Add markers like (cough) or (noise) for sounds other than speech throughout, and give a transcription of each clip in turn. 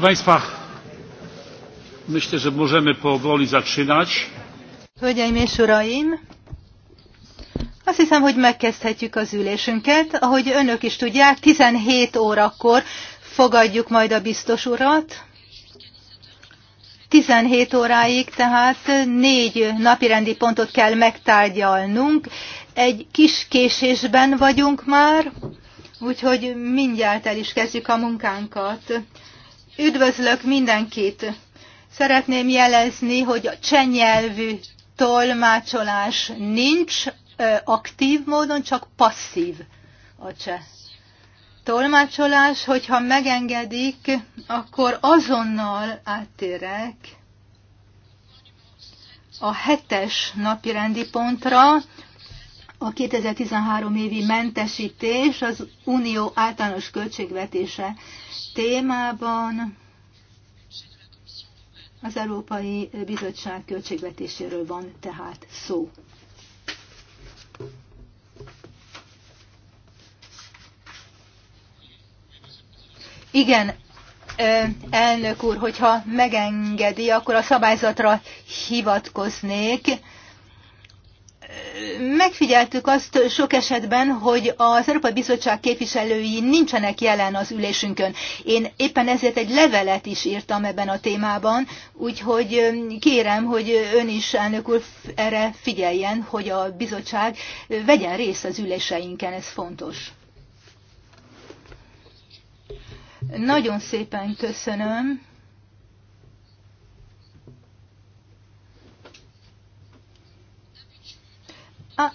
Proszę Państwa, myślę, że możemy powoli zaczynać. Hölgyeim és Uraim, azt hiszem, hogy megkezdhetjük az ülésünket. Ahogy önök is tudják, 17 órakor fogadjuk majd a biztos urat. 17 óráig, tehát négy napirendi pontot kell megtárgyalnunk. Egy kis késésben vagyunk már, úgyhogy mindjárt el is kezdjük a munkánkat. Üdvözlök mindenkit! Szeretném jelezni, hogy a csenyelvű tolmácsolás nincs aktív módon, csak passzív a cseh tolmácsolás. Hogyha megengedik, akkor azonnal áttérek a hetes napirendi pontra, a 2013 évi mentesítés az unió általános költségvetése témában az Európai Bizottság költségvetéséről van tehát szó. Igen, elnök úr, hogyha megengedi, akkor a szabályzatra hivatkoznék megfigyeltük azt sok esetben, hogy az Európai Bizottság képviselői nincsenek jelen az ülésünkön. Én éppen ezért egy levelet is írtam ebben a témában, úgyhogy kérem, hogy ön is, elnök úr, erre figyeljen, hogy a bizottság vegyen részt az üléseinken, ez fontos. Nagyon szépen köszönöm.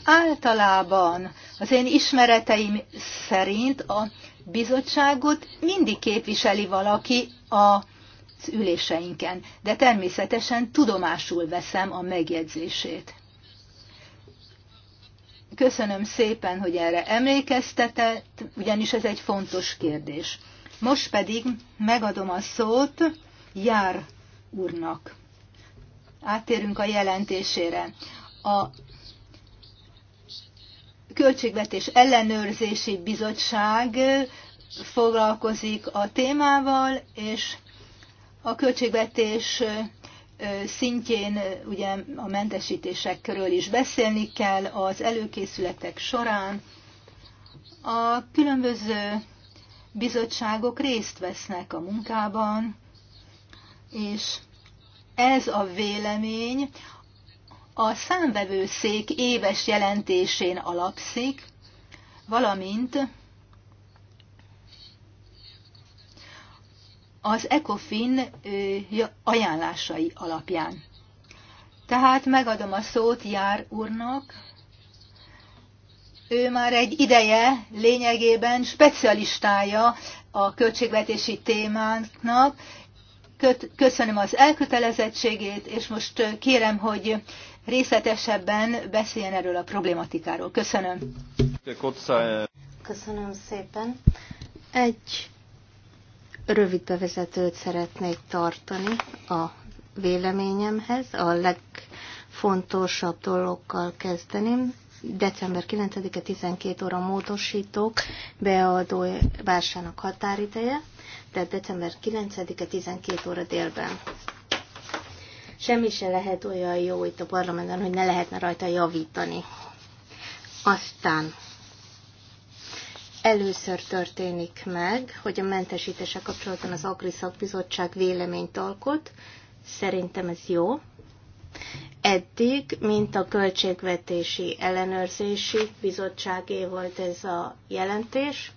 általában az én ismereteim szerint a bizottságot mindig képviseli valaki a az üléseinken, de természetesen tudomásul veszem a megjegyzését. Köszönöm szépen, hogy erre emlékeztetett, ugyanis ez egy fontos kérdés. Most pedig megadom a szót Jár úrnak. Áttérünk a jelentésére. A Költségvetés Ellenőrzési Bizottság foglalkozik a témával, és a költségvetés szintjén ugye a mentesítésekről is beszélni kell az előkészületek során. A különböző bizottságok részt vesznek a munkában, és ez a vélemény, a számvevőszék éves jelentésén alapszik, valamint az ECOFIN ajánlásai alapján. Tehát megadom a szót Jár úrnak. Ő már egy ideje lényegében specialistája a költségvetési témánknak. Köszönöm az elkötelezettségét, és most kérem, hogy részletesebben beszéljen erről a problématikáról. Köszönöm. Köszönöm szépen. Egy rövid bevezetőt szeretnék tartani a véleményemhez. A legfontosabb dologkal kezdeném. December 9-e 12 óra módosítók beadó vársának határideje, tehát december 9-e 12 óra délben. Semmi se lehet olyan jó itt a parlamentben, hogy ne lehetne rajta javítani. Aztán először történik meg, hogy a mentesítése kapcsolatban az Agri Szakbizottság véleményt alkot. Szerintem ez jó. Eddig, mint a Költségvetési Ellenőrzési Bizottságé volt ez a jelentés.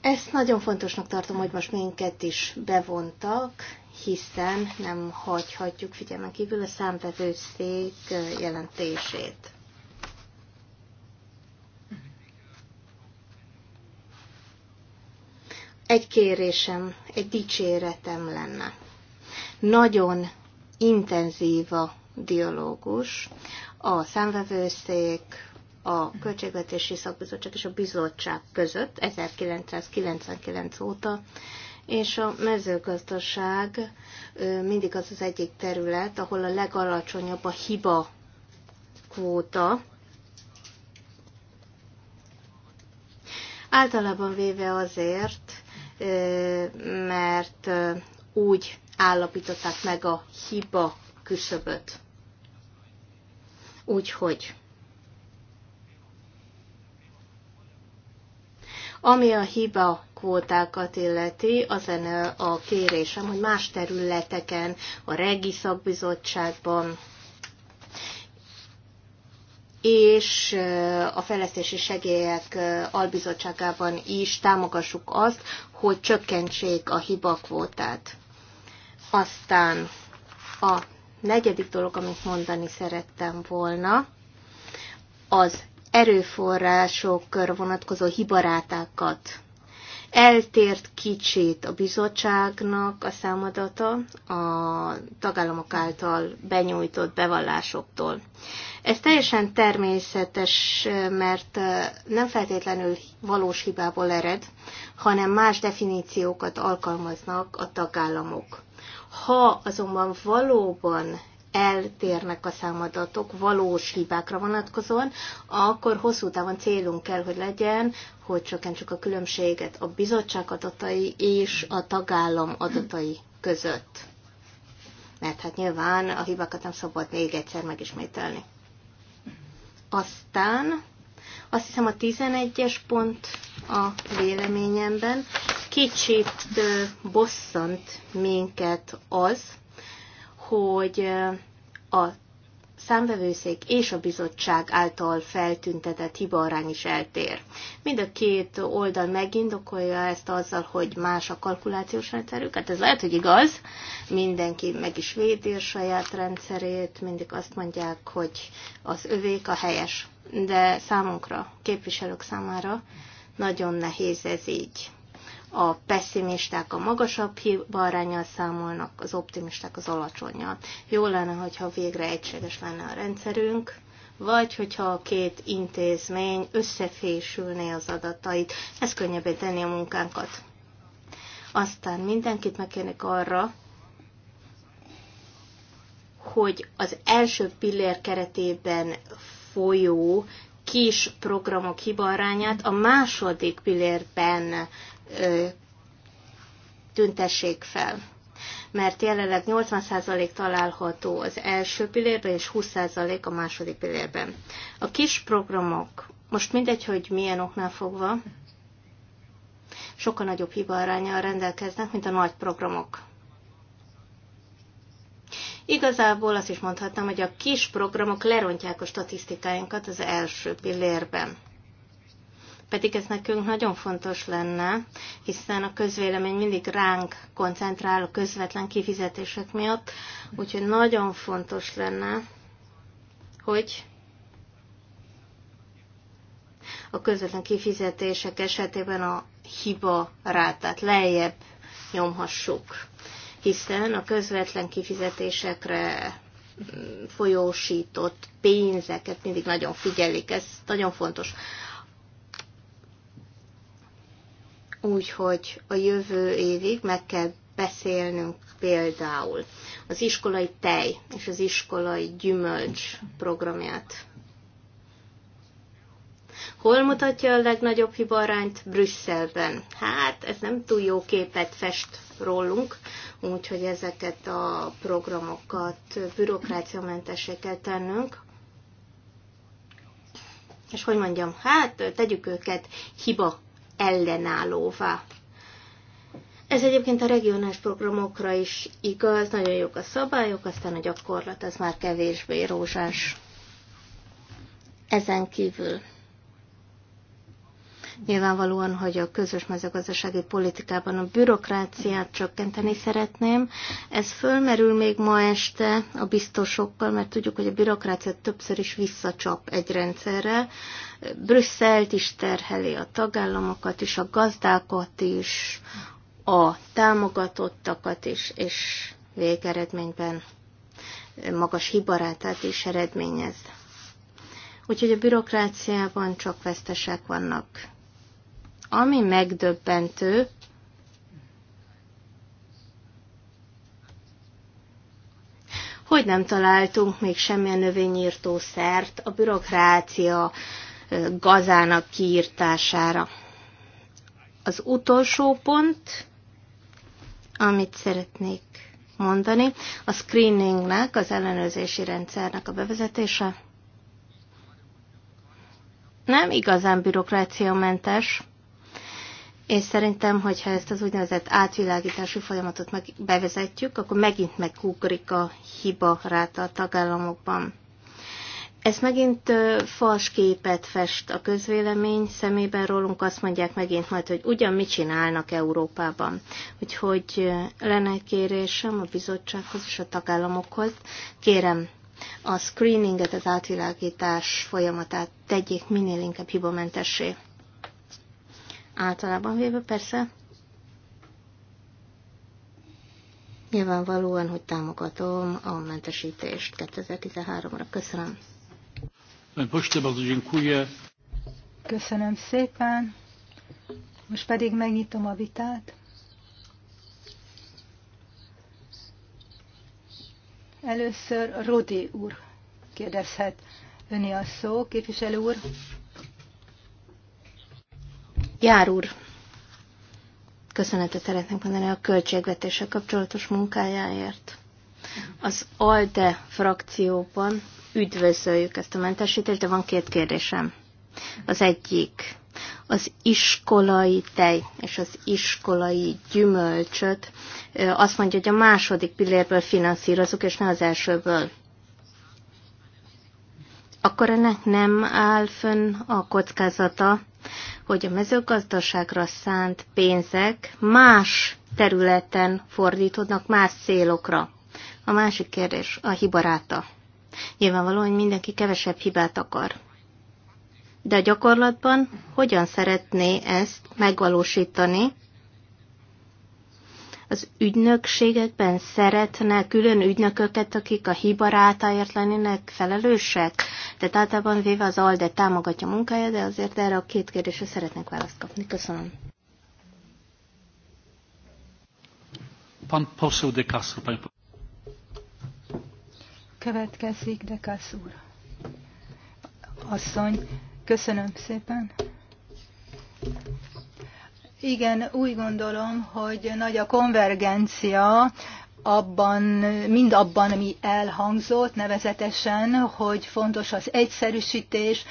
Ezt nagyon fontosnak tartom, hogy most minket is bevontak, hiszen nem hagyhatjuk figyelmen kívül a számvevőszék jelentését. Egy kérésem, egy dicséretem lenne. Nagyon intenzív a dialógus a számvevőszék, a Költségvetési Szakbizottság és a Bizottság között 1999 óta és a mezőgazdaság mindig az az egyik terület, ahol a legalacsonyabb a hiba kvóta. Általában véve azért, mert úgy állapították meg a hiba küszöböt. Úgyhogy Ami a hiba kvótákat illeti, az lenne a kérésem, hogy más területeken, a regi szakbizottságban, és eh, a fejlesztési segélyek eh, albizottságában is támogassuk azt, hogy csökkentsék a hibakvótát. Aztán a negyedik dolog, amit mondani szerettem volna, az erőforrásokra vonatkozó hibarátákat. Eltért kicsit a bizottságnak a számadata a tagállamok által benyújtott bevallásoktól. Ez teljesen természetes, mert nem feltétlenül valós hibából ered, hanem más definíciókat alkalmaznak a tagállamok. Ha azonban valóban eltérnek a számadatok valós hibákra vonatkozóan, akkor hosszú távon célunk kell, hogy legyen, hogy csökkentsük a különbséget a bizottság adatai és a tagállam adatai között. Mert hát nyilván a hibákat nem szabad még egyszer megismételni. Aztán azt hiszem a 11-es pont a véleményemben kicsit bosszant minket az, hogy a számvevőszék és a bizottság által feltüntetett hibaarány is eltér. Mind a két oldal megindokolja ezt azzal, hogy más a kalkulációs rendszerük. Hát ez lehet, hogy igaz, mindenki meg is védi a saját rendszerét, mindig azt mondják, hogy az övék a helyes. De számunkra, képviselők számára nagyon nehéz ez így a pessimisták a magasabb hibarányjal számolnak, az optimisták az alacsonyan. Jó lenne, hogyha végre egységes lenne a rendszerünk, vagy hogyha a két intézmény összefésülné az adatait, ez könnyebbé tenni a munkánkat. Aztán mindenkit megkérnek arra, hogy az első pillér keretében folyó kis programok hibarányát a második pillérben tüntessék fel. Mert jelenleg 80% található az első pillérben, és 20% a második pillérben. A kis programok, most mindegy, hogy milyen oknál fogva, sokkal nagyobb hibaarányjal rendelkeznek, mint a nagy programok. Igazából azt is mondhatnám, hogy a kis programok lerontják a statisztikáinkat az első pillérben. Pedig ez nekünk nagyon fontos lenne, hiszen a közvélemény mindig ránk koncentrál a közvetlen kifizetések miatt, úgyhogy nagyon fontos lenne, hogy a közvetlen kifizetések esetében a hiba rátát lejjebb nyomhassuk, hiszen a közvetlen kifizetésekre folyósított pénzeket mindig nagyon figyelik, ez nagyon fontos. Úgyhogy a jövő évig meg kell beszélnünk például az iskolai tej és az iskolai gyümölcs programját. Hol mutatja a legnagyobb hibarányt? Brüsszelben. Hát ez nem túl jó képet fest rólunk, úgyhogy ezeket a programokat bürokráciamentesé kell tennünk. És hogy mondjam, hát tegyük őket hiba ellenállóvá. Ez egyébként a regionális programokra is igaz, nagyon jók a szabályok, aztán a gyakorlat az már kevésbé rózsás. Ezen kívül Nyilvánvalóan, hogy a közös mezőgazdasági politikában a bürokráciát csökkenteni szeretném. Ez fölmerül még ma este a biztosokkal, mert tudjuk, hogy a bürokrácia többször is visszacsap egy rendszerre. Brüsszelt is terheli, a tagállamokat is, a gazdákat is, a támogatottakat is, és végeredményben magas hibarátát is eredményez. Úgyhogy a bürokráciában csak vesztesek vannak ami megdöbbentő, hogy nem találtunk még semmilyen növényírtószert a bürokrácia gazának kiírtására. Az utolsó pont, amit szeretnék mondani, a screeningnek, az ellenőrzési rendszernek a bevezetése. Nem igazán bürokráciamentes, és szerintem, hogyha ezt az úgynevezett átvilágítási folyamatot meg bevezetjük, akkor megint megugrik a hiba ráta a tagállamokban. Ez megint fals képet fest a közvélemény szemében rólunk, azt mondják megint majd, hogy ugyan mit csinálnak Európában. Úgyhogy lenne kérésem a bizottsághoz és a tagállamokhoz, kérem a screeninget, az átvilágítás folyamatát tegyék minél inkább hibamentessé. Általában véve persze nyilvánvalóan, hogy támogatom a mentesítést 2013-ra. Köszönöm. Köszönöm szépen. Most pedig megnyitom a vitát. Először Rodi úr kérdezhet öni a szó, képviselő úr. Jár úr, köszönetet szeretnék mondani a költségvetéssel kapcsolatos munkájáért. Az ALDE frakcióban üdvözöljük ezt a mentesítést, de van két kérdésem. Az egyik, az iskolai tej és az iskolai gyümölcsöt azt mondja, hogy a második pillérből finanszírozunk, és ne az elsőből. Akkor ennek nem áll fönn a kockázata, hogy a mezőgazdaságra szánt pénzek más területen fordítódnak más célokra. A másik kérdés a hibaráta. Nyilvánvalóan mindenki kevesebb hibát akar. De a gyakorlatban hogyan szeretné ezt megvalósítani, az ügynökségekben szeretne külön ügynököket, akik a hibarátáért lennének felelősek? Tehát általában véve az ALDE támogatja munkája, de azért erre a két kérdésre szeretnék választ kapni. Köszönöm. Következik de Castro. Asszony, köszönöm szépen. Igen, úgy gondolom, hogy nagy a konvergencia abban, mind abban, ami elhangzott, nevezetesen, hogy fontos az egyszerűsítés,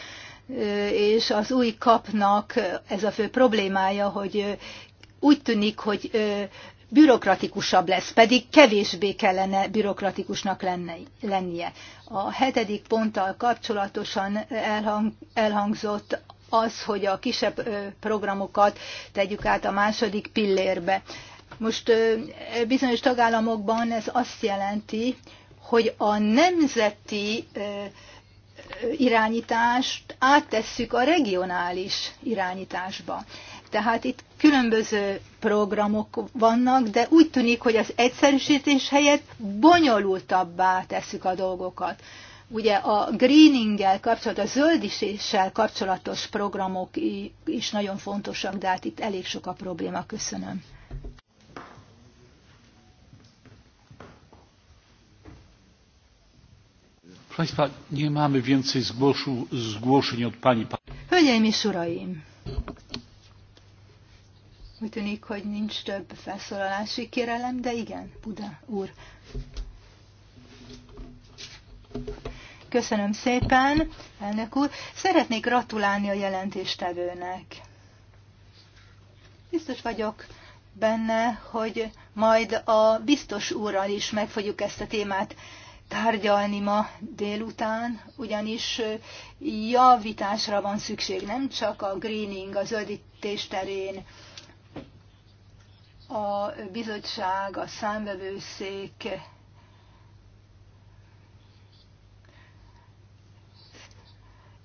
és az új kapnak ez a fő problémája, hogy úgy tűnik, hogy bürokratikusabb lesz, pedig kevésbé kellene bürokratikusnak lennie. A hetedik ponttal kapcsolatosan elhang, elhangzott az, hogy a kisebb programokat tegyük át a második pillérbe. Most bizonyos tagállamokban ez azt jelenti, hogy a nemzeti irányítást áttesszük a regionális irányításba. Tehát itt különböző programok vannak, de úgy tűnik, hogy az egyszerűsítés helyett bonyolultabbá tesszük a dolgokat. Ugye a greeninggel kapcsolatos, a zöldiséssel kapcsolatos programok is nagyon fontosak, de hát itt elég sok a probléma. Köszönöm. Hölgyeim és uraim! Úgy tűnik, hogy nincs több felszólalási kérelem, de igen, Buda úr. Köszönöm szépen, elnök úr. Szeretnék gratulálni a jelentéstevőnek. Biztos vagyok benne, hogy majd a biztos úrral is meg fogjuk ezt a témát tárgyalni ma délután, ugyanis javításra van szükség, nem csak a greening, a zöldítés terén, a bizottság, a számvevőszék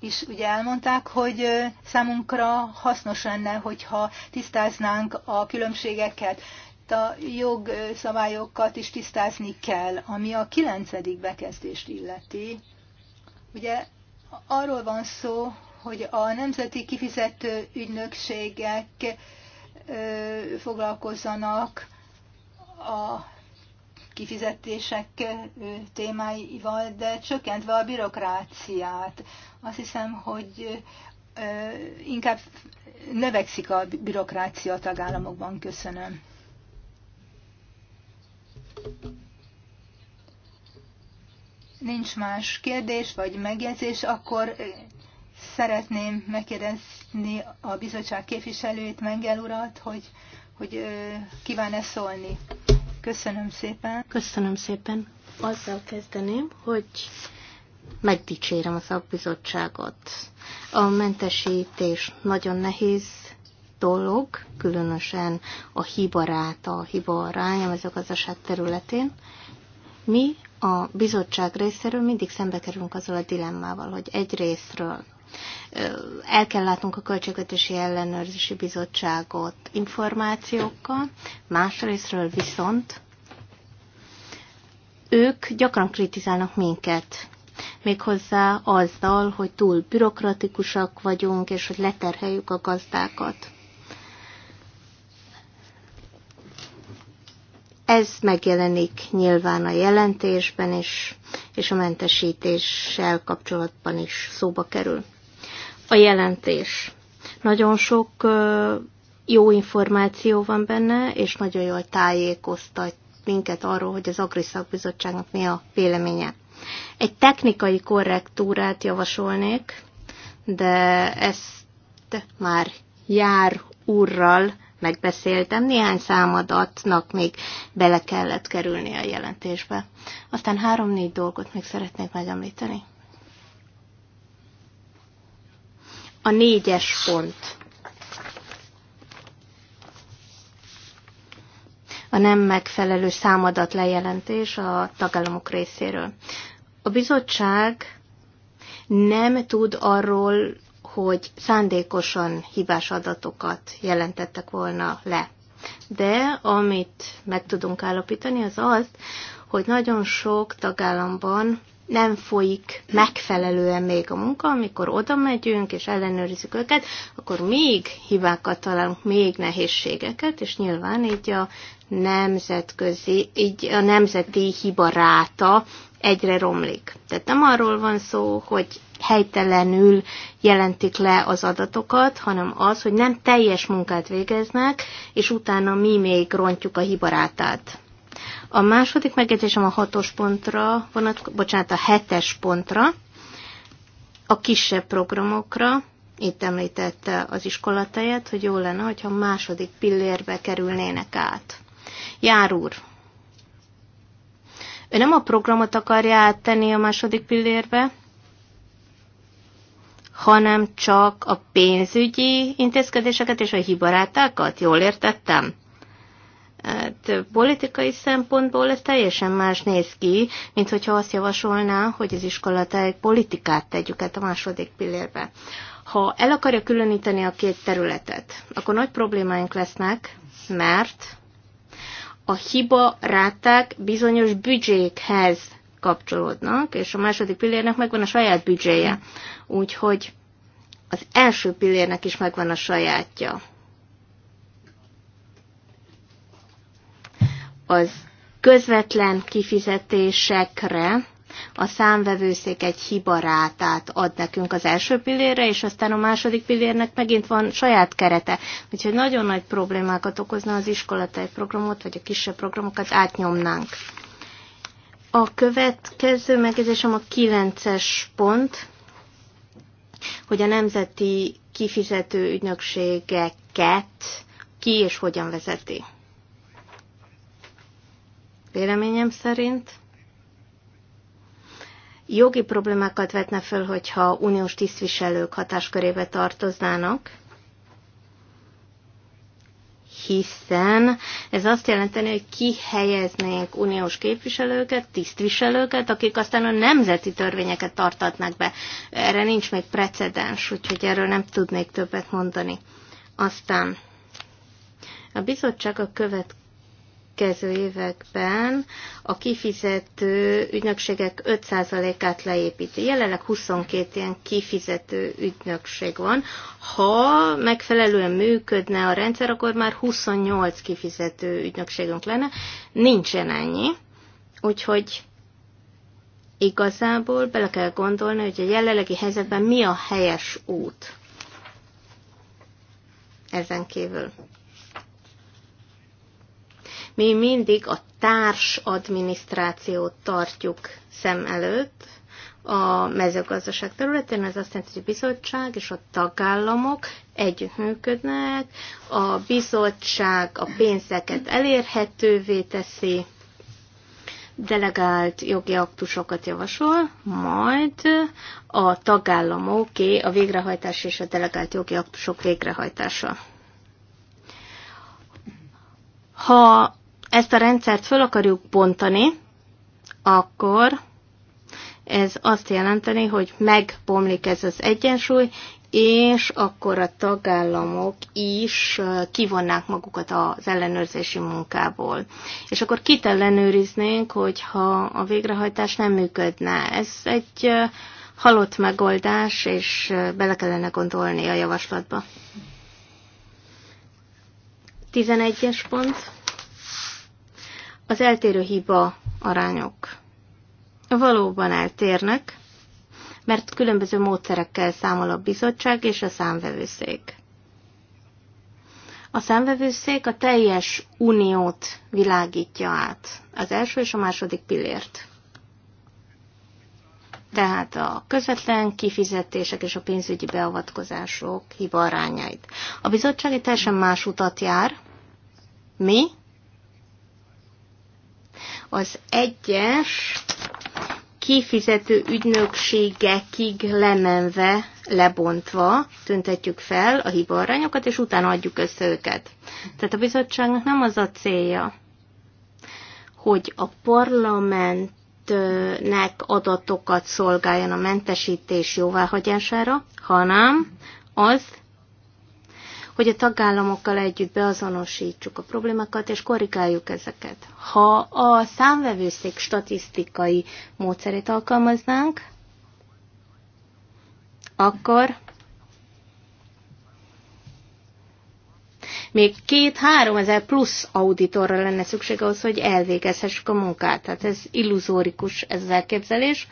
is ugye elmondták, hogy számunkra hasznos lenne, hogyha tisztáznánk a különbségeket. A jogszabályokat is tisztázni kell, ami a kilencedik bekezdést illeti. Ugye arról van szó, hogy a nemzeti kifizető ügynökségek foglalkozzanak a kifizetések témáival, de csökkentve a bürokráciát. Azt hiszem, hogy inkább növekszik a bürokrácia a tagállamokban. Köszönöm. Nincs más kérdés vagy megjegyzés, akkor szeretném megkérdezni a bizottság képviselőjét Mengel urat, hogy, hogy kíván-e szólni. Köszönöm szépen. Köszönöm szépen. Azzal kezdeném, hogy megdicsérem a szakbizottságot. A mentesítés nagyon nehéz dolog, különösen a hibarát, a hiba arány a mezőgazdaság területén. Mi a bizottság részéről mindig szembe kerülünk azzal a dilemmával, hogy egy részről el kell látnunk a Költségvetési Ellenőrzési Bizottságot információkkal, másrésztről viszont ők gyakran kritizálnak minket méghozzá azzal, hogy túl bürokratikusak vagyunk, és hogy leterheljük a gazdákat. Ez megjelenik nyilván a jelentésben is, és a mentesítéssel kapcsolatban is szóba kerül. A jelentés. Nagyon sok jó információ van benne, és nagyon jól tájékoztat minket arról, hogy az Agriszak Bizottságnak mi a véleménye. Egy technikai korrektúrát javasolnék, de ezt már jár úrral megbeszéltem, néhány számadatnak még bele kellett kerülni a jelentésbe. Aztán három-négy dolgot még szeretnék megemlíteni. A négyes pont. a nem megfelelő számadat lejelentés a tagállamok részéről. A bizottság nem tud arról, hogy szándékosan hibás adatokat jelentettek volna le. De amit meg tudunk állapítani, az az, hogy nagyon sok tagállamban nem folyik megfelelően még a munka, amikor oda megyünk és ellenőrizzük őket, akkor még hibákat találunk, még nehézségeket, és nyilván így a nemzetközi, így a nemzeti hibaráta egyre romlik. Tehát nem arról van szó, hogy helytelenül jelentik le az adatokat, hanem az, hogy nem teljes munkát végeznek, és utána mi még rontjuk a hibarátát. A második megjegyzésem a hatos pontra, vonat, bocsánat, a hetes pontra, a kisebb programokra, itt említette az iskolatáját, hogy jó lenne, hogyha második pillérbe kerülnének át. Jár úr, ő nem a programot akarja áttenni a második pillérbe, hanem csak a pénzügyi intézkedéseket és a hibarátákat. Jól értettem? Hát, politikai szempontból ez teljesen más néz ki, mint hogyha azt javasolná, hogy az iskolatáj politikát tegyük át a második pillérbe. Ha el akarja különíteni a két területet, akkor nagy problémáink lesznek, mert a hiba ráták bizonyos büdzsékhez kapcsolódnak, és a második pillérnek megvan a saját büdzséje. Úgyhogy az első pillérnek is megvan a sajátja. Az közvetlen kifizetésekre a számvevőszék egy hibarátát ad nekünk az első pillérre, és aztán a második pillérnek megint van saját kerete. Úgyhogy nagyon nagy problémákat okozna az iskolatai programot, vagy a kisebb programokat átnyomnánk. A következő megjegyzésem a kilences pont, hogy a nemzeti kifizető ügynökségeket ki és hogyan vezeti. Véleményem szerint jogi problémákat vetne föl, hogyha uniós tisztviselők hatáskörébe tartoznának, hiszen ez azt jelenteni, hogy kihelyeznénk uniós képviselőket, tisztviselőket, akik aztán a nemzeti törvényeket tartatnak be. Erre nincs még precedens, úgyhogy erről nem tudnék többet mondani. Aztán a bizottság a következő következő években a kifizető ügynökségek 5%-át leépíti. Jelenleg 22 ilyen kifizető ügynökség van. Ha megfelelően működne a rendszer, akkor már 28 kifizető ügynökségünk lenne. Nincsen ennyi. Úgyhogy igazából bele kell gondolni, hogy a jelenlegi helyzetben mi a helyes út ezen kívül. Mi mindig a társ adminisztrációt tartjuk szem előtt a mezőgazdaság területén. Ez azt jelenti, hogy a bizottság és a tagállamok együttműködnek, a bizottság a pénzeket elérhetővé teszi, delegált jogi aktusokat javasol, majd a tagállamoké a végrehajtás és a delegált jogi aktusok végrehajtása. Ha ezt a rendszert föl akarjuk bontani, akkor ez azt jelenteni, hogy megbomlik ez az egyensúly, és akkor a tagállamok is kivonnák magukat az ellenőrzési munkából. És akkor kit ellenőriznénk, hogyha a végrehajtás nem működne. Ez egy halott megoldás, és bele kellene gondolni a javaslatba. 11-es pont az eltérő hiba arányok valóban eltérnek, mert különböző módszerekkel számol a bizottság és a számvevőszék. A számvevőszék a teljes uniót világítja át, az első és a második pillért. Tehát a közvetlen kifizetések és a pénzügyi beavatkozások hiba arányait. A bizottság egy teljesen más utat jár. Mi az egyes kifizető ügynökségekig lemenve, lebontva tüntetjük fel a hibaarányokat, és utána adjuk össze őket. Tehát a bizottságnak nem az a célja, hogy a parlamentnek adatokat szolgáljon a mentesítés jóváhagyására, hanem az, hogy a tagállamokkal együtt beazonosítsuk a problémákat, és korrigáljuk ezeket. Ha a számvevőszék statisztikai módszerét alkalmaznánk, akkor még két-három ezer plusz auditorra lenne szükség ahhoz, hogy elvégezhessük a munkát. Tehát ez illuzórikus ez az elképzelés,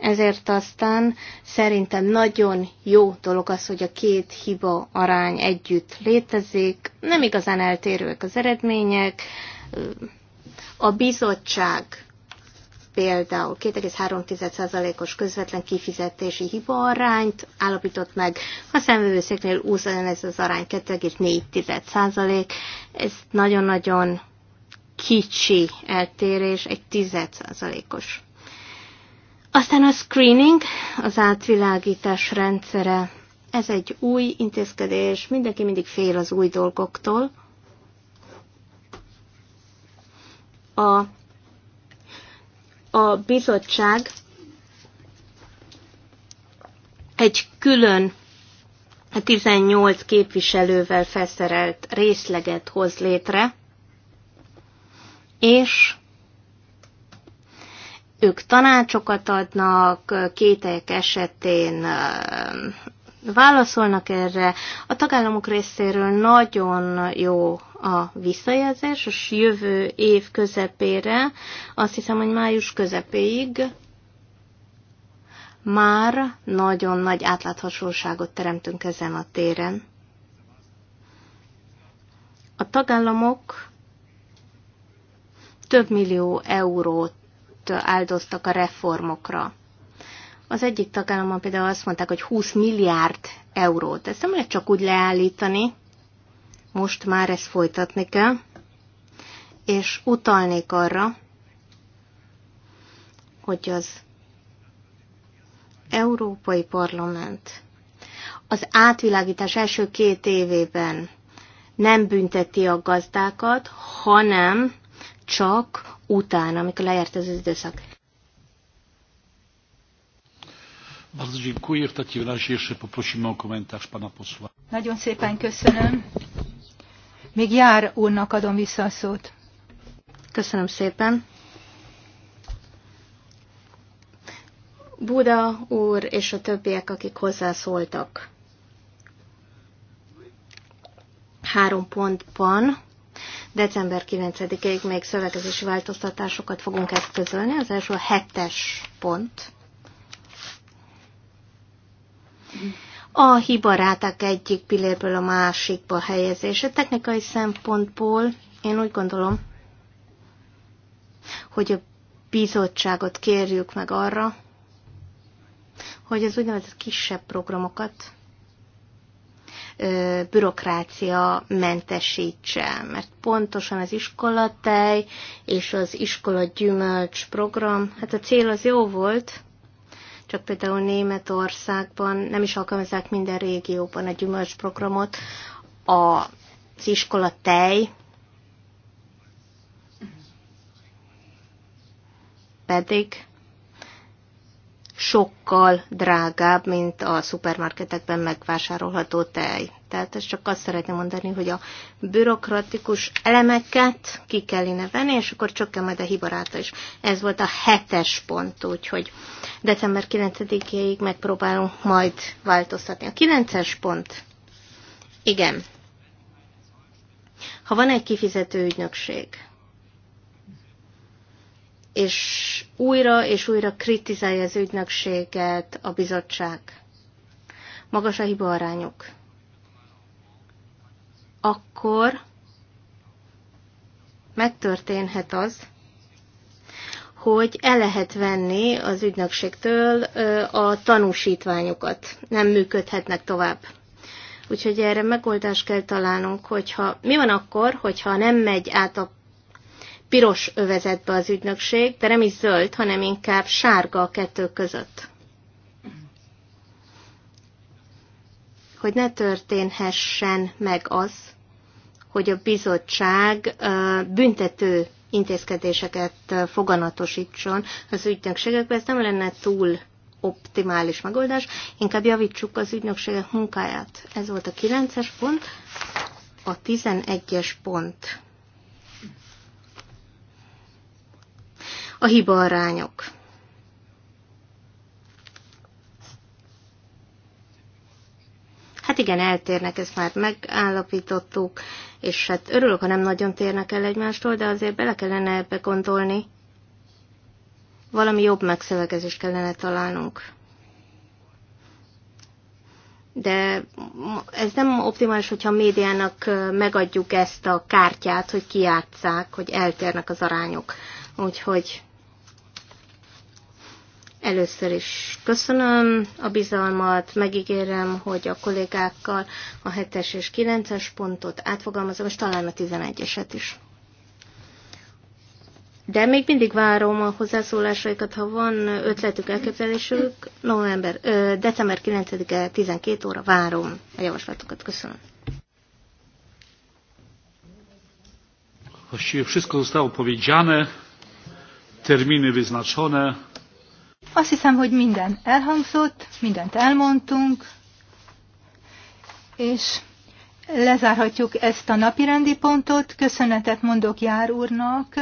ezért aztán szerintem nagyon jó dolog az, hogy a két hiba arány együtt létezik, nem igazán eltérőek az eredmények. A bizottság például 2,3%-os közvetlen kifizetési hiba arányt állapított meg, a szemvevőszéknél úszajon ez az arány 2,4%, ez nagyon-nagyon kicsi eltérés, egy 10%-os aztán a screening, az átvilágítás rendszere. Ez egy új intézkedés, mindenki mindig fél az új dolgoktól. A, a bizottság egy külön 18 képviselővel felszerelt részleget hoz létre, és ők tanácsokat adnak, kételyek esetén válaszolnak erre. A tagállamok részéről nagyon jó a visszajelzés, és jövő év közepére, azt hiszem, hogy május közepéig már nagyon nagy átláthatóságot teremtünk ezen a téren. A tagállamok több millió eurót áldoztak a reformokra. Az egyik tagállamban például azt mondták, hogy 20 milliárd eurót. Ezt nem lehet csak úgy leállítani, most már ezt folytatni kell, és utalnék arra, hogy az Európai Parlament az átvilágítás első két évében nem bünteti a gazdákat, hanem csak utána, amikor lejárt ez az időszak. Bardzo dziękuję. W takim razie jeszcze poprosimy o komentarz pana posła. Nagyon szépen köszönöm. Még Jár úrnak adom vissza a szót. Köszönöm szépen. Buda úr és a többiek, akik hozzászóltak. Három pontban December 9-ig még szövegezési változtatásokat fogunk eszközölni. Az első a hetes pont. A hibaráták egyik pillérből a másikba helyezése. Technikai szempontból én úgy gondolom, hogy a bizottságot kérjük meg arra, hogy az úgynevezett kisebb programokat bürokrácia mentesítse, mert pontosan az iskolatej és az iskola gyümölcs program, hát a cél az jó volt, csak például Németországban nem is alkalmazzák minden régióban a gyümölcsprogramot, az iskola tej pedig sokkal drágább, mint a szupermarketekben megvásárolható tej. Tehát ezt csak azt szeretném mondani, hogy a bürokratikus elemeket ki kell venni, és akkor csökken majd a hibaráta is. Ez volt a hetes pont, úgyhogy december 9-ig megpróbálunk majd változtatni. A kilences pont. Igen. Ha van egy kifizető ügynökség, és újra és újra kritizálja az ügynökséget a bizottság. Magas a hibaarányuk. Akkor megtörténhet az, hogy el lehet venni az ügynökségtől a tanúsítványokat. Nem működhetnek tovább. Úgyhogy erre megoldást kell találnunk, hogyha mi van akkor, hogyha nem megy át a piros övezetbe az ügynökség, de nem is zöld, hanem inkább sárga a kettő között. Hogy ne történhessen meg az, hogy a bizottság büntető intézkedéseket foganatosítson az ügynökségekbe. Ez nem lenne túl optimális megoldás, inkább javítsuk az ügynökségek munkáját. Ez volt a 9-es pont, a 11-es pont. a arányok. Hát igen, eltérnek, ezt már megállapítottuk, és hát örülök, ha nem nagyon térnek el egymástól, de azért bele kellene ebbe gondolni. Valami jobb megszövegezést kellene találnunk de ez nem optimális, hogyha a médiának megadjuk ezt a kártyát, hogy kiátszák, hogy eltérnek az arányok. Úgyhogy Először is köszönöm a bizalmat, megígérem, hogy a kollégákkal a 7-es és 9-es pontot átfogalmazom, és talán a 11-eset is. De még mindig várom a hozzászólásaikat, ha van ötletük, elképzelésük, november, ö, december 9-e 12 óra várom a javaslatokat. Köszönöm. Właściwie wszystko zostało powiedziane, terminy wyznaczone. Azt hiszem, hogy minden elhangzott, mindent elmondtunk, és lezárhatjuk ezt a napirendi pontot. Köszönetet mondok Jár úrnak,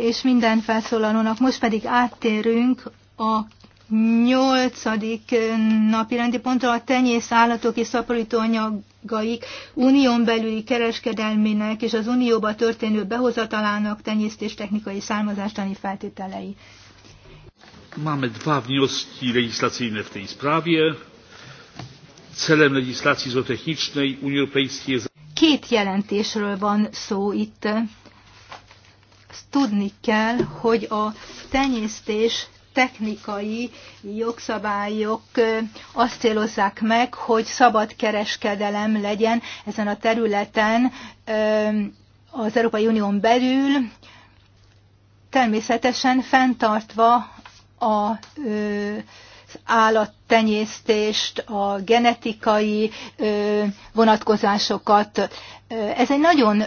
és minden felszólalónak. Most pedig áttérünk a nyolcadik napirendi pontra a tenyész állatok és szaporítóanyagaik unión belüli kereskedelmének és az unióba történő behozatalának tenyésztés technikai származástani feltételei mamy dwa wnioski legislacyjne w tej sprawie. Celem legislacji zootechnicznej Unii Europejskiej jest... Két jelentésről van szó itt. Tudni kell, hogy a tenyésztés technikai jogszabályok azt célozzák meg, hogy szabad kereskedelem legyen ezen a területen az Európai Unión belül, természetesen fenntartva a ö, állattenyésztést, a genetikai vonatkozásokat. Ez egy nagyon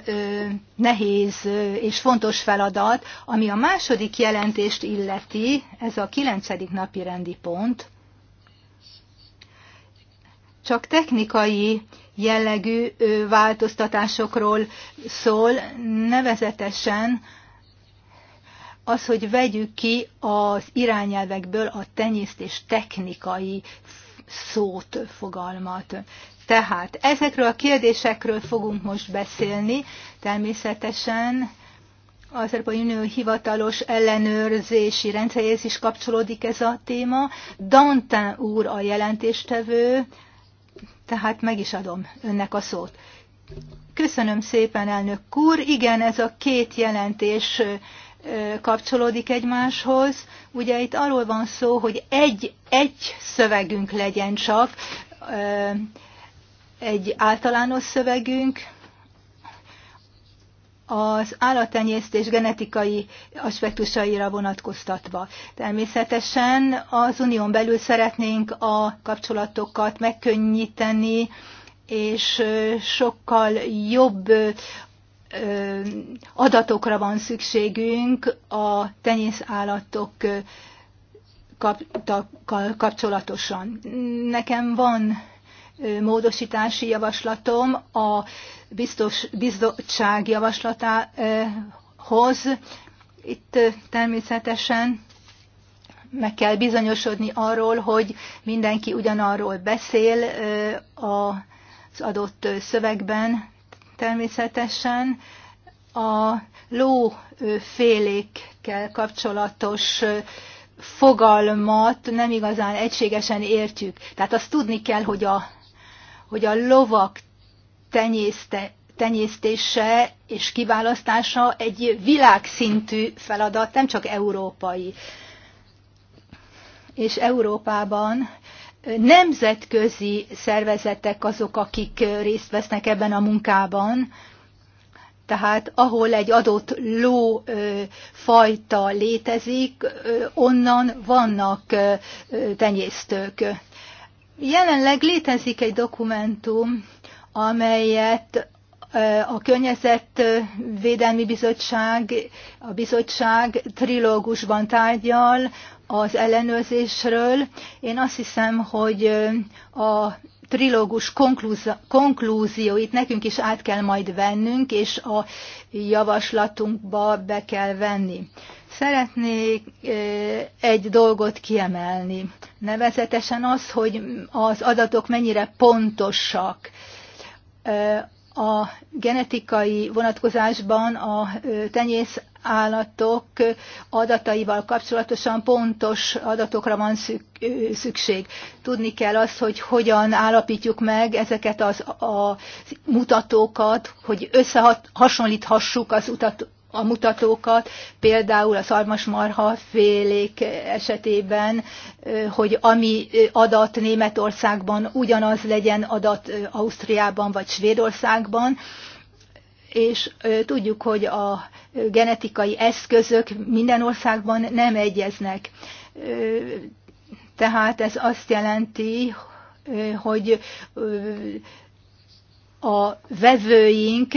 nehéz és fontos feladat, ami a második jelentést illeti, ez a kilencedik napi rendi pont. Csak technikai jellegű változtatásokról szól, nevezetesen az, hogy vegyük ki az irányelvekből a tenyésztés technikai szót, fogalmat. Tehát ezekről a kérdésekről fogunk most beszélni, természetesen az Európai Unió hivatalos ellenőrzési rendszerhez is kapcsolódik ez a téma. Dantin úr a jelentéstevő, tehát meg is adom önnek a szót. Köszönöm szépen, elnök úr. Igen, ez a két jelentés kapcsolódik egymáshoz. Ugye itt arról van szó, hogy egy, egy szövegünk legyen csak, egy általános szövegünk, az állattenyésztés genetikai aspektusaira vonatkoztatva. Természetesen az unión belül szeretnénk a kapcsolatokat megkönnyíteni, és sokkal jobb adatokra van szükségünk a tenyészállatok kapcsolatosan. Nekem van módosítási javaslatom a biztos, bizottság javaslatához. Itt természetesen meg kell bizonyosodni arról, hogy mindenki ugyanarról beszél az adott szövegben, természetesen a lófélékkel kapcsolatos fogalmat nem igazán egységesen értjük. Tehát azt tudni kell, hogy a, hogy a lovak tenyészte, tenyésztése és kiválasztása egy világszintű feladat, nem csak európai. És Európában nemzetközi szervezetek azok, akik részt vesznek ebben a munkában, tehát ahol egy adott lófajta létezik, onnan vannak tenyésztők. Jelenleg létezik egy dokumentum, amelyet a Környezetvédelmi Bizottság, a bizottság trilógusban tárgyal az ellenőrzésről. Én azt hiszem, hogy a trilógus konklúzióit nekünk is át kell majd vennünk, és a javaslatunkba be kell venni. Szeretnék egy dolgot kiemelni, nevezetesen az, hogy az adatok mennyire pontosak a genetikai vonatkozásban a tenyész állatok adataival kapcsolatosan pontos adatokra van szükség. Tudni kell azt, hogy hogyan állapítjuk meg ezeket az, a mutatókat, hogy összehasonlíthassuk az utat a mutatókat, például a szarmasmarha félék esetében, hogy ami adat Németországban ugyanaz legyen adat Ausztriában vagy Svédországban, és tudjuk, hogy a genetikai eszközök minden országban nem egyeznek. Tehát ez azt jelenti, hogy a vevőink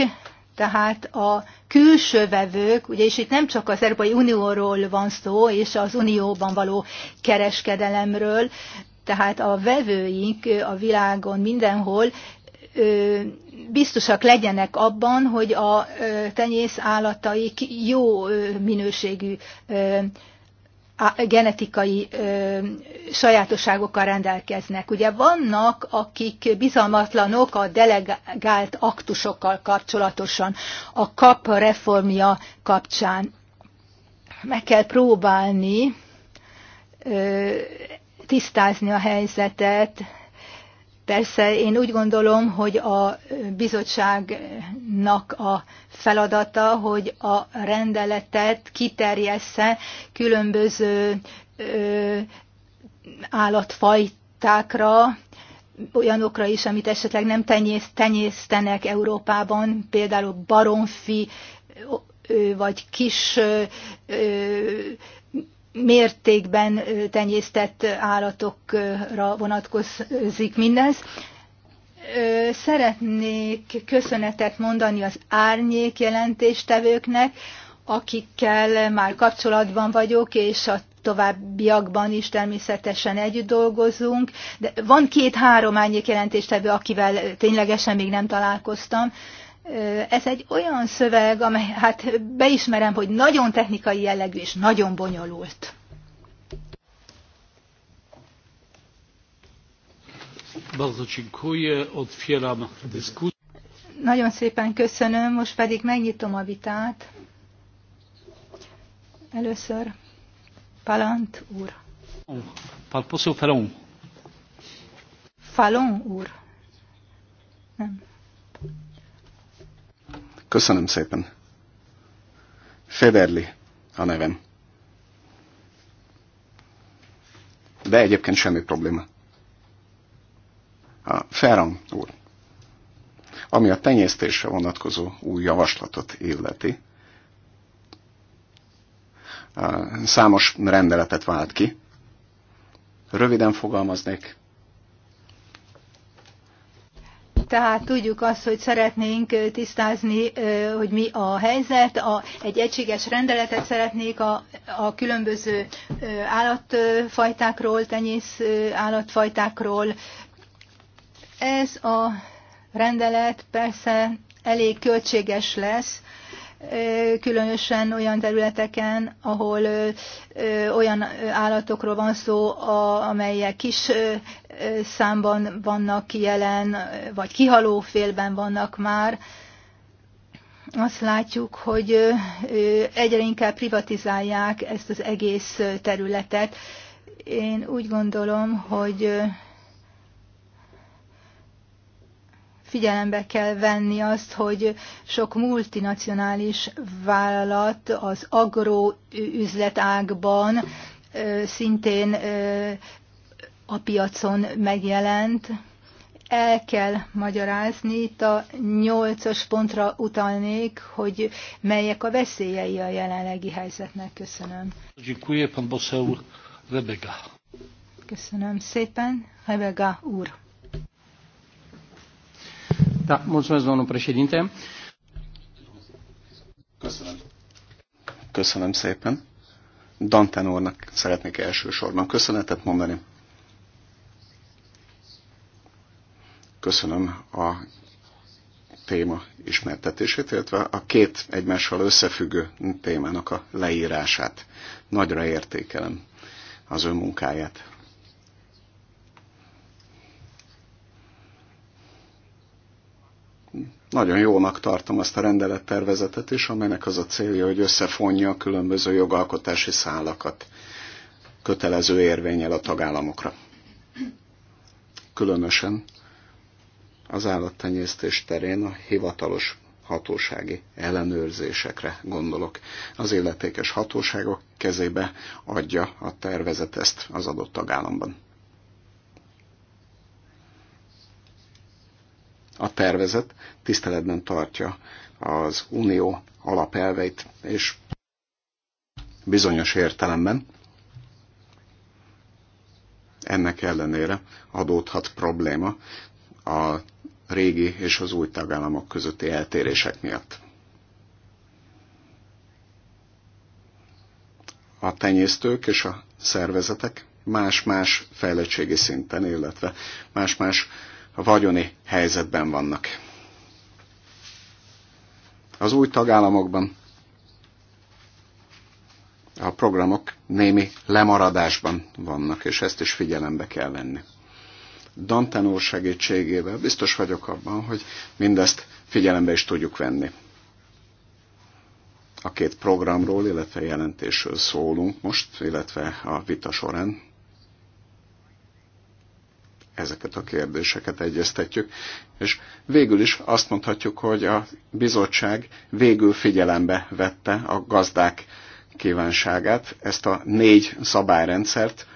tehát a külső vevők, ugye és itt nem csak az Európai Unióról van szó, és az Unióban való kereskedelemről, tehát a vevőink a világon mindenhol biztosak legyenek abban, hogy a tenyész állataik jó minőségű genetikai ö, sajátosságokkal rendelkeznek. Ugye vannak, akik bizalmatlanok a delegált aktusokkal kapcsolatosan, a KAP reformja kapcsán. Meg kell próbálni ö, tisztázni a helyzetet, Persze én úgy gondolom, hogy a bizottságnak a feladata, hogy a rendeletet kiterjessze különböző ö, állatfajtákra, olyanokra is, amit esetleg nem tenyész, tenyésztenek Európában, például baromfi vagy kis ö, ö, mértékben tenyésztett állatokra vonatkozik mindez. Szeretnék köszönetet mondani az árnyék jelentéstevőknek, akikkel már kapcsolatban vagyok, és a továbbiakban is természetesen együtt dolgozunk. De van két-három árnyék jelentéstevő, akivel ténylegesen még nem találkoztam, ez egy olyan szöveg, amely, hát beismerem, hogy nagyon technikai jellegű és nagyon bonyolult. Bardzo dziękuję. Otwieram dyskusję. Nagyon szépen köszönöm, most pedig megnyitom a vitát. Először Palant úr. Falon. Falon úr. Nem. Köszönöm szépen. Federli a nevem. De egyébként semmi probléma. A Ferran úr, ami a tenyésztésre vonatkozó új javaslatot illeti, számos rendeletet vált ki. Röviden fogalmaznék, tehát tudjuk azt, hogy szeretnénk tisztázni, hogy mi a helyzet. A, egy egységes rendeletet szeretnék a, a különböző állatfajtákról, tenyész állatfajtákról. Ez a rendelet persze elég költséges lesz, különösen olyan területeken, ahol olyan állatokról van szó, amelyek kis számban vannak jelen, vagy kihaló félben vannak már. Azt látjuk, hogy egyre inkább privatizálják ezt az egész területet. Én úgy gondolom, hogy figyelembe kell venni azt, hogy sok multinacionális vállalat az agroüzletágban szintén a piacon megjelent. El kell magyarázni, itt a nyolcas pontra utalnék, hogy melyek a veszélyei a jelenlegi helyzetnek. Köszönöm. Köszönöm szépen, Rebega úr. Da, mulțumesc, domnul președinte. Köszönöm. Köszönöm szépen. Danten úrnak szeretnék elsősorban köszönetet mondani. Köszönöm a téma ismertetését, illetve a két egymással összefüggő témának a leírását. Nagyra értékelem az ő munkáját. Nagyon jónak tartom azt a rendelettervezetet is, amelynek az a célja, hogy összefonja a különböző jogalkotási szálakat kötelező érvényel a tagállamokra. Különösen az állattenyésztés terén a hivatalos hatósági ellenőrzésekre gondolok. Az illetékes hatóságok kezébe adja a tervezet ezt az adott tagállamban. A tervezet tiszteletben tartja az unió alapelveit, és bizonyos értelemben ennek ellenére adódhat probléma a régi és az új tagállamok közötti eltérések miatt. A tenyésztők és a szervezetek más-más fejlettségi szinten, illetve más-más vagyoni helyzetben vannak. Az új tagállamokban a programok némi lemaradásban vannak, és ezt is figyelembe kell venni. Danten úr segítségével biztos vagyok abban, hogy mindezt figyelembe is tudjuk venni. A két programról, illetve jelentésről szólunk most, illetve a vita során ezeket a kérdéseket egyeztetjük. És végül is azt mondhatjuk, hogy a bizottság végül figyelembe vette a gazdák kívánságát, ezt a négy szabályrendszert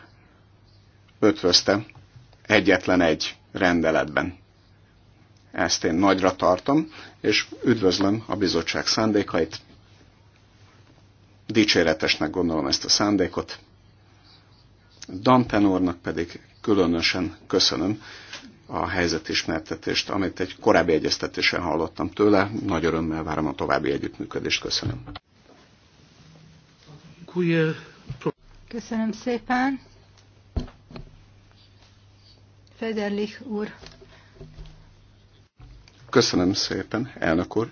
ötvözte egyetlen egy rendeletben. Ezt én nagyra tartom, és üdvözlöm a bizottság szándékait. Dicséretesnek gondolom ezt a szándékot. Dantenornak pedig különösen köszönöm a helyzetismertetést, amit egy korábbi egyeztetésen hallottam tőle. Nagy örömmel várom a további együttműködést. Köszönöm. Köszönöm szépen. Federlich úr. Köszönöm szépen, elnök úr.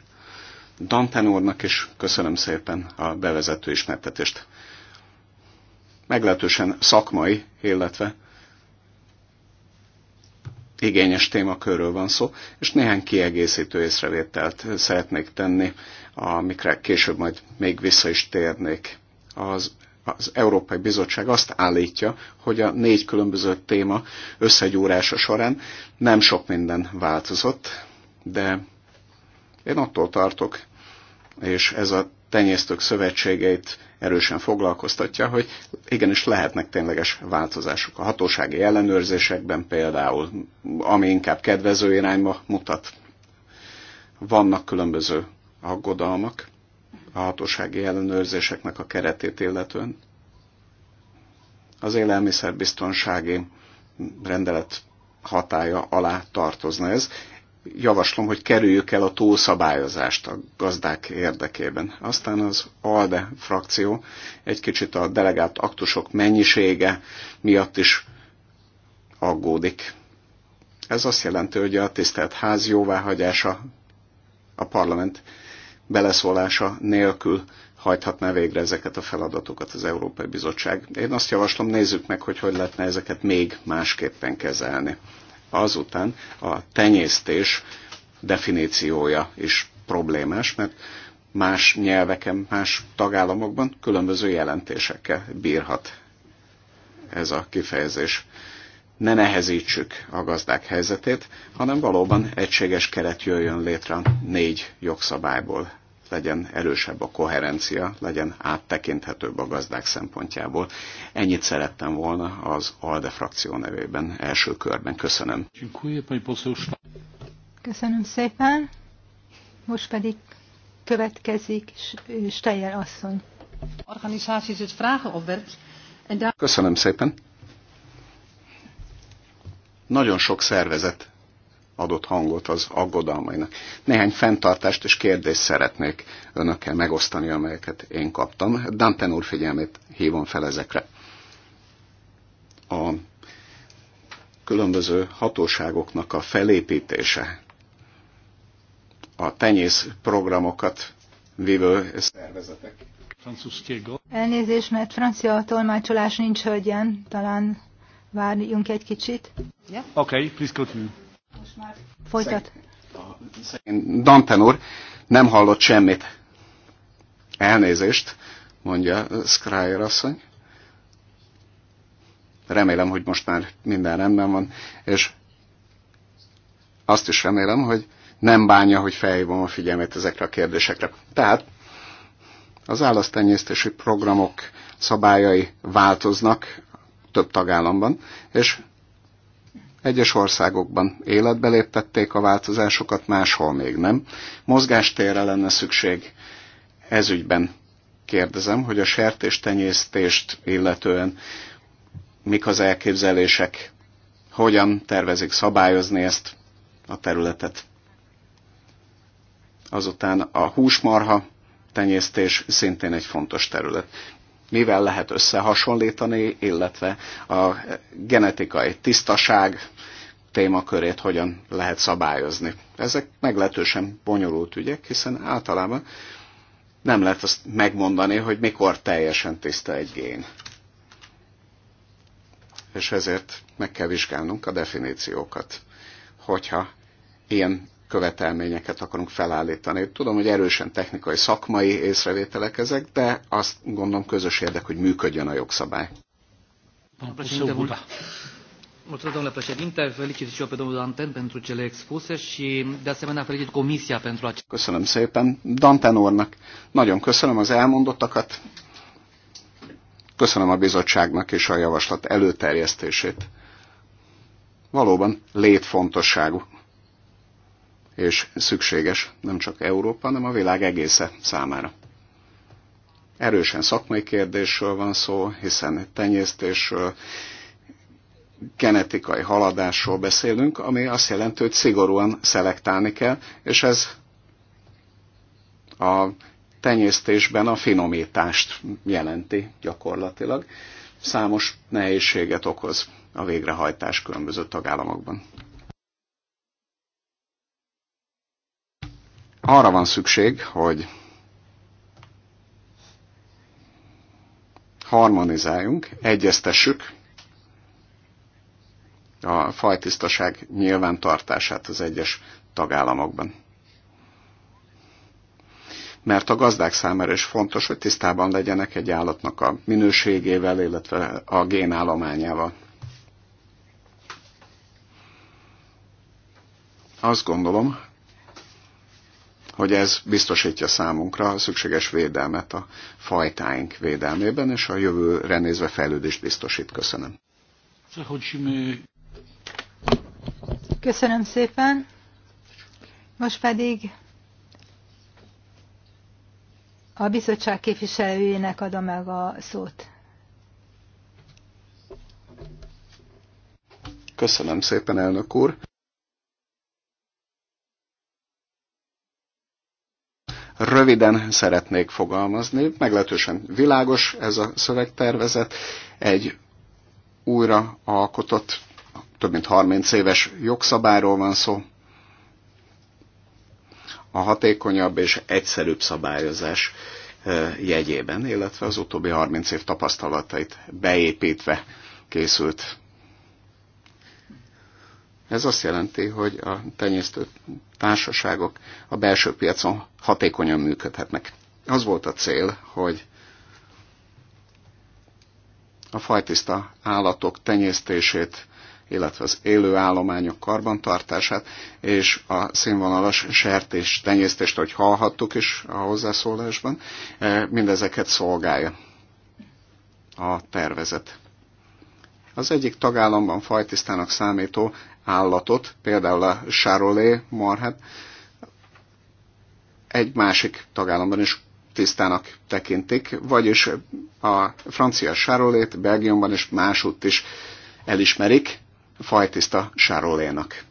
Danten úrnak is köszönöm szépen a bevezető ismertetést. Meglehetősen szakmai, illetve igényes témakörről van szó, és néhány kiegészítő észrevételt szeretnék tenni, amikre később majd még vissza is térnék. Az az Európai Bizottság azt állítja, hogy a négy különböző téma összegyúrása során nem sok minden változott, de én attól tartok, és ez a tenyésztők szövetségeit erősen foglalkoztatja, hogy igenis lehetnek tényleges változások a hatósági ellenőrzésekben például, ami inkább kedvező irányba mutat. Vannak különböző aggodalmak a hatósági ellenőrzéseknek a keretét illetően. Az élelmiszerbiztonsági rendelet hatája alá tartozna ez, javaslom, hogy kerüljük el a túlszabályozást a gazdák érdekében. Aztán az ALDE frakció egy kicsit a delegált aktusok mennyisége miatt is aggódik. Ez azt jelenti, hogy a tisztelt ház jóváhagyása, a parlament beleszólása nélkül hajthatná végre ezeket a feladatokat az Európai Bizottság. Én azt javaslom, nézzük meg, hogy hogy lehetne ezeket még másképpen kezelni. Azután a tenyésztés definíciója is problémás, mert más nyelveken, más tagállamokban különböző jelentésekkel bírhat ez a kifejezés. Ne nehezítsük a gazdák helyzetét, hanem valóban egységes keret jöjjön létre négy jogszabályból legyen erősebb a koherencia, legyen áttekinthetőbb a gazdák szempontjából. Ennyit szerettem volna az ALDE frakció nevében első körben. Köszönöm. Köszönöm szépen. Most pedig következik Steyer asszony. Köszönöm szépen. Nagyon sok szervezet adott hangot az aggodalmainak. Néhány fenntartást és kérdést szeretnék önökkel megosztani, amelyeket én kaptam. Danten úr figyelmét hívom fel ezekre. A különböző hatóságoknak a felépítése, a tenyész programokat vívő szervezetek. Elnézést, mert francia tolmácsolás nincs hölgyen, talán várjunk egy kicsit. Yeah. Okay, please continue folytat. Szegény Danten úr nem hallott semmit. Elnézést, mondja Skryer asszony. Remélem, hogy most már minden rendben van, és azt is remélem, hogy nem bánja, hogy felhívom a figyelmét ezekre a kérdésekre. Tehát az állasztenyésztési programok szabályai változnak több tagállamban, és egyes országokban életbe léptették a változásokat, máshol még nem. Mozgástérre lenne szükség ezügyben. Kérdezem, hogy a sertéstenyésztést illetően mik az elképzelések, hogyan tervezik szabályozni ezt a területet. Azután a húsmarha tenyésztés szintén egy fontos terület mivel lehet összehasonlítani, illetve a genetikai tisztaság témakörét hogyan lehet szabályozni. Ezek meglehetősen bonyolult ügyek, hiszen általában nem lehet azt megmondani, hogy mikor teljesen tiszta egy gén. És ezért meg kell vizsgálnunk a definíciókat. Hogyha ilyen követelményeket akarunk felállítani. Tudom, hogy erősen technikai, szakmai észrevételek ezek, de azt gondolom közös érdek, hogy működjön a jogszabály. Mulțumesc, domnule președinte. Felicit și eu pe domnul Danten pentru cele expuse și, de asemenea, felicit Comisia pentru acest... Köszönöm szépen Danten úrnak. Nagyon köszönöm az elmondottakat. Köszönöm a bizottságnak és a javaslat előterjesztését. Valóban létfontosságú és szükséges nem csak Európa, hanem a világ egésze számára. Erősen szakmai kérdésről van szó, hiszen tenyésztésről, genetikai haladásról beszélünk, ami azt jelenti, hogy szigorúan szelektálni kell, és ez a tenyésztésben a finomítást jelenti gyakorlatilag. Számos nehézséget okoz a végrehajtás különböző tagállamokban. Arra van szükség, hogy harmonizáljunk, egyeztessük a fajtisztaság nyilvántartását az egyes tagállamokban. Mert a gazdák számára is fontos, hogy tisztában legyenek egy állatnak a minőségével, illetve a génállományával. Azt gondolom, hogy ez biztosítja számunkra a szükséges védelmet a fajtáink védelmében, és a jövőre nézve fejlődést biztosít. Köszönöm. Köszönöm szépen. Most pedig a bizottság képviselőjének adom meg a szót. Köszönöm szépen, elnök úr. Röviden szeretnék fogalmazni, meglehetősen világos ez a szövegtervezet, egy újra alkotott, több mint 30 éves jogszabályról van szó, a hatékonyabb és egyszerűbb szabályozás jegyében, illetve az utóbbi 30 év tapasztalatait beépítve készült ez azt jelenti, hogy a tenyésztő társaságok a belső piacon hatékonyan működhetnek. Az volt a cél, hogy a fajtiszta állatok tenyésztését, illetve az élő állományok karbantartását, és a színvonalas sertés tenyésztést, hogy hallhattuk is a hozzászólásban, eh, mindezeket szolgálja a tervezet. Az egyik tagállamban fajtisztának számító állatot, például a sárolé marhát, egy másik tagállamban is tisztának tekintik, vagyis a francia sárolét Belgiumban és másútt is elismerik fajtiszta sárolénak.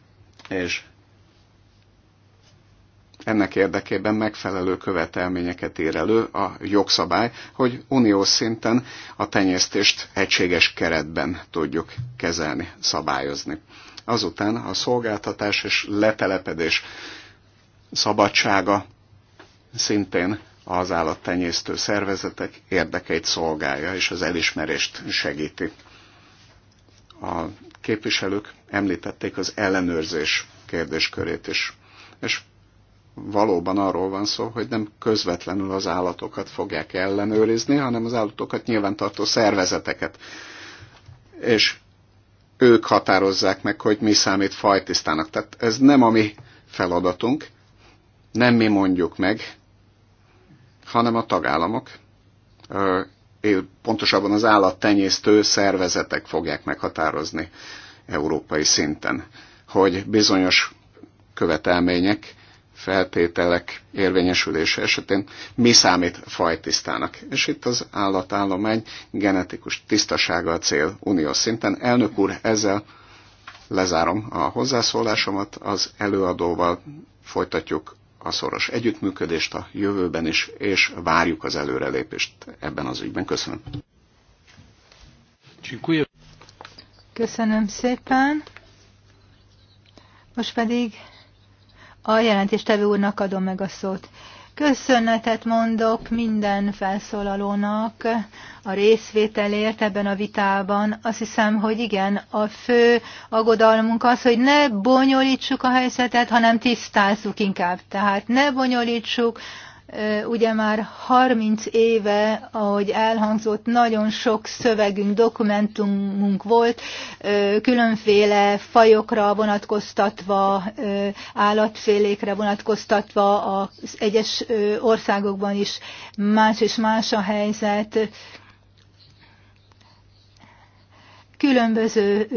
És ennek érdekében megfelelő követelményeket ír elő a jogszabály, hogy uniós szinten a tenyésztést egységes keretben tudjuk kezelni, szabályozni. Azután a szolgáltatás és letelepedés szabadsága szintén az állattenyésztő szervezetek érdekeit szolgálja, és az elismerést segíti. A képviselők említették az ellenőrzés kérdéskörét is. És valóban arról van szó, hogy nem közvetlenül az állatokat fogják ellenőrizni, hanem az állatokat nyilvántartó szervezeteket. És ők határozzák meg, hogy mi számít fajtisztának. Tehát ez nem a mi feladatunk, nem mi mondjuk meg, hanem a tagállamok, pontosabban az állattenyésztő szervezetek fogják meghatározni európai szinten, hogy bizonyos követelmények feltételek érvényesülése esetén mi számít fajtisztának. És itt az állatállomány genetikus tisztasága a cél Unió szinten. Elnök úr, ezzel lezárom a hozzászólásomat, az előadóval folytatjuk a szoros együttműködést a jövőben is, és várjuk az előrelépést ebben az ügyben. Köszönöm. Köszönöm szépen. Most pedig a jelentéstevő úrnak adom meg a szót. Köszönetet mondok minden felszólalónak a részvételért ebben a vitában. Azt hiszem, hogy igen, a fő aggodalmunk az, hogy ne bonyolítsuk a helyzetet, hanem tisztázzuk inkább. Tehát ne bonyolítsuk, ugye már 30 éve, ahogy elhangzott, nagyon sok szövegünk, dokumentumunk volt, különféle fajokra vonatkoztatva, állatfélékre vonatkoztatva, az egyes országokban is más és más a helyzet. Különböző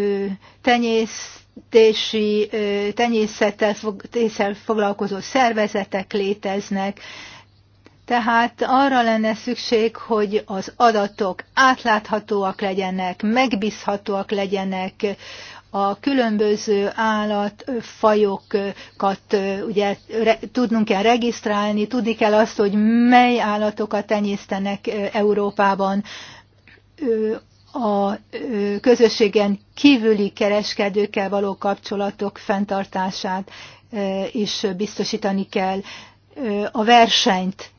tenyész tési tenyészettel foglalkozó szervezetek léteznek, tehát arra lenne szükség, hogy az adatok átláthatóak legyenek, megbízhatóak legyenek, a különböző állatfajokat ugye re, tudnunk kell regisztrálni, tudni kell azt, hogy mely állatokat tenyésztenek Európában a közösségen kívüli kereskedőkkel való kapcsolatok fenntartását is biztosítani kell a versenyt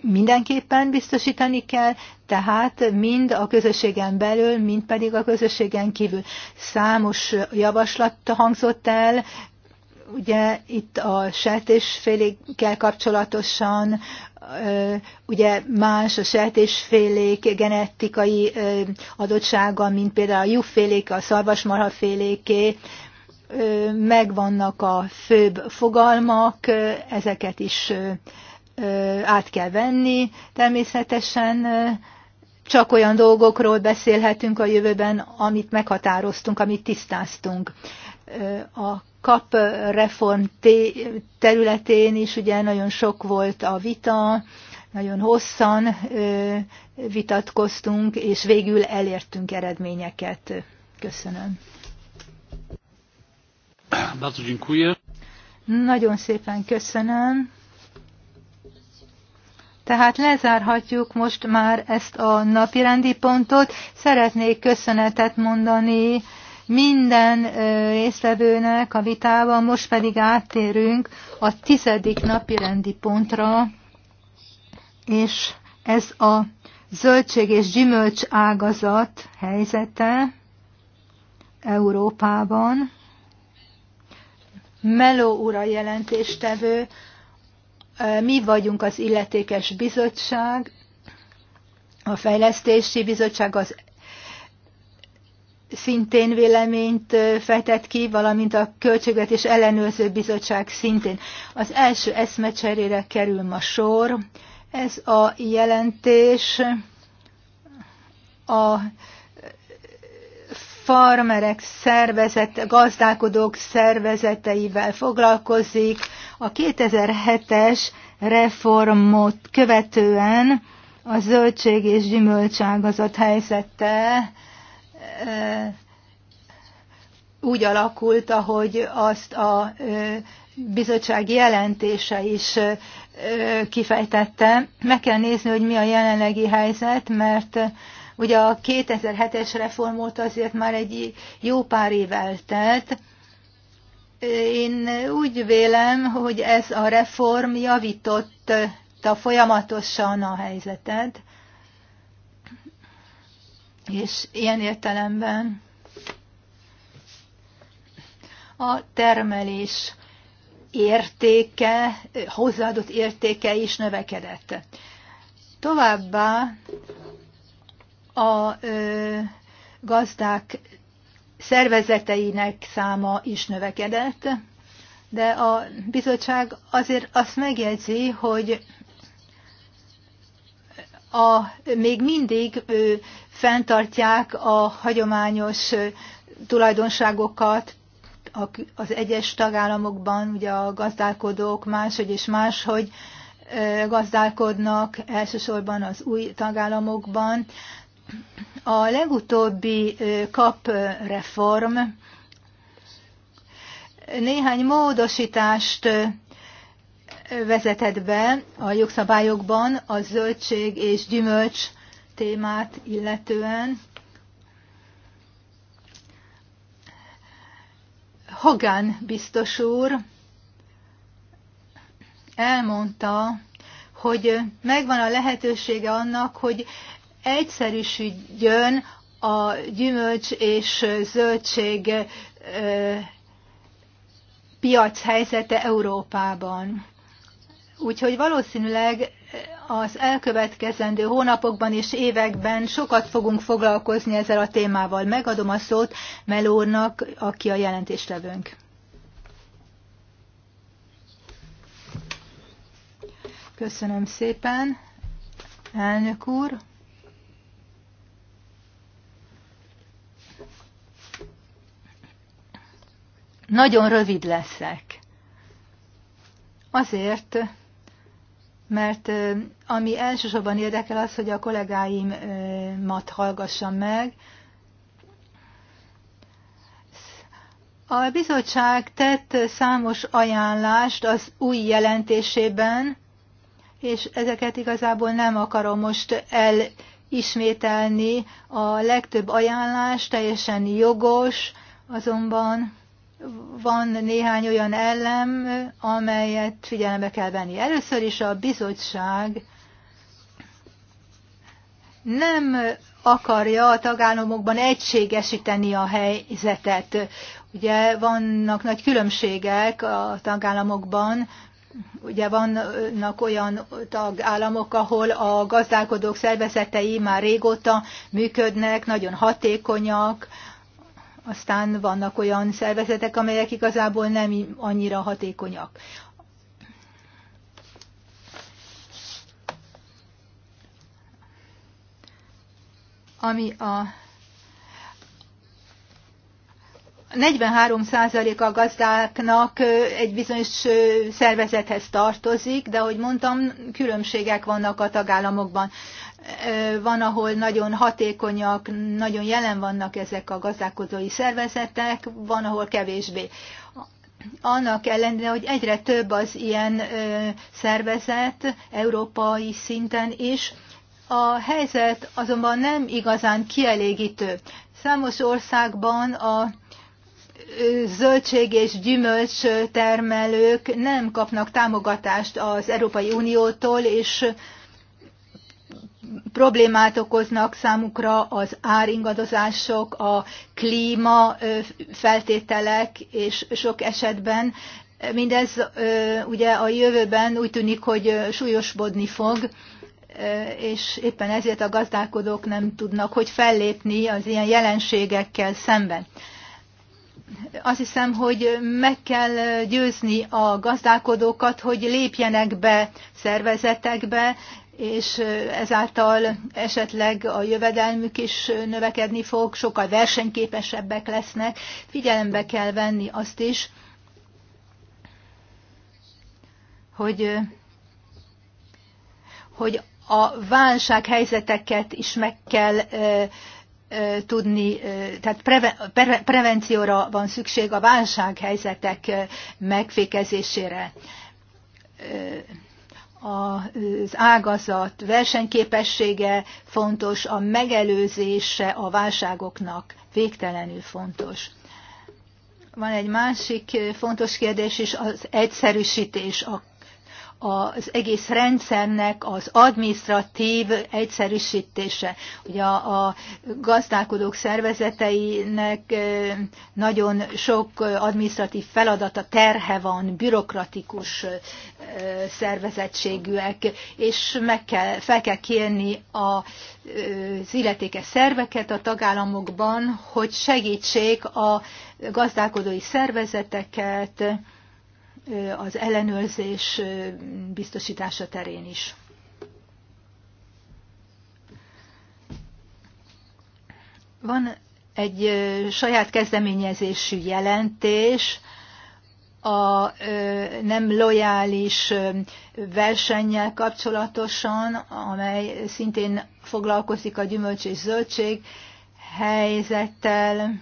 mindenképpen biztosítani kell, tehát mind a közösségen belül, mind pedig a közösségen kívül. Számos javaslat hangzott el, ugye itt a sertésfélékkel kapcsolatosan, ugye más a sertésfélék genetikai adottsága, mint például a juhfélék, a szarvasmarhaféléké, megvannak a főbb fogalmak, ezeket is át kell venni. Természetesen csak olyan dolgokról beszélhetünk a jövőben, amit meghatároztunk, amit tisztáztunk. A kap reform területén is ugye nagyon sok volt a vita, nagyon hosszan vitatkoztunk, és végül elértünk eredményeket. Köszönöm. Bardzo dziękuję. Nagyon szépen köszönöm. Tehát lezárhatjuk most már ezt a napirendi pontot. Szeretnék köszönetet mondani minden résztvevőnek a vitában, most pedig áttérünk a tizedik napirendi pontra, és ez a zöldség és gyümölcs ágazat helyzete Európában. Meló ura jelentéstevő, mi vagyunk az illetékes bizottság, a fejlesztési bizottság az szintén véleményt fetett ki, valamint a Költségvetés Ellenőrző Bizottság szintén. Az első eszmecserére kerül ma sor. Ez a jelentés a farmerek szervezet, gazdálkodók szervezeteivel foglalkozik. A 2007-es reformot követően a zöldség és gyümölcságazat helyzete úgy alakult, ahogy azt a bizottság jelentése is kifejtette. Meg kell nézni, hogy mi a jelenlegi helyzet, mert Ugye a 2007-es reform óta azért már egy jó pár év eltelt. Én úgy vélem, hogy ez a reform javította folyamatosan a helyzetet, és ilyen értelemben a termelés értéke, hozzáadott értéke is növekedett. Továbbá a gazdák szervezeteinek száma is növekedett, de a bizottság azért azt megjegyzi, hogy a, még mindig ö, fenntartják a hagyományos ö, tulajdonságokat a, az egyes tagállamokban, ugye a gazdálkodók máshogy és máshogy ö, gazdálkodnak, elsősorban az új tagállamokban. A legutóbbi kap reform néhány módosítást vezetett be a jogszabályokban a zöldség és gyümölcs témát illetően. Hogan biztos úr elmondta, hogy megvan a lehetősége annak, hogy egyszerűsítjön a gyümölcs és zöldség piac helyzete Európában. Úgyhogy valószínűleg az elkövetkezendő hónapokban és években sokat fogunk foglalkozni ezzel a témával. Megadom a szót Melórnak, aki a jelentéstevőnk. Köszönöm szépen, elnök úr. Nagyon rövid leszek. Azért, mert ami elsősorban érdekel az, hogy a kollégáimat hallgassam meg. A bizottság tett számos ajánlást az új jelentésében, és ezeket igazából nem akarom most elismételni. A legtöbb ajánlás teljesen jogos, azonban van néhány olyan ellem, amelyet figyelembe kell venni. Először is a bizottság nem akarja a tagállamokban egységesíteni a helyzetet. Ugye vannak nagy különbségek a tagállamokban, ugye vannak olyan tagállamok, ahol a gazdálkodók szervezetei már régóta működnek, nagyon hatékonyak, aztán vannak olyan szervezetek, amelyek igazából nem annyira hatékonyak. Ami a 43% a gazdáknak egy bizonyos szervezethez tartozik, de ahogy mondtam, különbségek vannak a tagállamokban van, ahol nagyon hatékonyak, nagyon jelen vannak ezek a gazdálkodói szervezetek, van, ahol kevésbé. Annak ellenére, hogy egyre több az ilyen szervezet európai szinten is, a helyzet azonban nem igazán kielégítő. Számos országban a zöldség és gyümölcs termelők nem kapnak támogatást az Európai Uniótól, és problémát okoznak számukra az áringadozások, a klíma feltételek, és sok esetben mindez ugye a jövőben úgy tűnik, hogy súlyosbodni fog, és éppen ezért a gazdálkodók nem tudnak, hogy fellépni az ilyen jelenségekkel szemben. Azt hiszem, hogy meg kell győzni a gazdálkodókat, hogy lépjenek be szervezetekbe, és ezáltal esetleg a jövedelmük is növekedni fog, sokkal versenyképesebbek lesznek. Figyelembe kell venni azt is, hogy, hogy a válság helyzeteket is meg kell tudni, tehát prevencióra van szükség a válsághelyzetek megfékezésére. Ö, az ágazat versenyképessége fontos, a megelőzése a válságoknak végtelenül fontos. Van egy másik fontos kérdés is, az egyszerűsítés, a az egész rendszernek az administratív egyszerűsítése. Ugye a, a gazdálkodók szervezeteinek nagyon sok administratív feladata, terhe van, bürokratikus szervezettségűek, és meg kell, fel kell kérni a az illetékes szerveket a tagállamokban, hogy segítsék a gazdálkodói szervezeteket, az ellenőrzés biztosítása terén is. Van egy saját kezdeményezésű jelentés a nem lojális versennyel kapcsolatosan, amely szintén foglalkozik a gyümölcs és zöldség helyzettel.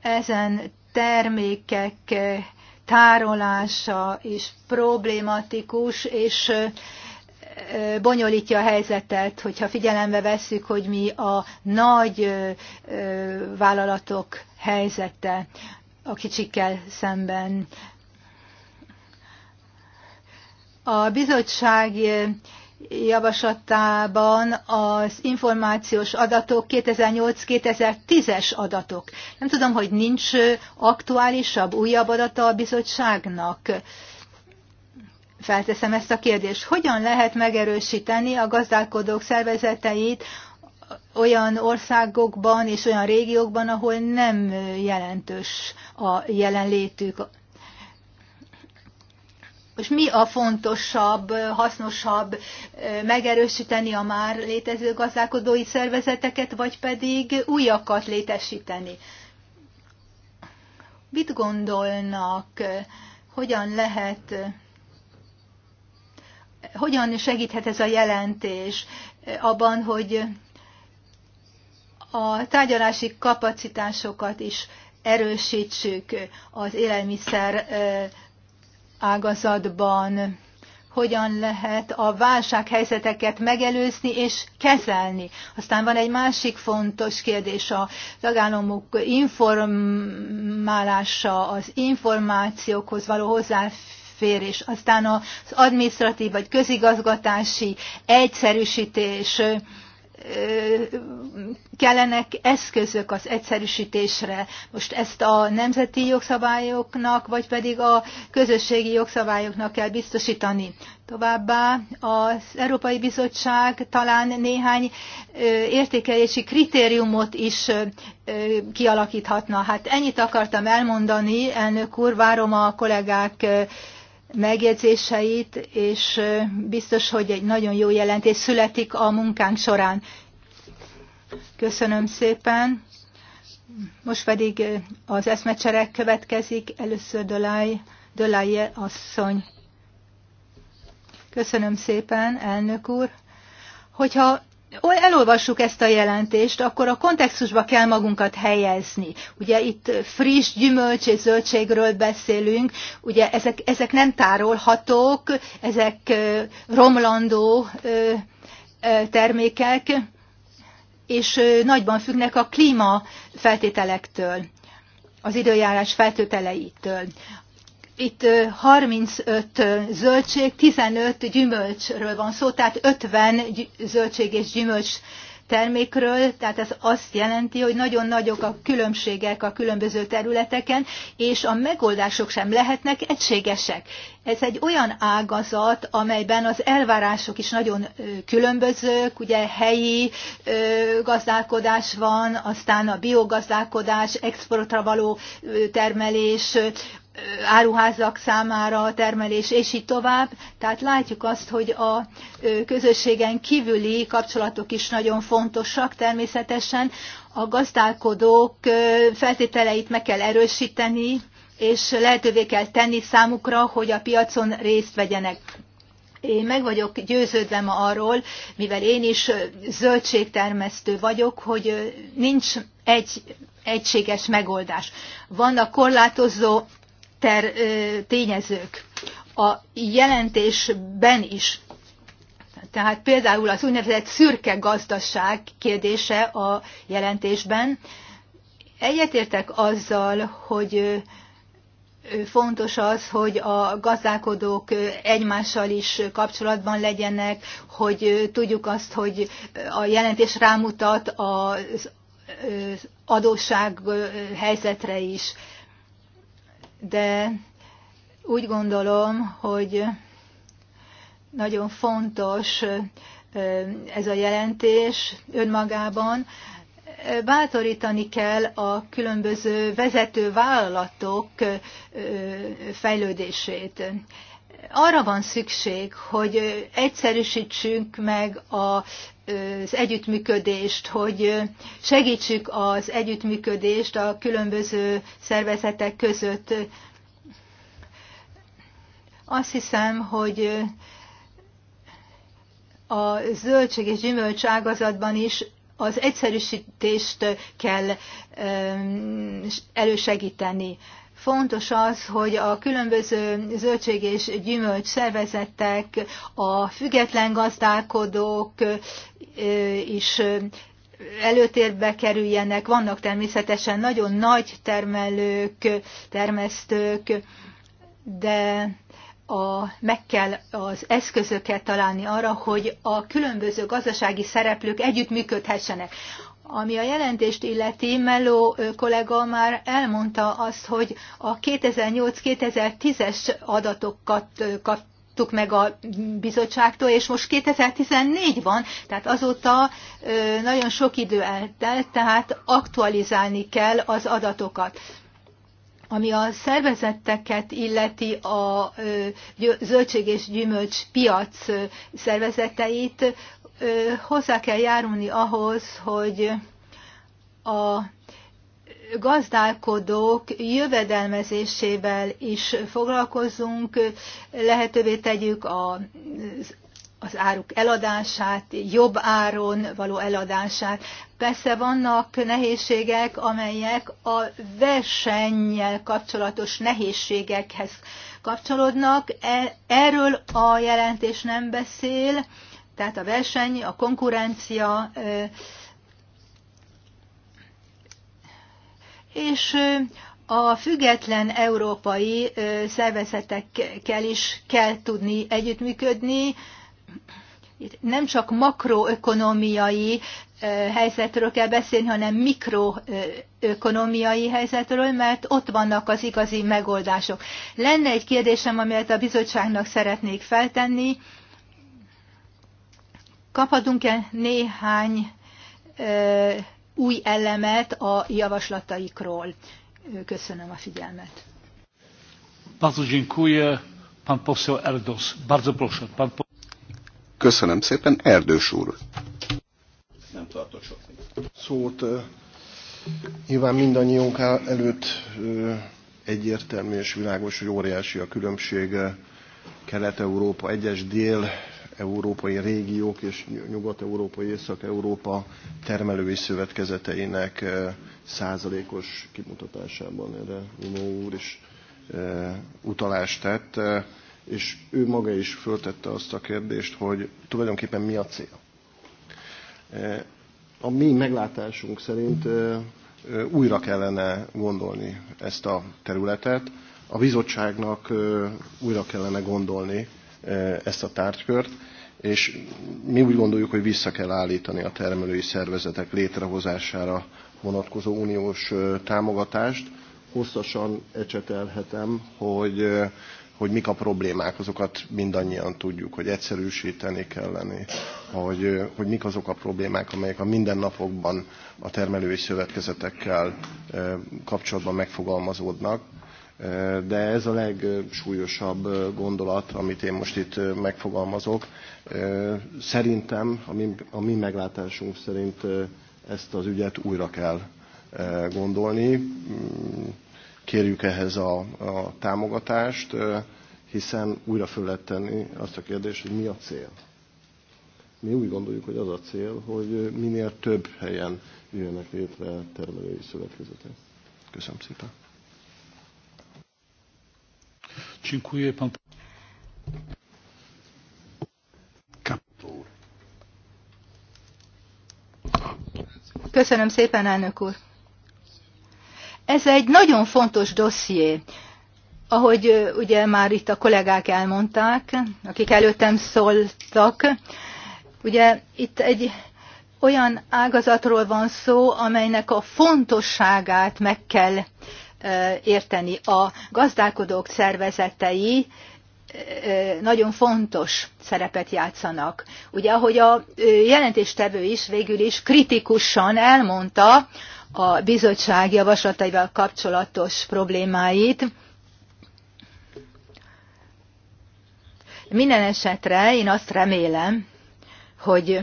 Ezen termékek eh, tárolása is problématikus, és eh, eh, bonyolítja a helyzetet, hogyha figyelembe vesszük, hogy mi a nagy vállalatok helyzete a kicsikkel szemben. A bizottság javaslatában az információs adatok 2008-2010-es adatok. Nem tudom, hogy nincs aktuálisabb, újabb adata a bizottságnak. Felteszem ezt a kérdést. Hogyan lehet megerősíteni a gazdálkodók szervezeteit olyan országokban és olyan régiókban, ahol nem jelentős a jelenlétük és mi a fontosabb, hasznosabb megerősíteni a már létező gazdálkodói szervezeteket, vagy pedig újakat létesíteni? Mit gondolnak, hogyan lehet, hogyan segíthet ez a jelentés abban, hogy a tárgyalási kapacitásokat is erősítsük az élelmiszer ágazatban hogyan lehet a válsághelyzeteket megelőzni és kezelni. Aztán van egy másik fontos kérdés, a tagállamok informálása, az információkhoz való hozzáférés, aztán az administratív vagy közigazgatási egyszerűsítés, kellenek eszközök az egyszerűsítésre. Most ezt a nemzeti jogszabályoknak, vagy pedig a közösségi jogszabályoknak kell biztosítani. Továbbá az Európai Bizottság talán néhány értékelési kritériumot is kialakíthatna. Hát ennyit akartam elmondani, elnök úr, várom a kollégák megjegyzéseit, és biztos, hogy egy nagyon jó jelentés születik a munkánk során. Köszönöm szépen. Most pedig az eszmecserek következik. Először Dölaj, Dölaje asszony. Köszönöm szépen, elnök úr. Hogyha elolvassuk ezt a jelentést, akkor a kontextusba kell magunkat helyezni. Ugye itt friss gyümölcs és zöldségről beszélünk, ugye ezek, ezek nem tárolhatók, ezek romlandó termékek, és nagyban függnek a klíma feltételektől az időjárás feltételeitől itt 35 zöldség, 15 gyümölcsről van szó, tehát 50 zöldség és gyümölcs termékről, tehát ez azt jelenti, hogy nagyon nagyok a különbségek a különböző területeken, és a megoldások sem lehetnek egységesek. Ez egy olyan ágazat, amelyben az elvárások is nagyon különbözők, ugye helyi gazdálkodás van, aztán a biogazdálkodás, exportra való termelés, áruházak számára a termelés, és így tovább. Tehát látjuk azt, hogy a közösségen kívüli kapcsolatok is nagyon fontosak természetesen. A gazdálkodók feltételeit meg kell erősíteni, és lehetővé kell tenni számukra, hogy a piacon részt vegyenek. Én meg vagyok győződve ma arról, mivel én is zöldségtermesztő vagyok, hogy nincs egy egységes megoldás. Vannak korlátozó ter, tényezők a jelentésben is. Tehát például az úgynevezett szürke gazdaság kérdése a jelentésben. Egyetértek azzal, hogy fontos az, hogy a gazdálkodók egymással is kapcsolatban legyenek, hogy tudjuk azt, hogy a jelentés rámutat az adósság helyzetre is de úgy gondolom, hogy nagyon fontos ez a jelentés önmagában. Bátorítani kell a különböző vezető vállalatok fejlődését. Arra van szükség, hogy egyszerűsítsünk meg a az együttműködést, hogy segítsük az együttműködést a különböző szervezetek között. Azt hiszem, hogy a zöldség és gyümölcs ágazatban is az egyszerűsítést kell elősegíteni fontos az, hogy a különböző zöldség és gyümölcs szervezetek, a független gazdálkodók is előtérbe kerüljenek. Vannak természetesen nagyon nagy termelők, termesztők, de a, meg kell az eszközöket találni arra, hogy a különböző gazdasági szereplők együttműködhessenek. Ami a jelentést illeti, Meló kollega már elmondta azt, hogy a 2008-2010-es adatokat kaptuk meg a bizottságtól, és most 2014 van, tehát azóta nagyon sok idő eltelt, tehát aktualizálni kell az adatokat. Ami a szervezeteket illeti a zöldség és gyümölcs piac szervezeteit, hozzá kell járulni ahhoz, hogy a gazdálkodók jövedelmezésével is foglalkozunk, lehetővé tegyük a az áruk eladását, jobb áron való eladását. Persze vannak nehézségek, amelyek a versennyel kapcsolatos nehézségekhez kapcsolódnak. E, erről a jelentés nem beszél, tehát a verseny, a konkurencia, és a független európai szervezetekkel is kell tudni együttműködni. Itt nem csak makroökonomiai helyzetről kell beszélni, hanem mikroökonomiai helyzetről, mert ott vannak az igazi megoldások. Lenne egy kérdésem, amelyet a bizottságnak szeretnék feltenni. Kaphatunk-e néhány új elemet a javaslataikról? Köszönöm a figyelmet. Bardzo dziękuję. Pan poseł Erdos. Bardzo proszę. Pan po... Köszönöm szépen, Erdős úr. Nem tartott sok szót. Nyilván mindannyiunk előtt egyértelmű és világos, hogy óriási a különbség Kelet-Európa egyes dél európai régiók és nyugat-európai Észak-Európa termelői szövetkezeteinek százalékos kimutatásában erre Unó úr is utalást tett, és ő maga is föltette azt a kérdést, hogy tulajdonképpen mi a cél. A mi meglátásunk szerint újra kellene gondolni ezt a területet, a bizottságnak újra kellene gondolni ezt a tárgykört, és mi úgy gondoljuk, hogy vissza kell állítani a termelői szervezetek létrehozására vonatkozó uniós támogatást. Hosszasan ecsetelhetem, hogy hogy mik a problémák, azokat mindannyian tudjuk, hogy egyszerűsíteni kellene, hogy, hogy mik azok a problémák, amelyek a mindennapokban a termelői szövetkezetekkel kapcsolatban megfogalmazódnak. De ez a legsúlyosabb gondolat, amit én most itt megfogalmazok. Szerintem, a mi, a mi meglátásunk szerint ezt az ügyet újra kell gondolni. Mm, kérjük ehhez a, a támogatást, hiszen újra föl lehet tenni azt a kérdést, hogy mi a cél. Mi úgy gondoljuk, hogy az a cél, hogy minél több helyen jöjjenek létre termelői szövetkezetek. Köszönöm szépen. Dziękuję pan. Köszönöm szépen, elnök úr. Ez egy nagyon fontos dosszié. Ahogy ugye már itt a kollégák elmondták, akik előttem szóltak, ugye itt egy olyan ágazatról van szó, amelynek a fontosságát meg kell érteni. A gazdálkodók szervezetei nagyon fontos szerepet játszanak. Ugye, ahogy a jelentéstevő is végül is kritikusan elmondta a bizottság javaslataival kapcsolatos problémáit, minden esetre én azt remélem, hogy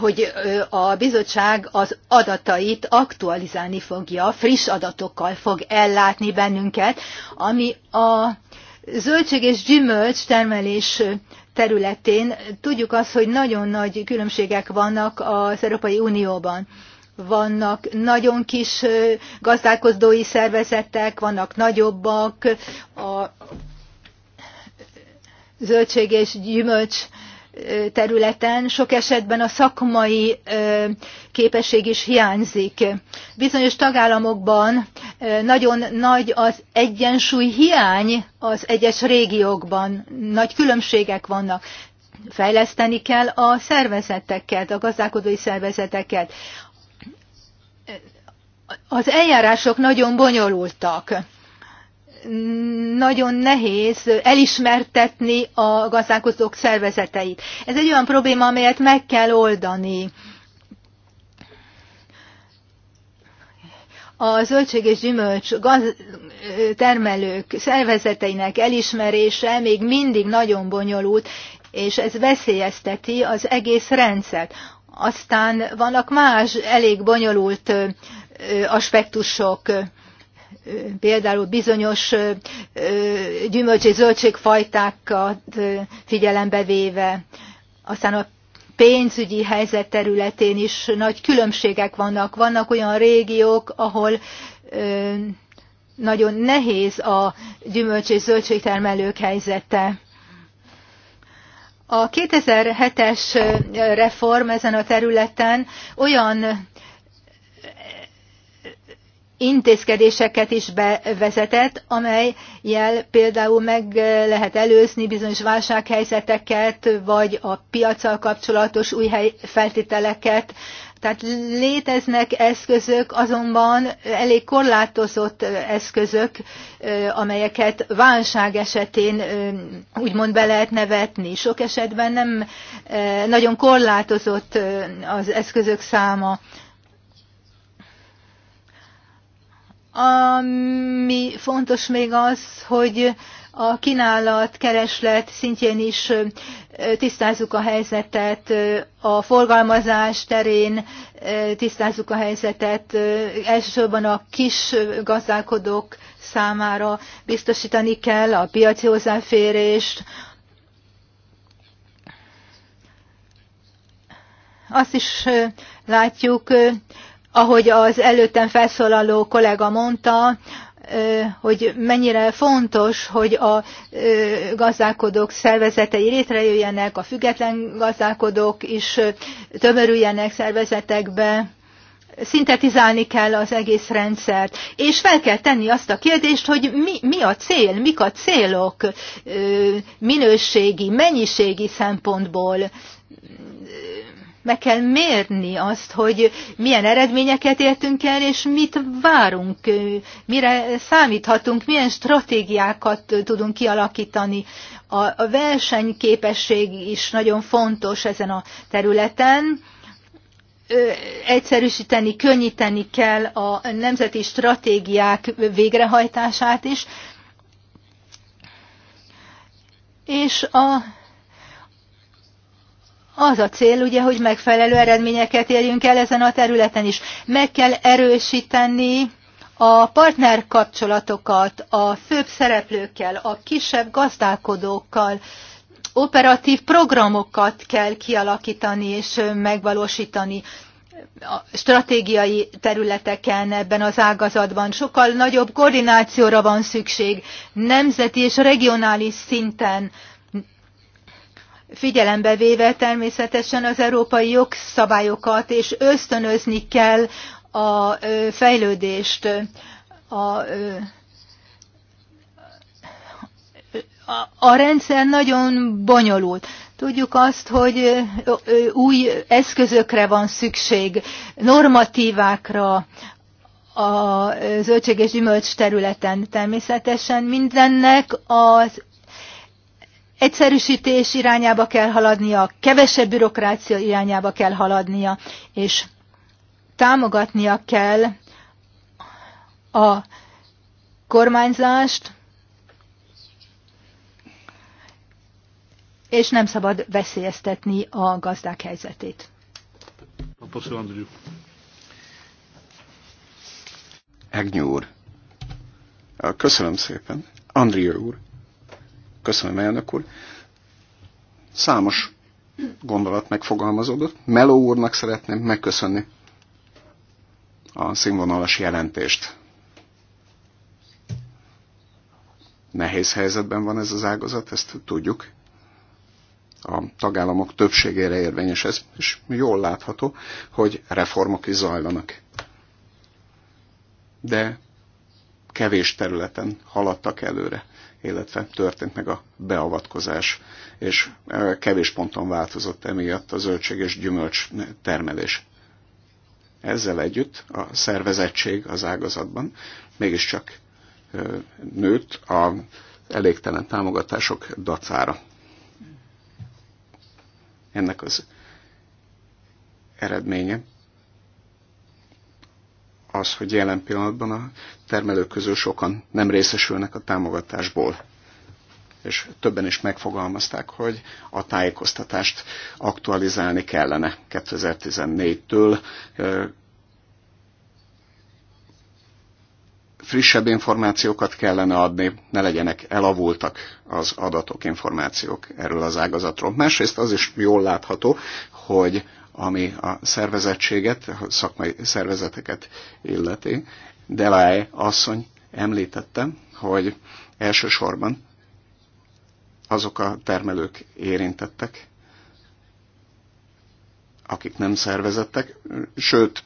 hogy a bizottság az adatait aktualizálni fogja, friss adatokkal fog ellátni bennünket, ami a zöldség és gyümölcs termelés területén tudjuk azt, hogy nagyon nagy különbségek vannak az Európai Unióban vannak nagyon kis gazdálkodói szervezetek, vannak nagyobbak, a zöldség és gyümölcs területen sok esetben a szakmai képesség is hiányzik. Bizonyos tagállamokban nagyon nagy az egyensúly hiány az egyes régiókban, nagy különbségek vannak. Fejleszteni kell a szervezeteket, a gazdálkodói szervezeteket. Az eljárások nagyon bonyolultak nagyon nehéz elismertetni a gazdálkodók szervezeteit. Ez egy olyan probléma, amelyet meg kell oldani. a zöldség és gyümölcs gaz, termelők szervezeteinek elismerése még mindig nagyon bonyolult, és ez veszélyezteti az egész rendszert. Aztán vannak más elég bonyolult aspektusok például bizonyos gyümölcs és zöldségfajtákat figyelembe véve. Aztán a pénzügyi helyzet területén is nagy különbségek vannak. Vannak olyan régiók, ahol nagyon nehéz a gyümölcs és zöldségtermelők helyzete. A 2007-es reform ezen a területen olyan intézkedéseket is bevezetett, amelyel például meg lehet előzni bizonyos válsághelyzeteket, vagy a piacsal kapcsolatos új feltételeket. Tehát léteznek eszközök, azonban elég korlátozott eszközök, amelyeket válság esetén úgymond be lehet nevetni. Sok esetben nem nagyon korlátozott az eszközök száma. Ami fontos még az, hogy a kínálat, kereslet szintjén is tisztázzuk a helyzetet, a forgalmazás terén tisztázzuk a helyzetet, elsősorban a kis gazdálkodók számára biztosítani kell a piaci hozzáférést, azt is látjuk, ahogy az előttem felszólaló kollega mondta, hogy mennyire fontos, hogy a gazdálkodók szervezetei létrejöjjenek, a független gazdálkodók is tömörüljenek szervezetekbe, szintetizálni kell az egész rendszert, és fel kell tenni azt a kérdést, hogy mi, mi a cél, mik a célok minőségi, mennyiségi szempontból, meg kell mérni azt, hogy milyen eredményeket értünk el, és mit várunk, mire számíthatunk, milyen stratégiákat tudunk kialakítani. A versenyképesség is nagyon fontos ezen a területen. Egyszerűsíteni, könnyíteni kell a nemzeti stratégiák végrehajtását is. És a az a cél, ugye, hogy megfelelő eredményeket érjünk el ezen a területen is. Meg kell erősíteni a partnerkapcsolatokat a főbb szereplőkkel, a kisebb gazdálkodókkal, operatív programokat kell kialakítani és megvalósítani a stratégiai területeken ebben az ágazatban. Sokkal nagyobb koordinációra van szükség nemzeti és regionális szinten figyelembe véve természetesen az európai jogszabályokat, és ösztönözni kell a fejlődést, a a rendszer nagyon bonyolult. Tudjuk azt, hogy új eszközökre van szükség, normatívákra a zöldség és gyümölcs területen természetesen. Mindennek az egyszerűsítés irányába kell haladnia, kevesebb bürokrácia irányába kell haladnia, és támogatnia kell a kormányzást, és nem szabad veszélyeztetni a gazdák helyzetét. Egnyú úr. Köszönöm szépen. Andrió úr. Köszönöm, elnök úr. Számos gondolat megfogalmazódott. Meló úrnak szeretném megköszönni a színvonalas jelentést. Nehéz helyzetben van ez az ágazat, ezt tudjuk. A tagállamok többségére érvényes ez, és jól látható, hogy reformok is zajlanak. De kevés területen haladtak előre illetve történt meg a beavatkozás, és kevés ponton változott emiatt a zöldség és gyümölcs termelés. Ezzel együtt a szervezettség az ágazatban mégiscsak nőtt a elégtelen támogatások dacára. Ennek az eredménye az, hogy jelen pillanatban a termelők közül sokan nem részesülnek a támogatásból. És többen is megfogalmazták, hogy a tájékoztatást aktualizálni kellene 2014-től. Frissebb információkat kellene adni, ne legyenek elavultak az adatok, információk erről az ágazatról. Másrészt az is jól látható, hogy ami a szervezettséget, a szakmai szervezeteket illeti. Delay asszony említette, hogy elsősorban azok a termelők érintettek, akik nem szervezettek, sőt,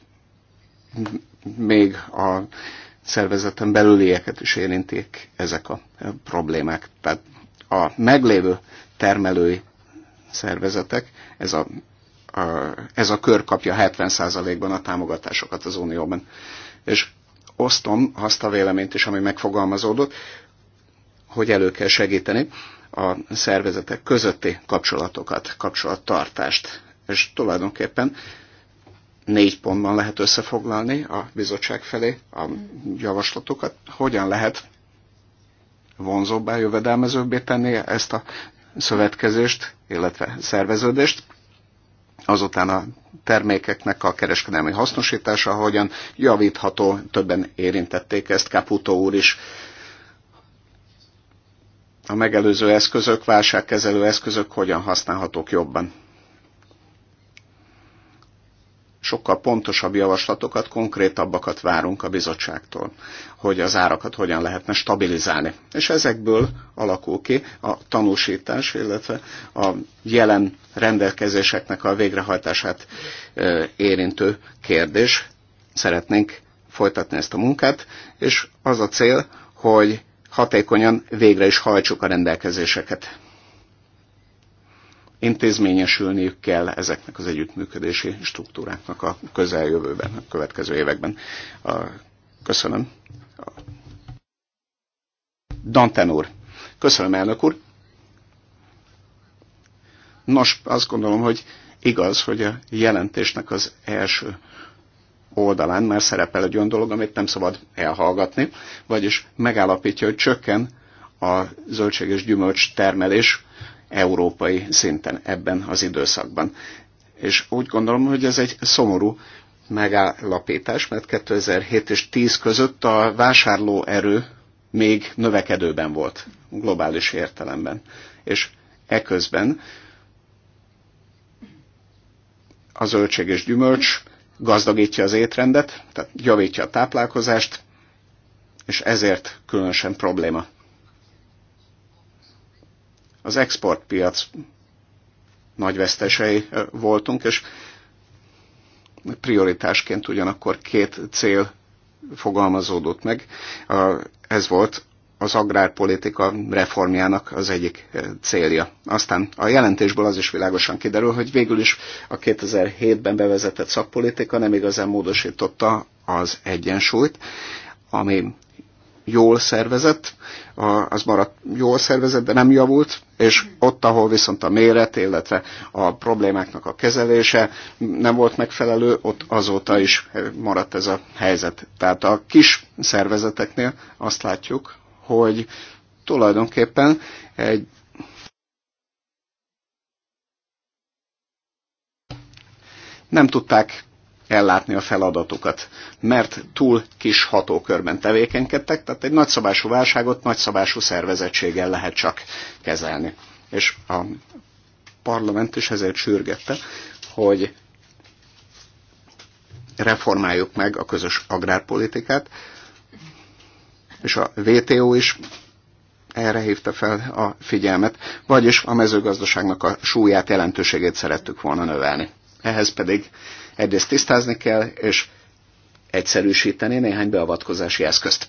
még a szervezeten belülieket is érintik ezek a problémák. Tehát a meglévő termelői szervezetek, ez a ez a kör kapja 70%-ban a támogatásokat az Unióban. És osztom azt a véleményt is, ami megfogalmazódott, hogy elő kell segíteni a szervezetek közötti kapcsolatokat, kapcsolattartást. És tulajdonképpen négy pontban lehet összefoglalni a bizottság felé a javaslatokat. Hogyan lehet vonzóbbá, jövedelmezőbbé tenni ezt a szövetkezést, illetve szerveződést, azután a termékeknek a kereskedelmi hasznosítása hogyan javítható, többen érintették ezt, Caputo úr is. A megelőző eszközök, válságkezelő eszközök hogyan használhatók jobban sokkal pontosabb javaslatokat, konkrétabbakat várunk a bizottságtól, hogy az árakat hogyan lehetne stabilizálni. És ezekből alakul ki a tanúsítás, illetve a jelen rendelkezéseknek a végrehajtását érintő kérdés. Szeretnénk folytatni ezt a munkát, és az a cél, hogy hatékonyan végre is hajtsuk a rendelkezéseket intézményesülniük kell ezeknek az együttműködési struktúráknak a közeljövőben, a következő években. Köszönöm. Danten úr. Köszönöm, elnök úr. Nos, azt gondolom, hogy igaz, hogy a jelentésnek az első oldalán már szerepel egy olyan dolog, amit nem szabad elhallgatni, vagyis megállapítja, hogy csökken a zöldség és gyümölcs termelés európai szinten ebben az időszakban. És úgy gondolom, hogy ez egy szomorú megállapítás, mert 2007 és 10 között a vásárlóerő még növekedőben volt globális értelemben. És eközben a zöldség és gyümölcs gazdagítja az étrendet, tehát javítja a táplálkozást, és ezért különösen probléma az exportpiac nagy vesztesei voltunk, és prioritásként ugyanakkor két cél fogalmazódott meg. Ez volt az agrárpolitika reformjának az egyik célja. Aztán a jelentésből az is világosan kiderül, hogy végül is a 2007-ben bevezetett szakpolitika nem igazán módosította az egyensúlyt, ami jól szervezett, az maradt jól szervezett, de nem javult, és ott, ahol viszont a méret, illetve a problémáknak a kezelése nem volt megfelelő, ott azóta is maradt ez a helyzet. Tehát a kis szervezeteknél azt látjuk, hogy tulajdonképpen egy nem tudták ellátni a feladatukat, mert túl kis hatókörben tevékenykedtek, tehát egy nagyszabású válságot nagyszabású szervezettséggel lehet csak kezelni. És a parlament is ezért sürgette, hogy reformáljuk meg a közös agrárpolitikát, és a WTO is erre hívta fel a figyelmet, vagyis a mezőgazdaságnak a súlyát, jelentőségét szerettük volna növelni. Ehhez pedig egyrészt tisztázni kell, és egyszerűsíteni néhány beavatkozási eszközt.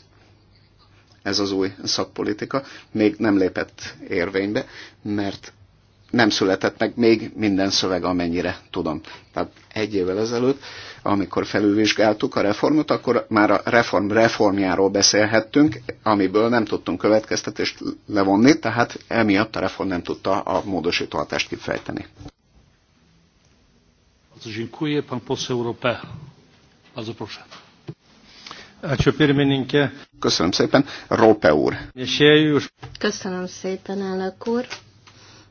Ez az új szakpolitika még nem lépett érvénybe, mert nem született meg még minden szöveg, amennyire tudom. Tehát egy évvel ezelőtt, amikor felülvizsgáltuk a reformot, akkor már a reform reformjáról beszélhettünk, amiből nem tudtunk következtetést levonni, tehát emiatt a reform nem tudta a módosító hatást kifejteni. Bardzo dziękuję. Pan poseł Rope. Bardzo proszę. Köszönöm szépen. Rópe úr. Köszönöm szépen, elnök úr.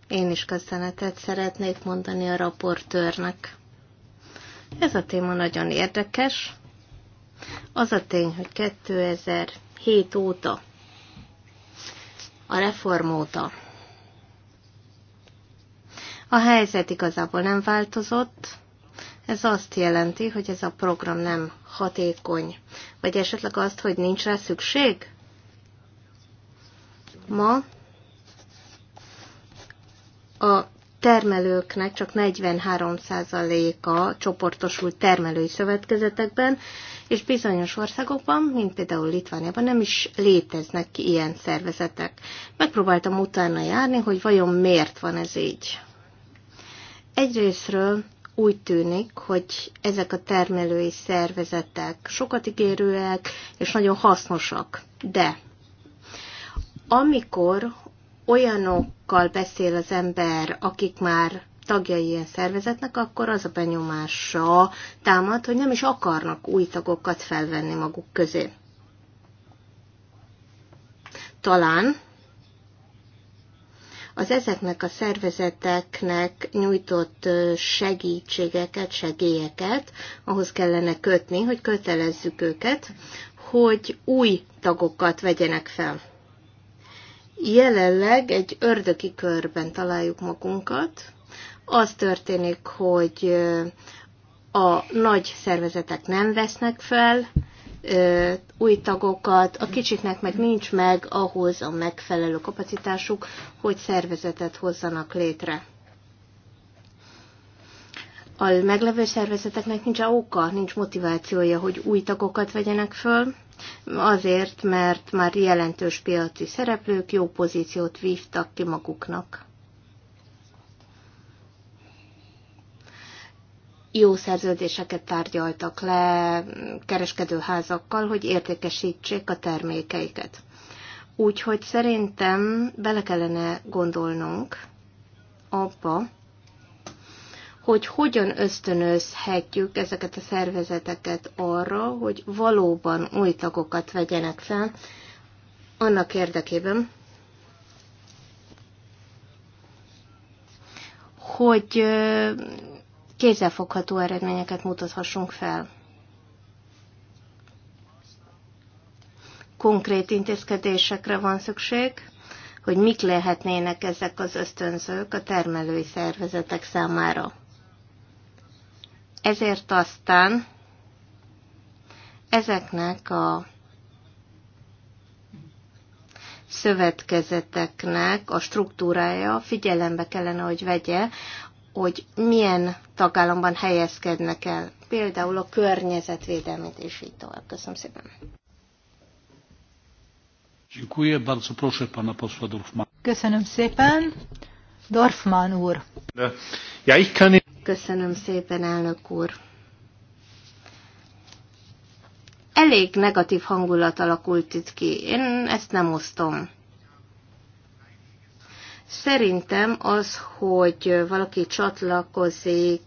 Én is köszönetet szeretnék mondani a raportőrnek. Ez a téma nagyon érdekes. Az a tény, hogy 2007 óta, a reform óta, a helyzet igazából nem változott, ez azt jelenti, hogy ez a program nem hatékony, vagy esetleg azt, hogy nincs rá szükség? Ma a termelőknek csak 43%-a csoportosul termelői szövetkezetekben, és bizonyos országokban, mint például Litvániában nem is léteznek ki ilyen szervezetek. Megpróbáltam utána járni, hogy vajon miért van ez így. Egyrésztről úgy tűnik, hogy ezek a termelői szervezetek sokat ígérőek és nagyon hasznosak. De amikor olyanokkal beszél az ember, akik már tagjai ilyen szervezetnek, akkor az a benyomása támad, hogy nem is akarnak új tagokat felvenni maguk közé. Talán az ezeknek a szervezeteknek nyújtott segítségeket, segélyeket ahhoz kellene kötni, hogy kötelezzük őket, hogy új tagokat vegyenek fel. Jelenleg egy ördöki körben találjuk magunkat. Az történik, hogy a nagy szervezetek nem vesznek fel új tagokat, a kicsiknek meg nincs meg ahhoz a megfelelő kapacitásuk, hogy szervezetet hozzanak létre. A meglevő szervezeteknek nincs oka, nincs motivációja, hogy új tagokat vegyenek föl, azért, mert már jelentős piaci szereplők jó pozíciót vívtak ki maguknak. jó szerződéseket tárgyaltak le kereskedőházakkal, hogy értékesítsék a termékeiket. Úgyhogy szerintem bele kellene gondolnunk abba, hogy hogyan ösztönözhetjük ezeket a szervezeteket arra, hogy valóban új tagokat vegyenek fel, annak érdekében, hogy kézzelfogható eredményeket mutathassunk fel. Konkrét intézkedésekre van szükség, hogy mik lehetnének ezek az ösztönzők a termelői szervezetek számára. Ezért aztán ezeknek a szövetkezeteknek a struktúrája figyelembe kellene, hogy vegye hogy milyen tagállamban helyezkednek el, például a környezetvédelmét és így tovább. Köszönöm szépen. Köszönöm szépen. Dorfman úr. Ja, Köszönöm szépen, elnök úr. Elég negatív hangulat alakult itt ki. Én ezt nem osztom. Szerintem az, hogy valaki csatlakozik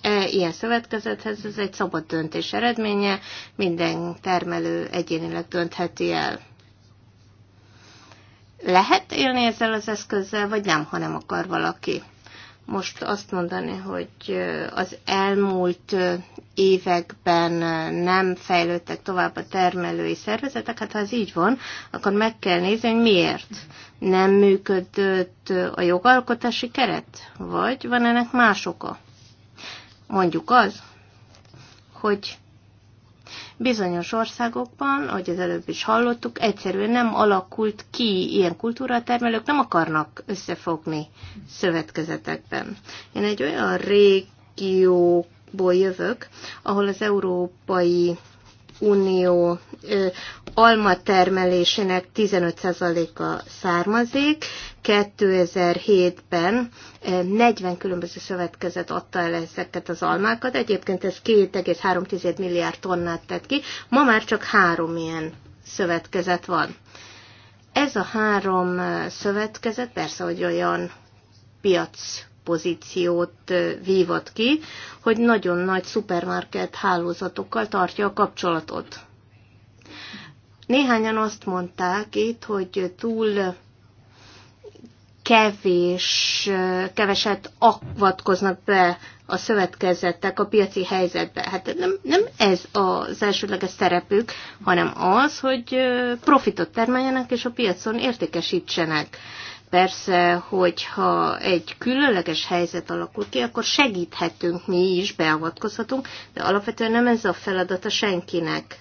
e ilyen szövetkezethez, ez egy szabad döntés eredménye, minden termelő egyénileg döntheti el. Lehet élni ezzel az eszközzel, vagy nem, ha nem akar valaki most azt mondani, hogy az elmúlt években nem fejlődtek tovább a termelői szervezetek, hát ha ez így van, akkor meg kell nézni, hogy miért nem működött a jogalkotási keret, vagy van ennek más oka. Mondjuk az, hogy Bizonyos országokban, ahogy az előbb is hallottuk, egyszerűen nem alakult ki ilyen kultúratermelők, nem akarnak összefogni szövetkezetekben. Én egy olyan régióból jövök, ahol az európai Unió ö, alma termelésének 15%-a származik, 2007-ben 40 eh, különböző szövetkezet adta el ezeket az almákat, egyébként ez 2,3 milliárd tonnát tett ki, ma már csak három ilyen szövetkezet van. Ez a három eh, szövetkezet persze, hogy olyan piac pozíciót eh, vívott ki, hogy nagyon nagy szupermarket hálózatokkal tartja a kapcsolatot. Néhányan azt mondták itt, hogy túl kevés, keveset akvatkoznak be a szövetkezettek a piaci helyzetbe. Hát nem, nem ez az elsődleges szerepük, hanem az, hogy profitot termeljenek és a piacon értékesítsenek. Persze, hogyha egy különleges helyzet alakul ki, akkor segíthetünk mi is, beavatkozhatunk, de alapvetően nem ez a feladata senkinek.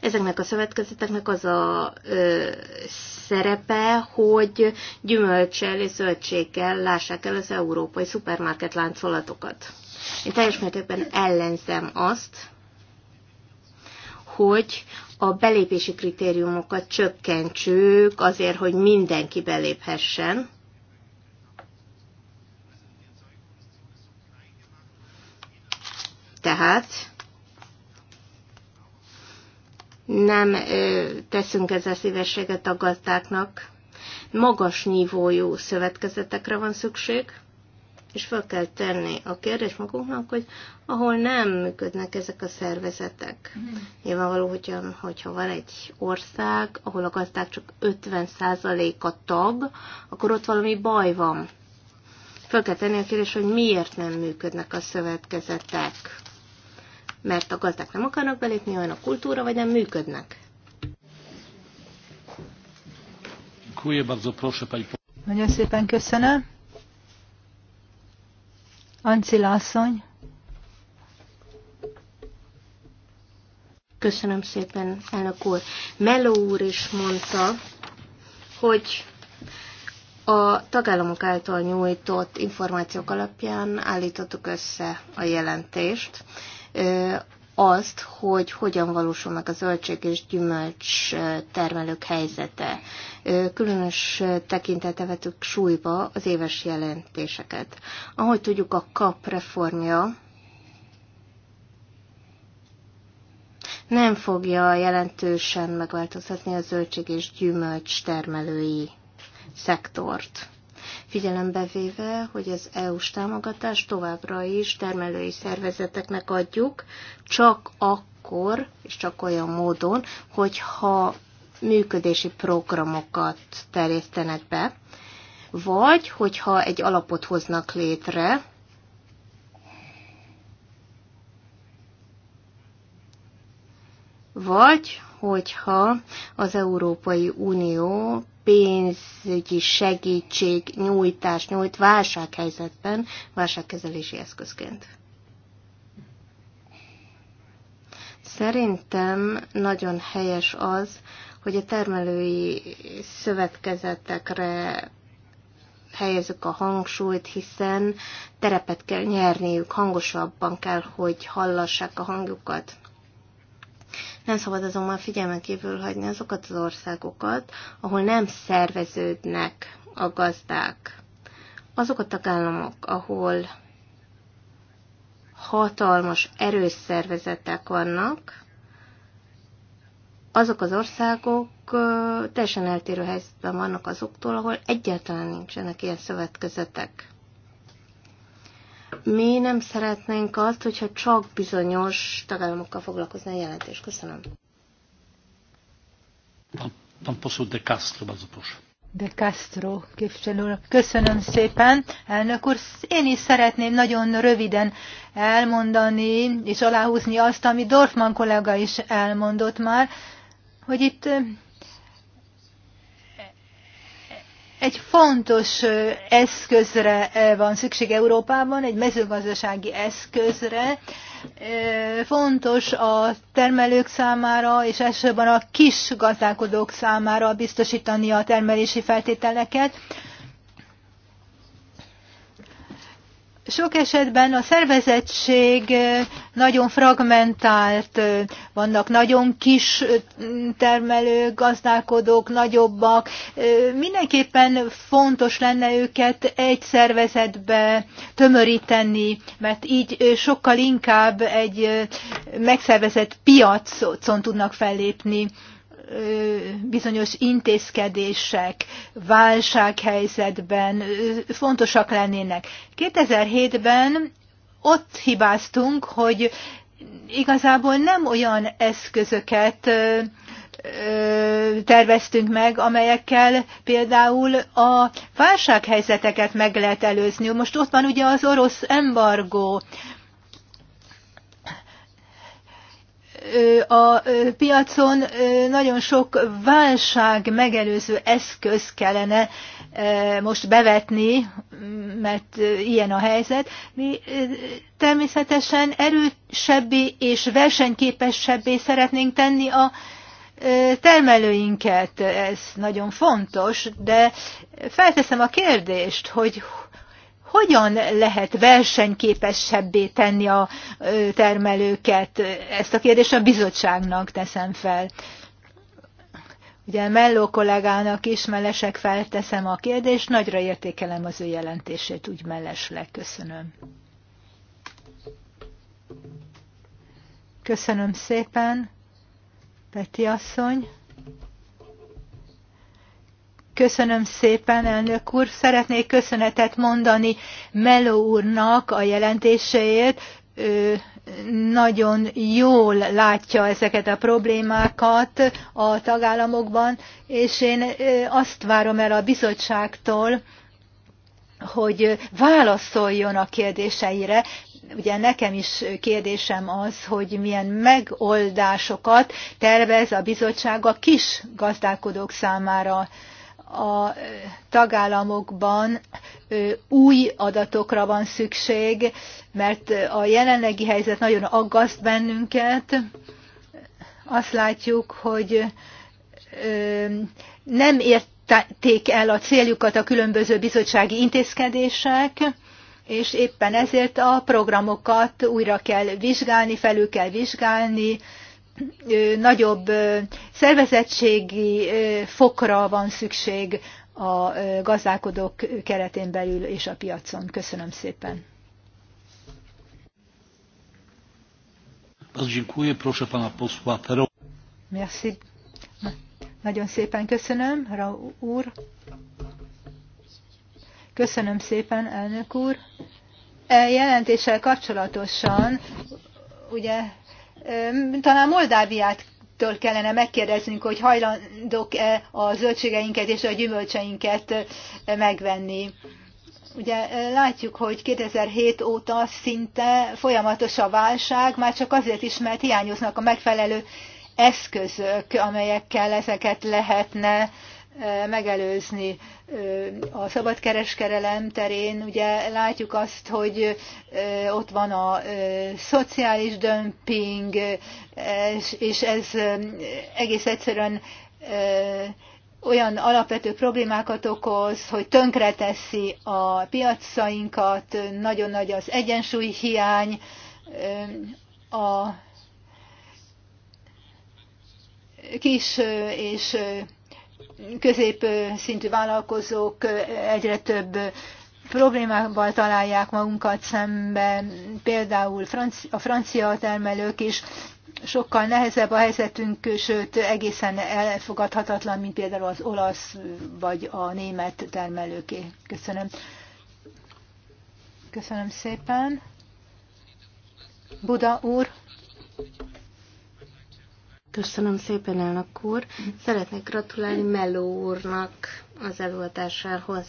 Ezeknek a szövetkezeteknek az a ö, szerepe, hogy gyümölcsel és zöldséggel lássák el az európai szupermarket láncolatokat. Én teljes mértékben ellenzem azt, hogy a belépési kritériumokat csökkentsük azért, hogy mindenki beléphessen. Tehát nem teszünk ezzel szívességet a gazdáknak. Magas nívójú szövetkezetekre van szükség, és fel kell tenni a kérdés magunknak, hogy ahol nem működnek ezek a szervezetek. Mm. Nyilvánvaló, hogyha, hogyha van egy ország, ahol a gazdák csak 50%-a tag, akkor ott valami baj van. Föl kell tenni a kérdést, hogy miért nem működnek a szövetkezetek mert a gazdák nem akarnak belépni olyan a kultúra, vagy nem működnek. Nagyon szépen köszönöm. Ancila asszony. Köszönöm szépen, elnök úr. Melo úr is mondta, hogy a tagállamok által nyújtott információk alapján állítottuk össze a jelentést, azt, hogy hogyan valósul meg a zöldség és gyümölcs termelők helyzete. Különös tekintete vettük súlyba az éves jelentéseket. Ahogy tudjuk, a KAP reformja nem fogja jelentősen megváltoztatni a zöldség és gyümölcs termelői szektort figyelembe véve, hogy az EU-s támogatást továbbra is termelői szervezeteknek adjuk, csak akkor, és csak olyan módon, hogyha működési programokat terjesztenek be, vagy hogyha egy alapot hoznak létre, vagy hogyha az Európai Unió pénzügyi segítség nyújtás nyújt válsághelyzetben, válságkezelési eszközként. Szerintem nagyon helyes az, hogy a termelői szövetkezetekre helyezzük a hangsúlyt, hiszen terepet kell nyerniük, hangosabban kell, hogy hallassák a hangjukat. Nem szabad azonban figyelmen kívül hagyni azokat az országokat, ahol nem szerveződnek a gazdák. Azok a tagállamok, ahol hatalmas erős szervezetek vannak, azok az országok teljesen eltérő helyzetben vannak azoktól, ahol egyáltalán nincsenek ilyen szövetkezetek. Mi nem szeretnénk azt, hogyha csak bizonyos tagállamokkal foglalkozna a jelentés. Köszönöm. Pan poseł De Castro, bardzo De Castro képviselő úr. Köszönöm szépen, elnök úr. Én is szeretném nagyon röviden elmondani és aláhúzni azt, ami Dorfman kollega is elmondott már, hogy itt Egy fontos eszközre van szükség Európában, egy mezőgazdasági eszközre. Fontos a termelők számára, és elsősorban a kis gazdálkodók számára biztosítani a termelési feltételeket sok esetben a szervezettség nagyon fragmentált, vannak nagyon kis termelők, gazdálkodók, nagyobbak. Mindenképpen fontos lenne őket egy szervezetbe tömöríteni, mert így sokkal inkább egy megszervezett piacon tudnak fellépni bizonyos intézkedések válsághelyzetben fontosak lennének. 2007-ben ott hibáztunk, hogy igazából nem olyan eszközöket terveztünk meg, amelyekkel például a válsághelyzeteket meg lehet előzni. Most ott van ugye az orosz embargó, a piacon nagyon sok válság megelőző eszköz kellene most bevetni, mert ilyen a helyzet. Mi természetesen erősebbé és versenyképesebbé szeretnénk tenni a termelőinket. Ez nagyon fontos, de felteszem a kérdést, hogy hogyan lehet versenyképesebbé tenni a termelőket? Ezt a kérdést a bizottságnak teszem fel. Ugye Melló kollégának is mellesek felteszem a kérdést, nagyra értékelem az ő jelentését, úgy mellesleg köszönöm. Köszönöm szépen, Peti asszony. Köszönöm szépen, elnök úr. Szeretnék köszönetet mondani Melo úrnak a jelentéséért. Ő nagyon jól látja ezeket a problémákat a tagállamokban, és én azt várom el a bizottságtól, hogy válaszoljon a kérdéseire, ugye nekem is kérdésem az, hogy milyen megoldásokat tervez a bizottság a kis gazdálkodók számára a tagállamokban új adatokra van szükség, mert a jelenlegi helyzet nagyon aggaszt bennünket. Azt látjuk, hogy nem érték el a céljukat a különböző bizottsági intézkedések, és éppen ezért a programokat újra kell vizsgálni, felül kell vizsgálni, nagyobb szervezettségi fokra van szükség a gazdálkodók keretén belül és a piacon. Köszönöm szépen. Merci. Nagyon szépen köszönöm, Ra úr. Köszönöm szépen, elnök úr. E jelentéssel kapcsolatosan ugye talán Moldáviát től kellene megkérdeznünk, hogy hajlandók-e a zöldségeinket és a gyümölcseinket megvenni. Ugye látjuk, hogy 2007 óta szinte folyamatos a válság, már csak azért is, mert hiányoznak a megfelelő eszközök, amelyekkel ezeket lehetne megelőzni. A szabadkereskedelem terén ugye látjuk azt, hogy ott van a szociális dömping, és ez egész egyszerűen olyan alapvető problémákat okoz, hogy tönkreteszi a piacainkat, nagyon nagy az hiány, a kis és középszintű vállalkozók egyre több problémával találják magunkat szemben, például a francia termelők is, sokkal nehezebb a helyzetünk, sőt egészen elfogadhatatlan, mint például az olasz vagy a német termelőké. Köszönöm. Köszönöm szépen. Buda úr. Köszönöm szépen, elnök úr. Szeretnék gratulálni Meló úrnak az előadásához.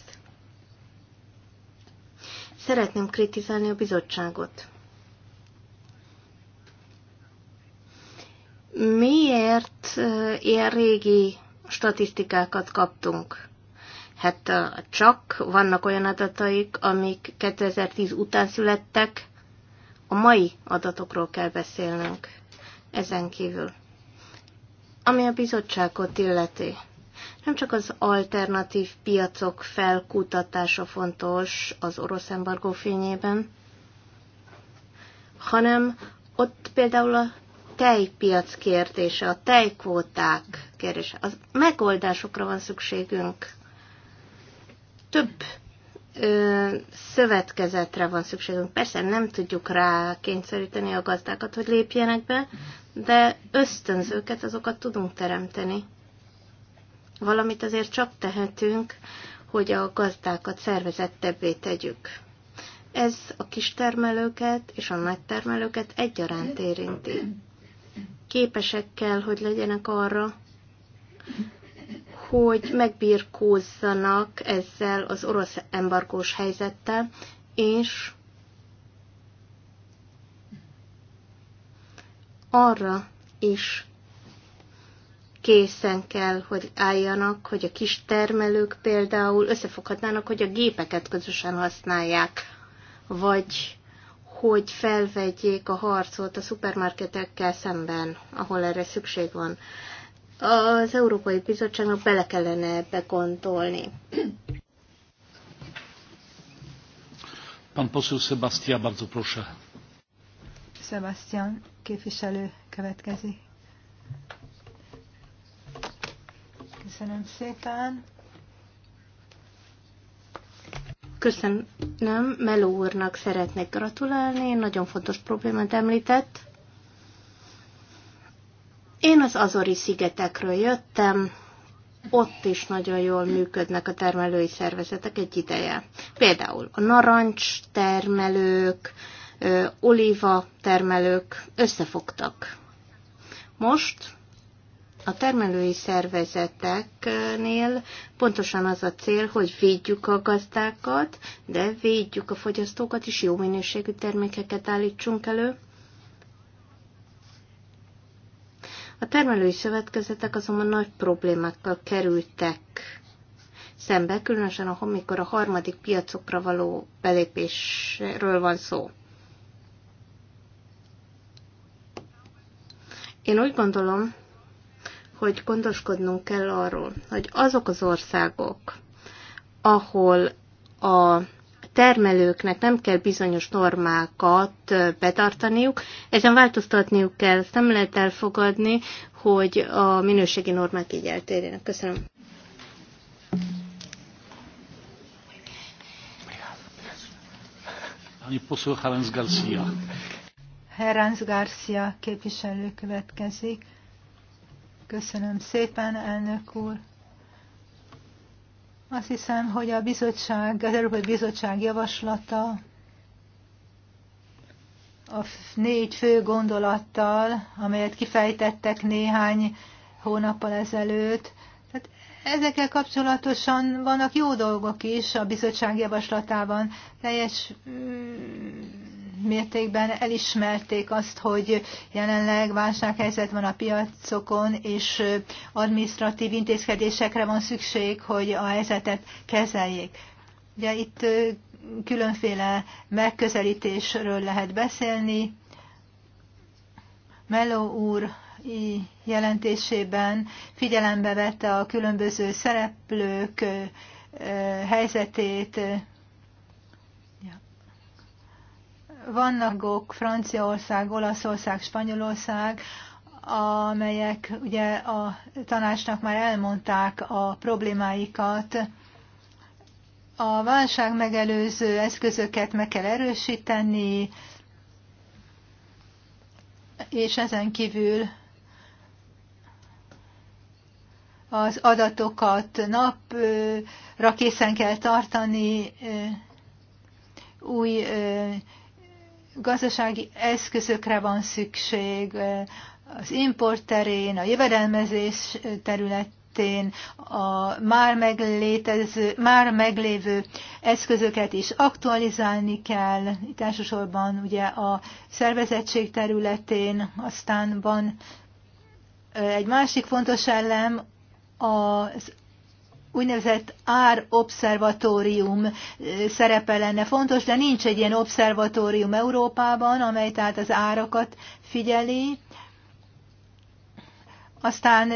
Szeretném kritizálni a bizottságot. Miért ilyen régi statisztikákat kaptunk? Hát csak vannak olyan adataik, amik 2010 után születtek, a mai adatokról kell beszélnünk ezen kívül. Ami a bizottságot illeti, nem csak az alternatív piacok felkutatása fontos az orosz embargó fényében, hanem ott például a tejpiac kérdése, a tejkvóták kérdése, az megoldásokra van szükségünk. Több ö, szövetkezetre van szükségünk. Persze nem tudjuk rá kényszeríteni a gazdákat, hogy lépjenek be, de ösztönzőket azokat tudunk teremteni. Valamit azért csak tehetünk, hogy a gazdákat szervezettebbé tegyük. Ez a kistermelőket és a nagytermelőket egyaránt érinti. Képesek kell, hogy legyenek arra, hogy megbirkózzanak ezzel az orosz embargós helyzettel, és arra is készen kell, hogy álljanak, hogy a kis termelők például összefoghatnának, hogy a gépeket közösen használják, vagy hogy felvegyék a harcot a szupermarketekkel szemben, ahol erre szükség van. Az Európai Bizottságnak bele kellene ebbe gondolni. Pán poszul Sebastián, bardzo proszę. Sebastian képviselő következik. Köszönöm szépen. Köszönöm, Meló úrnak szeretnék gratulálni, nagyon fontos problémát említett. Én az Azori szigetekről jöttem, ott is nagyon jól működnek a termelői szervezetek egy ideje. Például a narancs termelők, olíva termelők összefogtak. Most a termelői szervezeteknél pontosan az a cél, hogy védjük a gazdákat, de védjük a fogyasztókat is, jó minőségű termékeket állítsunk elő. A termelői szövetkezetek azonban nagy problémákkal kerültek szembe, különösen amikor a harmadik piacokra való belépésről van szó. Én úgy gondolom, hogy gondoskodnunk kell arról, hogy azok az országok, ahol a termelőknek nem kell bizonyos normákat betartaniuk, ezen változtatniuk kell, ezt nem lehet elfogadni, hogy a minőségi normák így eltérjenek. Köszönöm. Pani poseł Harens Garcia. Herranz Garcia képviselő következik. Köszönöm szépen, elnök úr. Azt hiszem, hogy a bizottság, az Európai Bizottság javaslata a négy fő gondolattal, amelyet kifejtettek néhány hónappal ezelőtt, tehát ezekkel kapcsolatosan vannak jó dolgok is a bizottság javaslatában. Teljes mm, mértékben elismerték azt, hogy jelenleg válsághelyzet van a piacokon, és administratív intézkedésekre van szükség, hogy a helyzetet kezeljék. Ugye itt különféle megközelítésről lehet beszélni. Meló úr jelentésében figyelembe vette a különböző szereplők helyzetét, Vannak gók, Franciaország, Olaszország, Spanyolország, amelyek ugye a tanácsnak már elmondták a problémáikat. A válság megelőző eszközöket meg kell erősíteni, és ezen kívül az adatokat napra készen kell tartani, új gazdasági eszközökre van szükség, az import terén, a jövedelmezés területén, a már, meglétező, már meglévő eszközöket is aktualizálni kell, itt elsősorban ugye a szervezettség területén, aztán van egy másik fontos elem az úgynevezett árobszervatórium szerepe lenne fontos, de nincs egy ilyen obszervatórium Európában, amely tehát az árakat figyeli. Aztán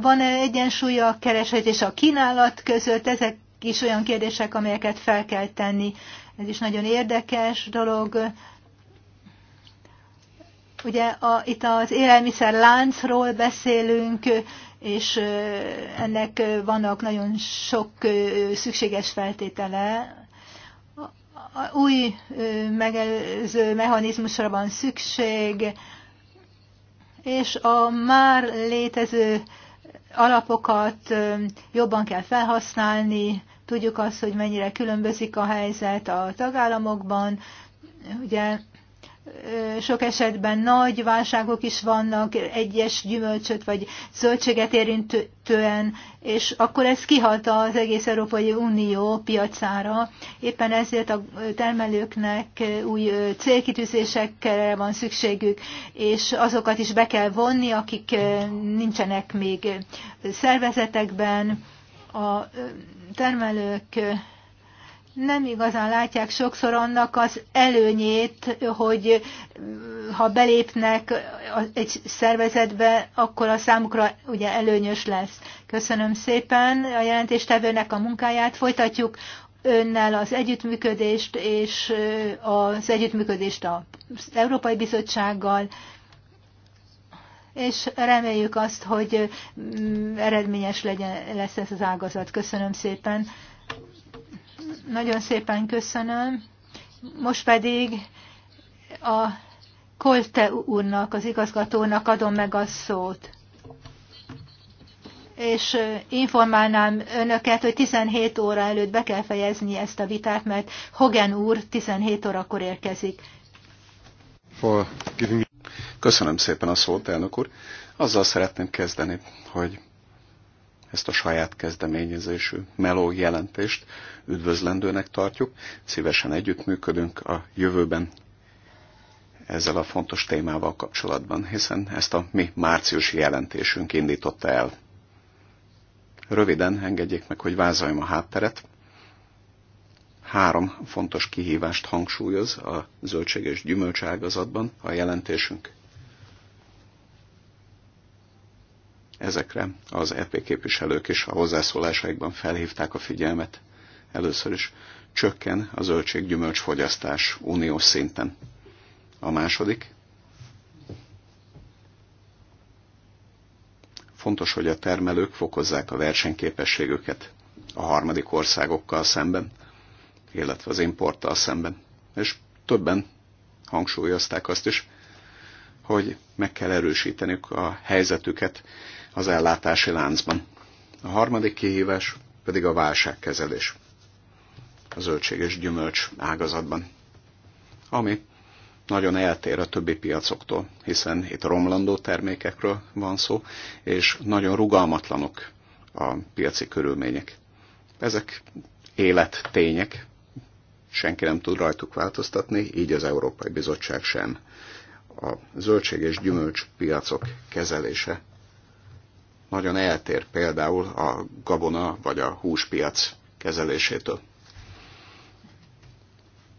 van -e egyensúly a kereset és a kínálat között, ezek is olyan kérdések, amelyeket fel kell tenni. Ez is nagyon érdekes dolog. Ugye a, itt az élelmiszer láncról beszélünk, és ennek vannak nagyon sok szükséges feltétele. Új megelőző mechanizmusra van szükség, és a már létező alapokat jobban kell felhasználni. Tudjuk azt, hogy mennyire különbözik a helyzet a tagállamokban. Ugye sok esetben nagy válságok is vannak, egyes gyümölcsöt vagy zöldséget érintően, és akkor ez kihat az egész Európai Unió piacára. Éppen ezért a termelőknek új célkitűzésekre van szükségük, és azokat is be kell vonni, akik nincsenek még szervezetekben. A termelők nem igazán látják sokszor annak az előnyét, hogy mm, ha belépnek egy szervezetbe, akkor a számukra ugye előnyös lesz. Köszönöm szépen a jelentéstevőnek a munkáját. Folytatjuk önnel az együttműködést és az együttműködést az Európai Bizottsággal, és reméljük azt, hogy mm, eredményes legyen, lesz ez az ágazat. Köszönöm szépen. Nagyon szépen köszönöm. Most pedig a Kolte úrnak, az igazgatónak adom meg a szót. És informálnám önöket, hogy 17 óra előtt be kell fejezni ezt a vitát, mert Hogan úr 17 órakor érkezik. Köszönöm szépen a szót, elnök úr. Azzal szeretném kezdeni, hogy ezt a saját kezdeményezésű meló jelentést üdvözlendőnek tartjuk. Szívesen együttműködünk a jövőben ezzel a fontos témával kapcsolatban, hiszen ezt a mi márciusi jelentésünk indította el. Röviden engedjék meg, hogy vázoljam a hátteret. Három fontos kihívást hangsúlyoz a zöldség és gyümölcságazatban a jelentésünk Ezekre az EP képviselők is a hozzászólásaikban felhívták a figyelmet. Először is csökken a zöldséggyümölcs fogyasztás uniós szinten. A második, fontos, hogy a termelők fokozzák a versenyképességüket a harmadik országokkal szemben, illetve az importtal szemben. És többen hangsúlyozták azt is, hogy meg kell erősíteniük a helyzetüket az ellátási láncban. A harmadik kihívás pedig a válságkezelés a zöldség és gyümölcs ágazatban, ami nagyon eltér a többi piacoktól, hiszen itt romlandó termékekről van szó, és nagyon rugalmatlanok a piaci körülmények. Ezek élettények, senki nem tud rajtuk változtatni, így az Európai Bizottság sem. A zöldség és gyümölcs piacok kezelése nagyon eltér például a gabona vagy a húspiac kezelésétől.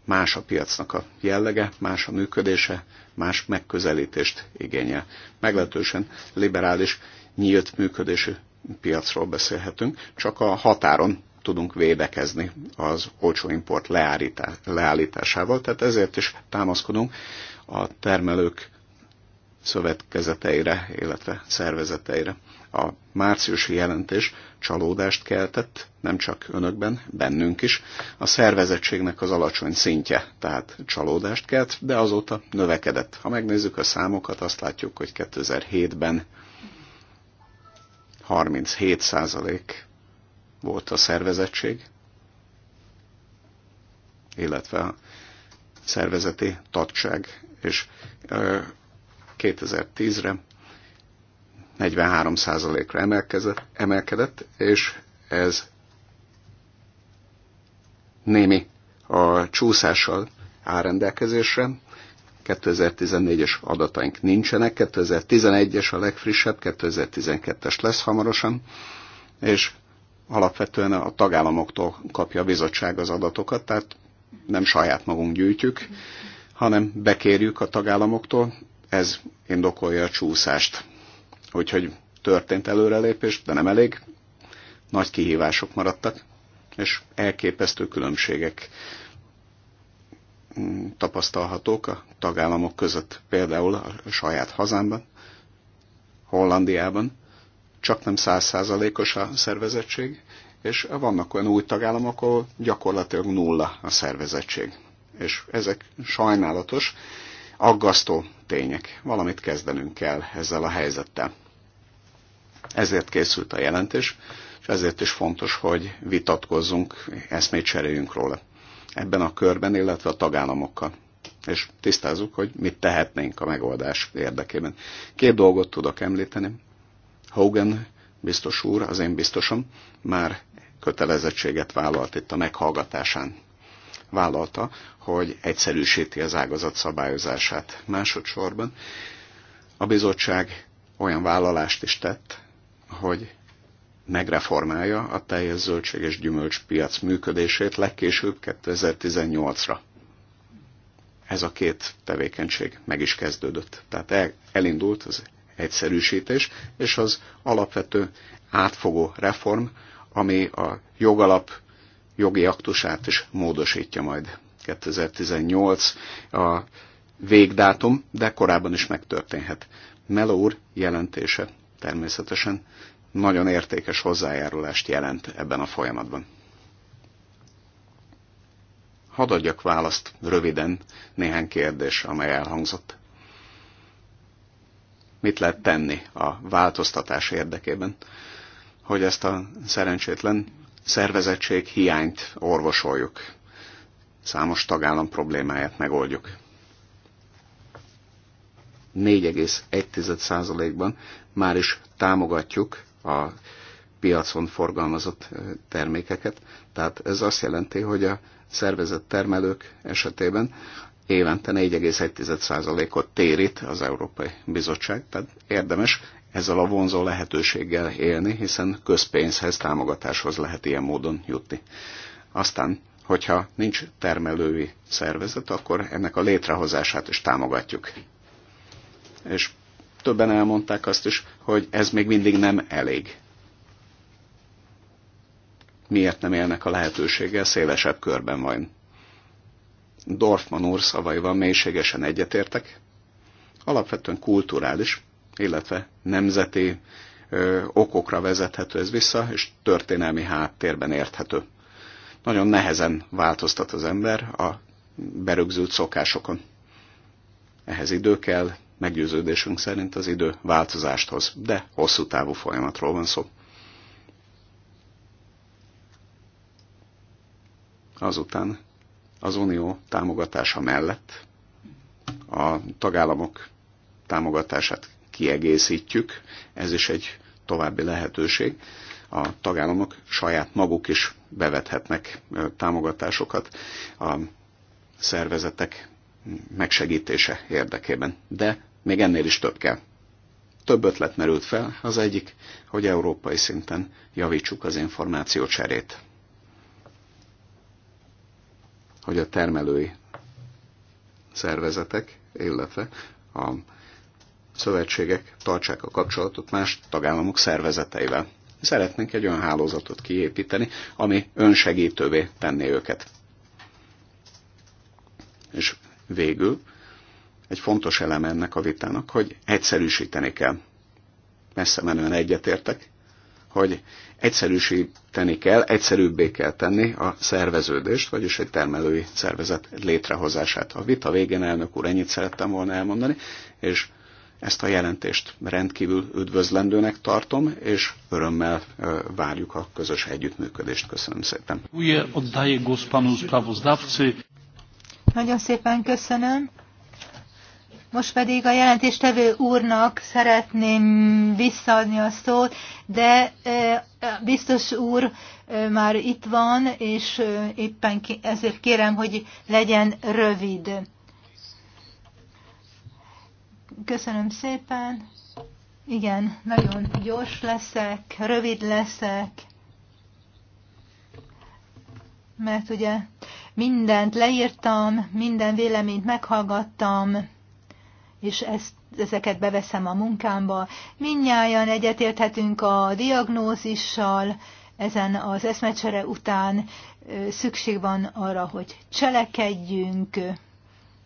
Más a piacnak a jellege, más a működése, más megközelítést igényel. Meglehetősen liberális, nyílt működésű piacról beszélhetünk, csak a határon tudunk védekezni az olcsó import leállításával, tehát ezért is támaszkodunk a termelők szövetkezeteire, illetve szervezeteire. A márciusi jelentés csalódást keltett, nem csak önökben, bennünk is. A szervezettségnek az alacsony szintje, tehát csalódást kelt, de azóta növekedett. Ha megnézzük a számokat, azt látjuk, hogy 2007-ben 37% volt a szervezettség, illetve a szervezeti tagság, és 2010-re 43%-ra emelkedett, és ez némi a csúszással áll rendelkezésre. 2014-es adataink nincsenek, 2011-es a legfrissebb, 2012-es lesz hamarosan, és alapvetően a tagállamoktól kapja a bizottság az adatokat, tehát nem saját magunk gyűjtjük, hanem bekérjük a tagállamoktól, ez indokolja a csúszást. Úgyhogy történt előrelépés, de nem elég. Nagy kihívások maradtak, és elképesztő különbségek mm, tapasztalhatók a tagállamok között. Például a saját hazámban, Hollandiában csak nem százszázalékos a szervezettség, és vannak olyan új tagállamok, ahol gyakorlatilag nulla a szervezettség. És ezek sajnálatos, aggasztó tények. Valamit kezdenünk kell ezzel a helyzettel. Ezért készült a jelentés, és ezért is fontos, hogy vitatkozzunk, eszmét cseréljünk róla ebben a körben, illetve a tagállamokkal. És tisztázzuk, hogy mit tehetnénk a megoldás érdekében. Két dolgot tudok említeni. Hogan biztos úr, az én biztosom, már kötelezettséget vállalt itt a meghallgatásán. Vállalta, hogy egyszerűsíti az ágazat szabályozását. Másodszorban a bizottság olyan vállalást is tett, hogy megreformálja a teljes zöldség és gyümölcs piac működését legkésőbb 2018-ra. Ez a két tevékenység meg is kezdődött. Tehát elindult az egyszerűsítés, és az alapvető átfogó reform, ami a jogalap jogi aktusát is módosítja majd. 2018 a végdátum, de korábban is megtörténhet. Meló úr jelentése természetesen nagyon értékes hozzájárulást jelent ebben a folyamatban. Hadd adjak választ röviden néhány kérdés, amely elhangzott. Mit lehet tenni a változtatás érdekében, hogy ezt a szerencsétlen szervezettség hiányt orvosoljuk, számos tagállam problémáját megoldjuk. 4,1%-ban már is támogatjuk a piacon forgalmazott termékeket. Tehát ez azt jelenti, hogy a szervezett termelők esetében évente 4,1%-ot térít az Európai Bizottság, tehát érdemes ezzel a vonzó lehetőséggel élni, hiszen közpénzhez, támogatáshoz lehet ilyen módon jutni. Aztán, hogyha nincs termelői szervezet, akkor ennek a létrehozását is támogatjuk. És többen elmondták azt is, hogy ez még mindig nem elég. Miért nem élnek a lehetőséggel szélesebb körben vajon? Dorfman úr szavaival mélységesen egyetértek. Alapvetően kulturális, illetve nemzeti ö, okokra vezethető ez vissza, és történelmi háttérben érthető. Nagyon nehezen változtat az ember a berögzült szokásokon. Ehhez idő kell, meggyőződésünk szerint az idő változást hoz, de hosszú távú folyamatról van szó. Azután az unió támogatása mellett a tagállamok támogatását kiegészítjük, ez is egy további lehetőség. A tagállamok saját maguk is bevethetnek támogatásokat a szervezetek megsegítése érdekében. De még ennél is több kell. Több ötlet merült fel, az egyik, hogy európai szinten javítsuk az cserét. Hogy a termelői szervezetek, illetve a szövetségek tartsák a kapcsolatot más tagállamok szervezeteivel. Szeretnénk egy olyan hálózatot kiépíteni, ami önsegítővé tenné őket. És végül egy fontos eleme ennek a vitának, hogy egyszerűsíteni kell. Messze menően egyetértek, hogy egyszerűsíteni kell, egyszerűbbé kell tenni a szerveződést, vagyis egy termelői szervezet létrehozását. A vita végén, elnök úr, ennyit szerettem volna elmondani, és ezt a jelentést rendkívül üdvözlendőnek tartom, és örömmel várjuk a közös együttműködést. Köszönöm szépen. Nagyon szépen köszönöm. Most pedig a jelentéstevő úrnak szeretném visszaadni a szót, de biztos úr már itt van, és éppen ezért kérem, hogy legyen rövid. Köszönöm szépen. Igen, nagyon gyors leszek, rövid leszek, mert ugye mindent leírtam, minden véleményt meghallgattam, és ezt, ezeket beveszem a munkámba. Minnyáján egyetérthetünk a diagnózissal, ezen az eszmecsere után szükség van arra, hogy cselekedjünk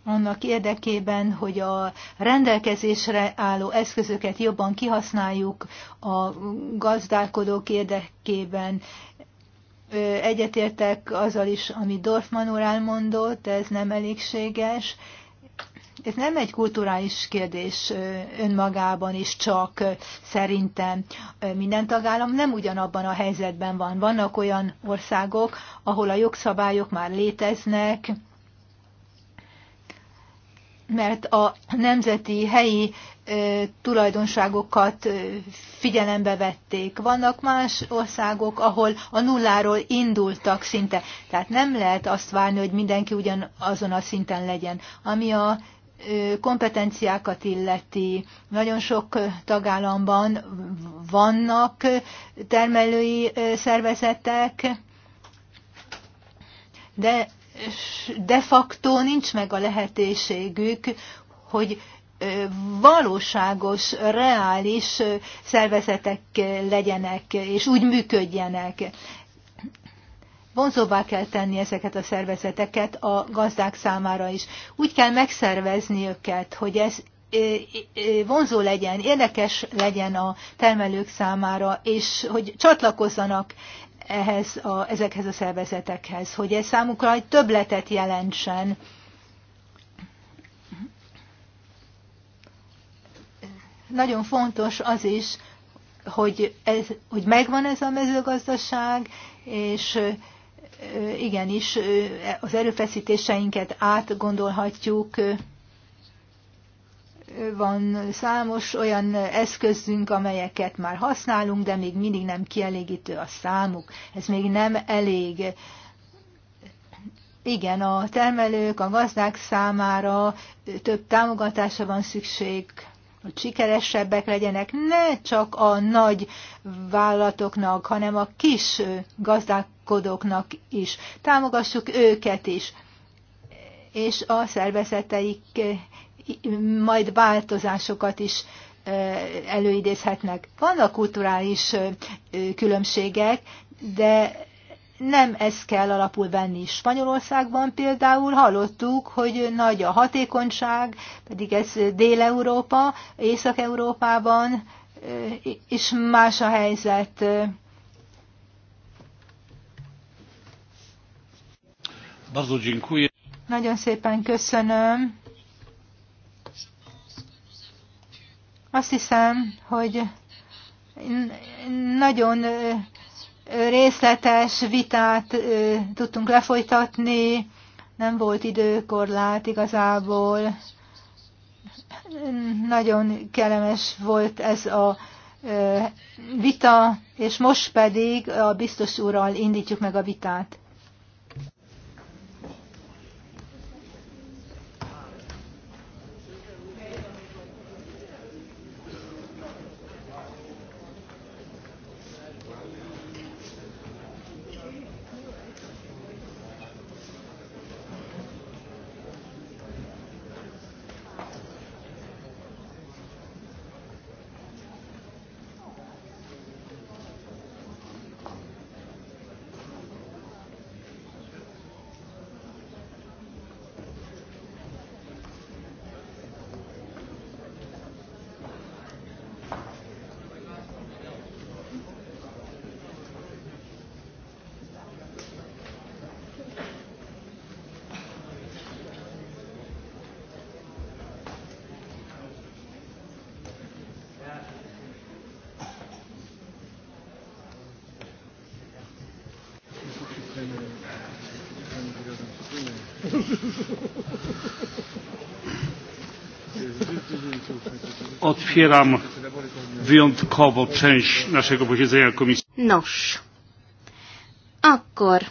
annak érdekében, hogy a rendelkezésre álló eszközöket jobban kihasználjuk a gazdálkodók érdekében. Egyetértek azzal is, amit Dorfman úr elmondott, ez nem elégséges, ez nem egy kulturális kérdés önmagában is csak szerintem. Minden tagállam nem ugyanabban a helyzetben van. Vannak olyan országok, ahol a jogszabályok már léteznek, mert a nemzeti, helyi ö, tulajdonságokat ö, figyelembe vették. Vannak más országok, ahol a nulláról indultak szinte. Tehát nem lehet azt várni, hogy mindenki ugyanazon a szinten legyen. Ami a kompetenciákat illeti. Nagyon sok tagállamban vannak termelői szervezetek, de de facto nincs meg a lehetőségük, hogy valóságos, reális szervezetek legyenek, és úgy működjenek vonzóvá kell tenni ezeket a szervezeteket a gazdák számára is. Úgy kell megszervezni őket, hogy ez vonzó legyen, érdekes legyen a termelők számára, és hogy csatlakozzanak ehhez a, ezekhez a szervezetekhez, hogy ez számukra egy többletet jelentsen. Nagyon fontos az is, hogy, ez, hogy megvan ez a mezőgazdaság, és igenis az erőfeszítéseinket átgondolhatjuk. Van számos olyan eszközünk, amelyeket már használunk, de még mindig nem kielégítő a számuk. Ez még nem elég. Igen, a termelők, a gazdák számára több támogatásra van szükség, hogy sikeresebbek legyenek, ne csak a nagy vállalatoknak, hanem a kis gazdák gazdálkodóknak is. Támogassuk őket is, és a szervezeteik eh, majd változásokat is eh, előidézhetnek. Vannak kulturális eh, különbségek, de nem ez kell alapul venni. Spanyolországban például hallottuk, hogy nagy a hatékonyság, pedig ez Dél-Európa, Észak-Európában is más a helyzet. Bardzo dziękuję. Nagyon szépen köszönöm. Azt hiszem, hogy nagyon részletes vitát tudtunk lefolytatni, nem volt időkorlát igazából. Nagyon kellemes volt ez a vita, és most pedig a biztos úrral indítjuk meg a vitát. otwieram wyjątkowo część naszego posiedzenia komisji. Nos, akkor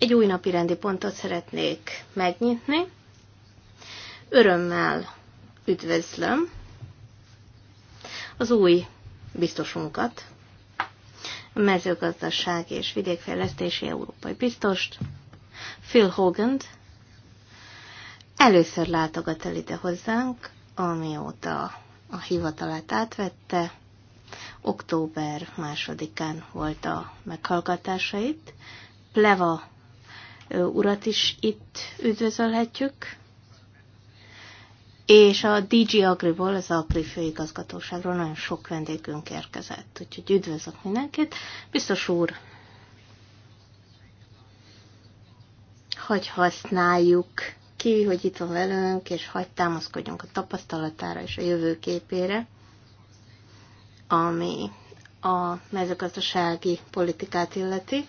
egy új napi rendi pontot szeretnék megnyitni. Örömmel üdvözlöm az új biztosunkat, a mezőgazdaság és vidékfejlesztési európai biztost, Phil Hogan-t. Először látogat el ide hozzánk, amióta a hivatalát átvette. Október másodikán volt a itt. Pleva urat is itt üdvözölhetjük, és a DG Agriból, az Agri főigazgatóságról nagyon sok vendégünk érkezett, úgyhogy üdvözlök mindenkit. Biztos úr, hogy használjuk ki, hogy itt van velünk, és hagyd támaszkodjunk a tapasztalatára és a jövőképére, ami a mezőgazdasági politikát illeti.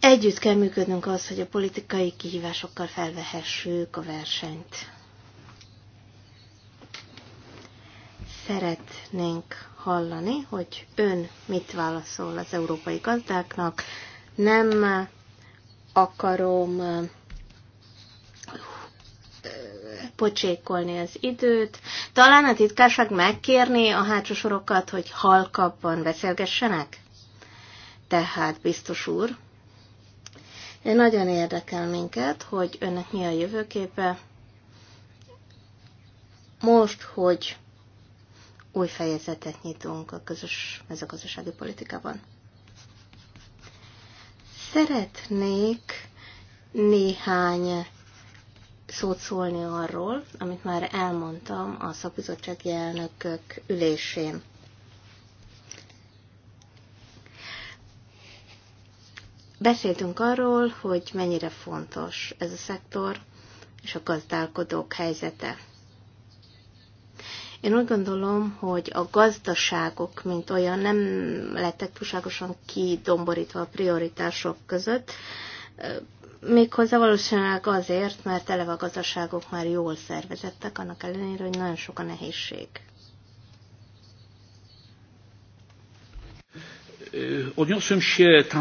Együtt kell működnünk az, hogy a politikai kihívásokkal felvehessük a versenyt. Szeretnénk hallani, hogy ön mit válaszol az európai gazdáknak. Nem akarom pocsékolni az időt. Talán a titkárság megkérni a hátsó sorokat, hogy halkabban beszélgessenek? Tehát, biztos úr, nagyon érdekel minket, hogy önnek mi a jövőképe. Most, hogy új fejezetet nyitunk a közös mezőgazdasági politikában. Szeretnék néhány szót szólni arról, amit már elmondtam a szakbizottsági elnökök ülésén. Beszéltünk arról, hogy mennyire fontos ez a szektor és a gazdálkodók helyzete. Én úgy gondolom, hogy a gazdaságok, mint olyan, nem lettek túlságosan kidomborítva a prioritások között, Méghozzá valószínűleg azért, mert eleve a gazdaságok már jól szervezettek, annak ellenére, hogy nagyon sok a nehézség.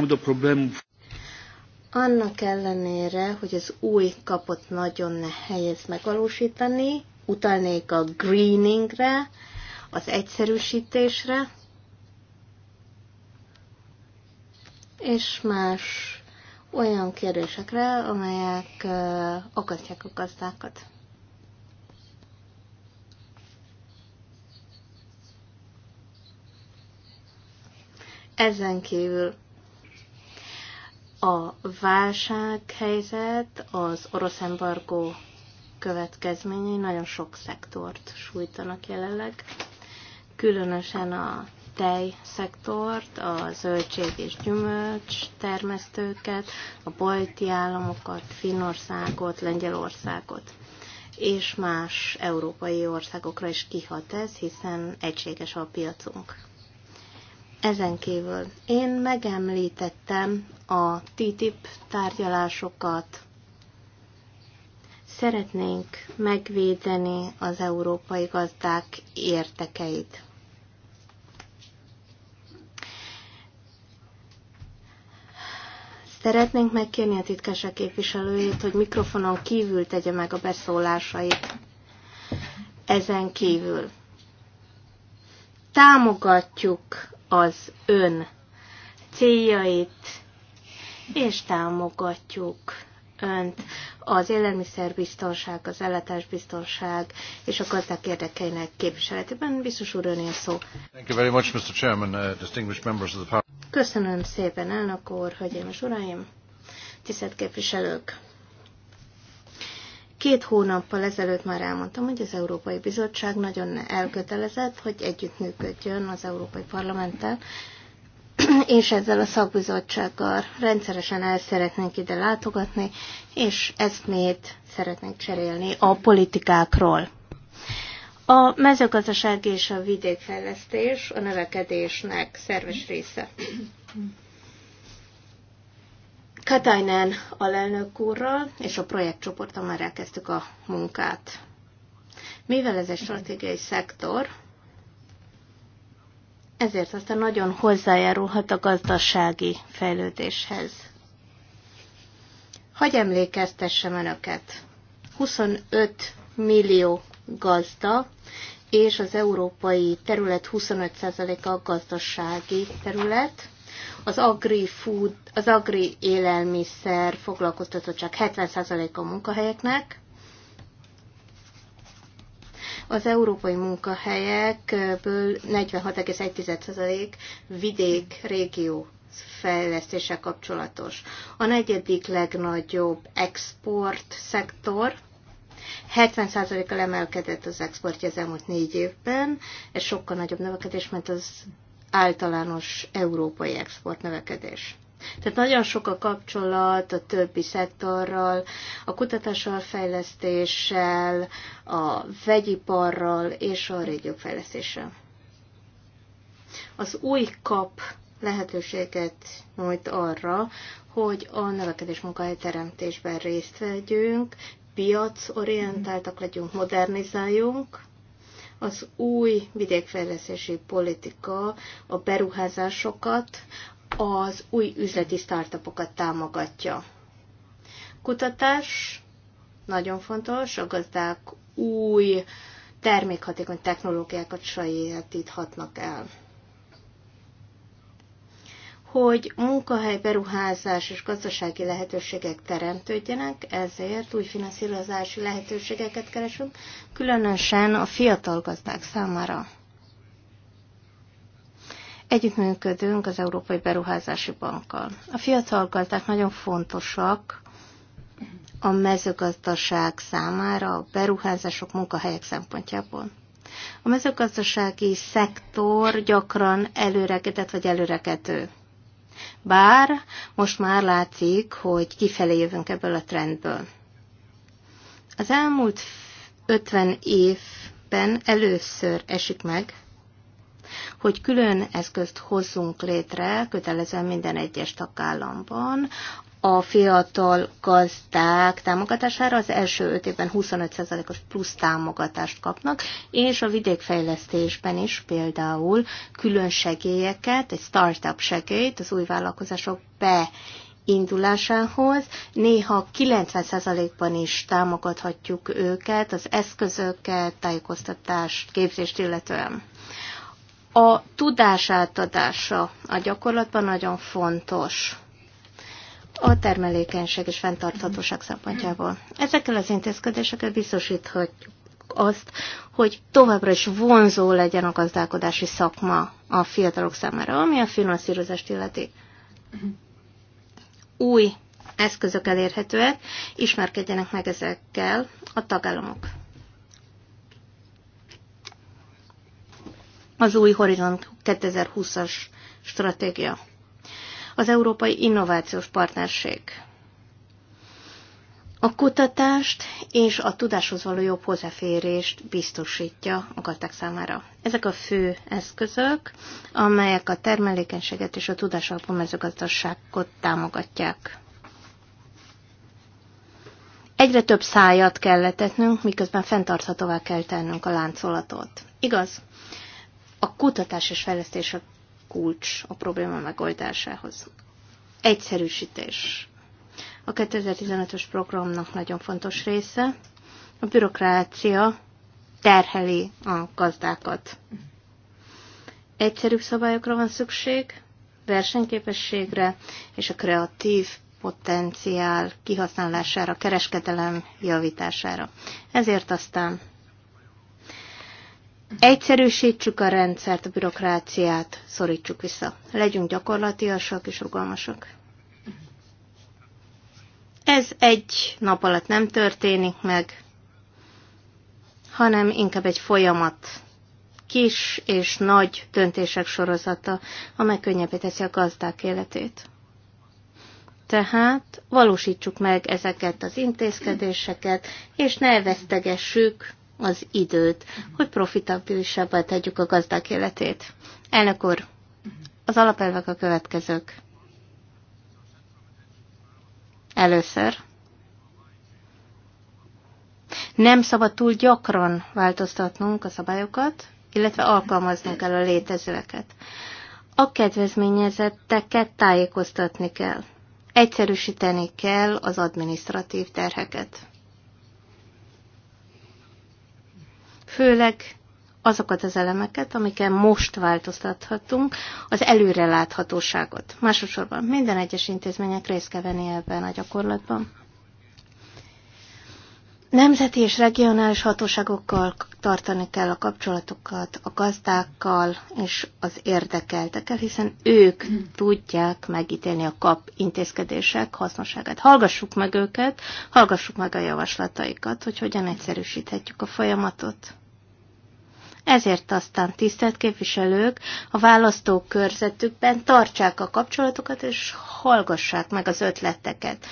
do Annak ellenére, hogy az új kapot nagyon nehéz megvalósítani, utalnék a greeningre, az egyszerűsítésre, és más olyan kérdésekre, amelyek akasztják a gazdákat. Ezen kívül a válsághelyzet, az orosz embargó következményei nagyon sok szektort sújtanak jelenleg, különösen a tejszektort, a zöldség és gyümölcs termesztőket, a balti államokat, Finnországot, Lengyelországot és más európai országokra is kihat ez, hiszen egységes a piacunk. Ezen kívül én megemlítettem a TTIP tárgyalásokat, szeretnénk megvédeni az európai gazdák értekeit. Szeretnénk megkérni a titkese képviselőjét, hogy mikrofonon kívül tegye meg a beszólásait. Ezen kívül támogatjuk az ön céljait, és támogatjuk önt az élelmiszerbiztonság, az ellátásbiztonság és a gazdák érdekeinek képviseletében. Biztos úr, ön szó. Thank you very much, Mr. Chairman, uh, distinguished members of the Köszönöm szépen, elnök úr, hölgyeim és uraim, tisztelt képviselők! Két hónappal ezelőtt már elmondtam, hogy az Európai Bizottság nagyon elkötelezett, hogy együttműködjön az Európai Parlamenttel, és ezzel a szakbizottsággal rendszeresen el szeretnénk ide látogatni, és ezt miért szeretnénk cserélni a politikákról. A mezőgazdaság és a vidékfejlesztés a növekedésnek szerves része. Katainen alelnök úrral és a projektcsoporttal már elkezdtük a munkát. Mivel ez egy stratégiai szektor, ezért aztán nagyon hozzájárulhat a gazdasági fejlődéshez. Hagy emlékeztessem Önöket, 25 millió gazda, és az európai terület 25%-a gazdasági terület. Az agri-food, az agri-élelmiszer foglalkoztatottság 70%-a a munkahelyeknek. Az európai munkahelyekből 46,1% vidék régió fejlesztése kapcsolatos. A negyedik legnagyobb export szektor, 70%-kal emelkedett az exportja az elmúlt négy évben, ez sokkal nagyobb növekedés, mint az általános európai export növekedés. Tehát nagyon sok a kapcsolat a többi szektorral, a kutatással, fejlesztéssel, a vegyiparral és a régiók fejlesztéssel. Az új kap lehetőséget nyújt arra, hogy a növekedés munkahelyteremtésben részt vegyünk, piacorientáltak legyünk, modernizáljunk. Az új vidékfejlesztési politika a beruházásokat, az új üzleti startupokat támogatja. Kutatás nagyon fontos, a gazdák új termékhatékony technológiákat sajátíthatnak el hogy munkahely beruházás és gazdasági lehetőségek teremtődjenek, ezért új finanszírozási lehetőségeket keresünk, különösen a fiatal gazdák számára. Együttműködünk az Európai Beruházási Bankkal. A fiatal gazdák nagyon fontosak a mezőgazdaság számára, a beruházások munkahelyek szempontjából. A mezőgazdasági szektor gyakran előregedett vagy előregedő bár most már látszik, hogy kifelé jövünk ebből a trendből. Az elmúlt 50 évben először esik meg, hogy külön eszközt hozzunk létre, kötelezően minden egyes tagállamban, a fiatal gazdák támogatására az első öt évben 25%-os plusz támogatást kapnak, és a vidékfejlesztésben is például külön segélyeket, egy startup segélyt az új vállalkozások be indulásához. Néha 90%-ban is támogathatjuk őket, az eszközöket, tájékoztatást, képzést illetően. A tudás átadása a gyakorlatban nagyon fontos a termelékenység és fenntarthatóság szempontjából. Ezekkel az intézkedésekkel biztosíthatjuk azt, hogy továbbra is vonzó legyen a gazdálkodási szakma a fiatalok számára, ami a finanszírozást illeti. Új eszközök elérhetőek, ismerkedjenek meg ezekkel a tagállamok. Az új Horizont 2020-as stratégia az Európai Innovációs Partnerség. A kutatást és a tudáshoz való jobb hozzáférést biztosítja a gazdák számára. Ezek a fő eszközök, amelyek a termelékenységet és a tudás alapú mezőgazdaságot támogatják. Egyre több szájat kell letetnünk, miközben fenntarthatóvá kell tennünk a láncolatot. Igaz? A kutatás és fejlesztés a kulcs a probléma megoldásához. Egyszerűsítés. A 2015-ös programnak nagyon fontos része. A bürokrácia terheli a gazdákat. Egyszerűbb szabályokra van szükség, versenyképességre és a kreatív potenciál kihasználására, kereskedelem javítására. Ezért aztán Egyszerűsítsük a rendszert, a bürokráciát, szorítsuk vissza. Legyünk gyakorlatiasak és rugalmasak. Ez egy nap alatt nem történik meg, hanem inkább egy folyamat, kis és nagy döntések sorozata, amely könnyebbé teszi a gazdák életét. Tehát valósítsuk meg ezeket az intézkedéseket, és ne vesztegessük az időt, hogy profitabilisabbá tegyük a gazdák életét. Elnök úr, az alapelvek a következők. Először. Nem szabad túl gyakran változtatnunk a szabályokat, illetve alkalmaznunk kell a létezőeket. A kedvezményezetteket tájékoztatni kell. Egyszerűsíteni kell az adminisztratív terheket. főleg azokat az elemeket, amiket most változtathatunk, az előreláthatóságot. Másosorban minden egyes intézmények részt kell venni ebben a gyakorlatban. Nemzeti és regionális hatóságokkal tartani kell a kapcsolatokat, a gazdákkal és az érdekeltekkel, hiszen ők tudják megítélni a kap intézkedések hasznosságát. Hallgassuk meg őket, hallgassuk meg a javaslataikat, hogy hogyan egyszerűsíthetjük a folyamatot. Ezért aztán tisztelt képviselők a választókörzetükben tartsák a kapcsolatokat és hallgassák meg az ötleteket.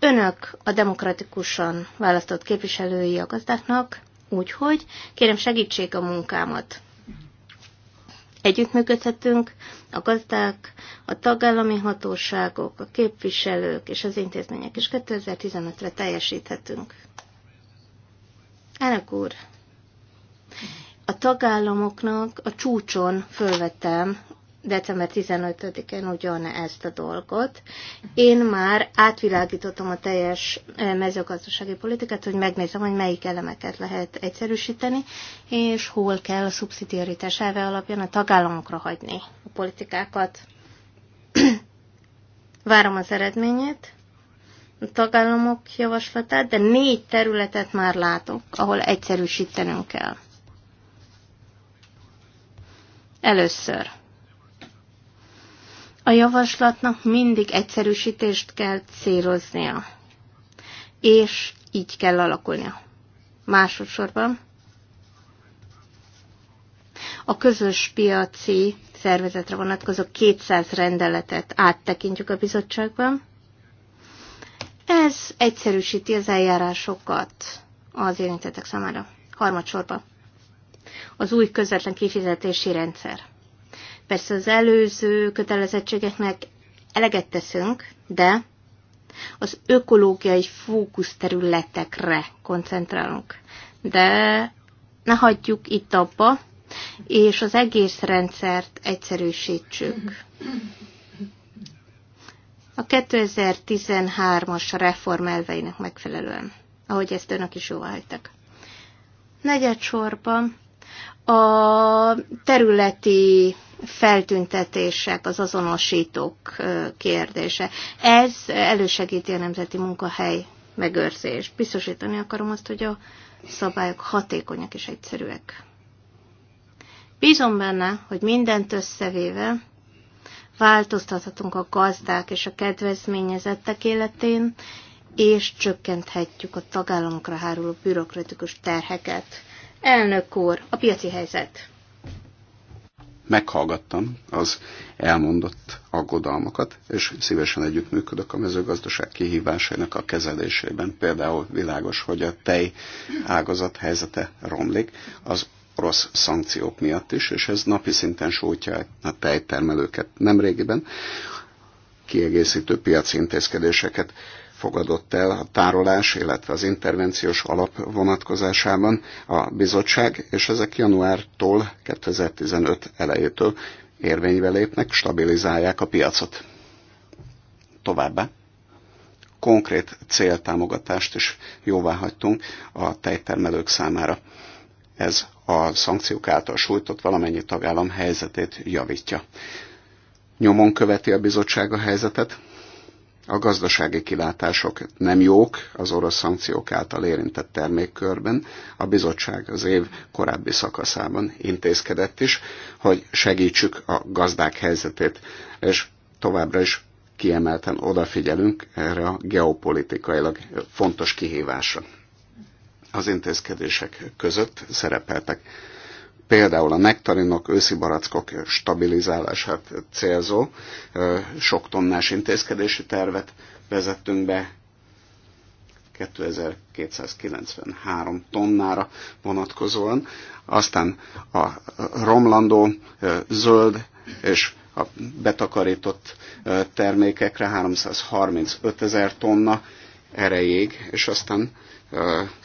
Önök a demokratikusan választott képviselői a gazdáknak, úgyhogy kérem segítsék a munkámat. Együttműködhetünk a gazdák, a tagállami hatóságok, a képviselők és az intézmények, és 2015-re teljesíthetünk. Elnök úr, a tagállamoknak a csúcson fölvettem december 15-én ugyan ezt a dolgot. Én már átvilágítottam a teljes eh, mezőgazdasági politikát, hogy megnézem, hogy melyik elemeket lehet egyszerűsíteni, és hol kell a szubszidiaritás elve alapján a tagállamokra hagyni a politikákat. (clears throat) Várom az eredményét, a tagállamok javaslatát, de négy területet már látok, ahol egyszerűsítenünk kell. Először. A javaslatnak mindig egyszerűsítést kell céloznia, és így kell alakulnia. Másodszorban a közös piaci szervezetre vonatkozó 200 rendeletet áttekintjük a bizottságban. Ez egyszerűsíti az eljárásokat az érintettek számára. Harmadsorban az új közvetlen kifizetési rendszer. Persze az előző kötelezettségeknek eleget teszünk, de az ökológiai fókuszterületekre koncentrálunk. De ne hagyjuk itt abba, és az egész rendszert egyszerűsítsük. A 2013-as reform elveinek megfelelően, ahogy ezt önök is Negyed sorban a területi feltüntetések, az azonosítók kérdése. Ez elősegíti a nemzeti munkahely megőrzést. Biztosítani akarom azt, hogy a szabályok hatékonyak és egyszerűek. Bízom benne, hogy mindent összevéve változtathatunk a gazdák és a kedvezményezettek életén, és csökkenthetjük a tagállamokra háruló bürokratikus terheket. Elnök úr, a piaci helyzet. Meghallgattam az elmondott aggodalmakat, és szívesen együttműködök a mezőgazdaság kihívásainak a kezelésében. Például világos, hogy a tej ágazat helyzete romlik, az orosz szankciók miatt is, és ez napi szinten sújtja a tejtermelőket. Nemrégiben kiegészítő piaci intézkedéseket fogadott el a tárolás, illetve az intervenciós alap vonatkozásában a bizottság, és ezek januártól 2015 elejétől érvénybe lépnek, stabilizálják a piacot. Továbbá konkrét céltámogatást is jóvá hagytunk a tejtermelők számára. Ez a szankciók által sújtott valamennyi tagállam helyzetét javítja. Nyomon követi a bizottság a helyzetet, a gazdasági kilátások nem jók az orosz szankciók által érintett termékkörben, a bizottság az év korábbi szakaszában intézkedett is, hogy segítsük a gazdák helyzetét, és továbbra is kiemelten odafigyelünk erre a geopolitikailag fontos kihívásra. Az intézkedések között szerepeltek például a nektarinok, őszi barackok stabilizálását célzó sok tonnás intézkedési tervet vezettünk be 2293 tonnára vonatkozóan. Aztán a romlandó zöld és a betakarított termékekre 335 ezer tonna erejéig, és aztán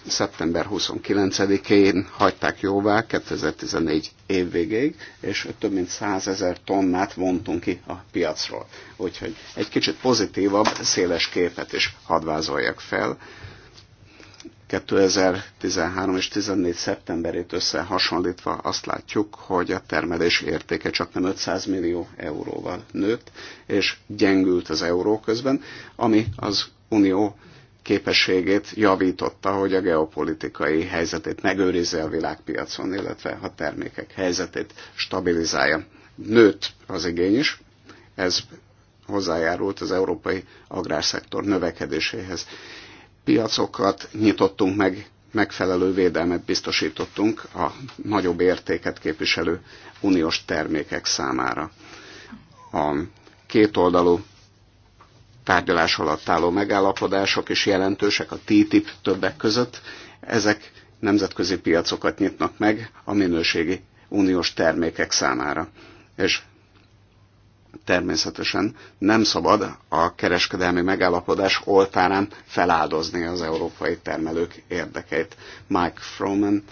szeptember 29-én hagyták jóvá 2014 év végéig, és több mint 100 ezer tonnát vontunk ki a piacról. Úgyhogy egy kicsit pozitívabb, széles képet is hadvázoljak fel. 2013 és 14 szeptemberét összehasonlítva azt látjuk, hogy a termelés értéke csak nem 500 millió euróval nőtt, és gyengült az euró közben, ami az unió képességét javította, hogy a geopolitikai helyzetét megőrizze a világpiacon, illetve a termékek helyzetét stabilizálja. Nőtt az igény is, ez hozzájárult az európai agrárszektor növekedéséhez. Piacokat nyitottunk meg, megfelelő védelmet biztosítottunk a nagyobb értéket képviselő uniós termékek számára. A kétoldalú tárgyalás alatt álló megállapodások is jelentősek, a TTIP többek között. Ezek nemzetközi piacokat nyitnak meg a minőségi uniós termékek számára. És természetesen nem szabad a kereskedelmi megállapodás oltárán feláldozni az európai termelők érdekeit. Mike Froman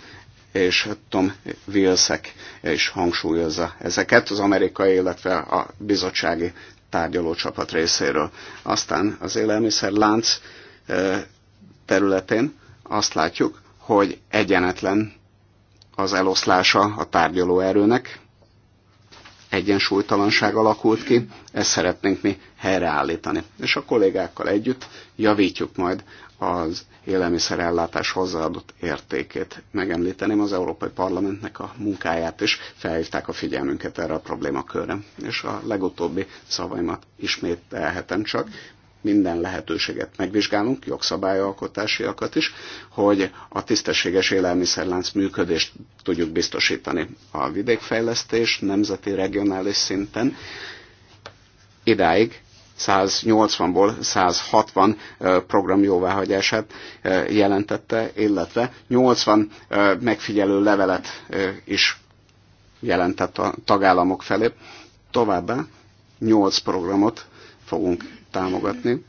és Tom Vilszek is hangsúlyozza ezeket az amerikai, illetve a bizottsági tárgyaló csapat részéről. Aztán az élelmiszer lánc területén azt látjuk, hogy egyenetlen az eloszlása a tárgyaló erőnek, egyensúlytalanság alakult ki, ezt szeretnénk mi helyreállítani. És a kollégákkal együtt javítjuk majd az élelmiszerellátás hozzáadott értékét. Megemlíteném az Európai Parlamentnek a munkáját is, felhívták a figyelmünket erre a problémakörre. És a legutóbbi szavaimat ismét elhetem csak, minden lehetőséget megvizsgálunk, jogszabályalkotásiakat is, hogy a tisztességes élelmiszerlánc működést tudjuk biztosítani a vidékfejlesztés nemzeti, regionális szinten. Idáig 180-ból 160 program jóváhagyását jelentette, illetve 80 megfigyelő levelet is jelentett a tagállamok felé. Továbbá 8 programot fogunk támogatni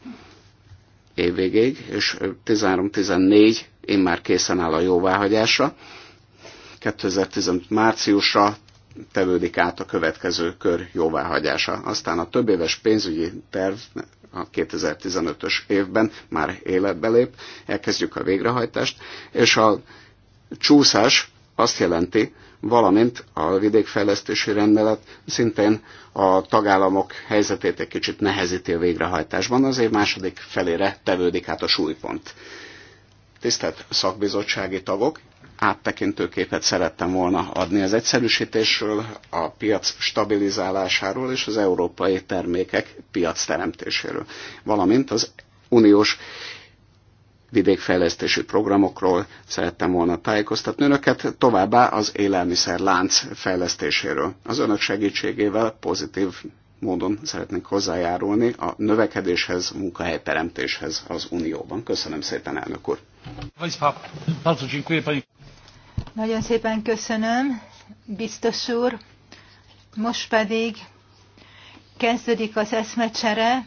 évvégéig, és 13-14 én már készen áll a jóváhagyásra. 2015 márciusra tevődik át a következő kör jóváhagyása. Aztán a több éves pénzügyi terv a 2015-ös évben már életbe lép, elkezdjük a végrehajtást, és a csúszás azt jelenti, valamint a vidékfejlesztési rendelet szintén a tagállamok helyzetét egy kicsit nehezíti a végrehajtásban, az év második felére tevődik át a súlypont. Tisztelt szakbizottsági tagok, áttekintő képet szerettem volna adni az egyszerűsítésről, a piac stabilizálásáról és az európai termékek piac teremtéséről, valamint az uniós vidékfejlesztési programokról szerettem volna tájékoztatni önöket, továbbá az lánc fejlesztéséről. Az önök segítségével pozitív módon szeretnék hozzájárulni a növekedéshez, munkahelyteremtéshez az Unióban. Köszönöm szépen, elnök úr! Nagyon szépen köszönöm, biztos úr. Most pedig kezdődik az eszmecsere.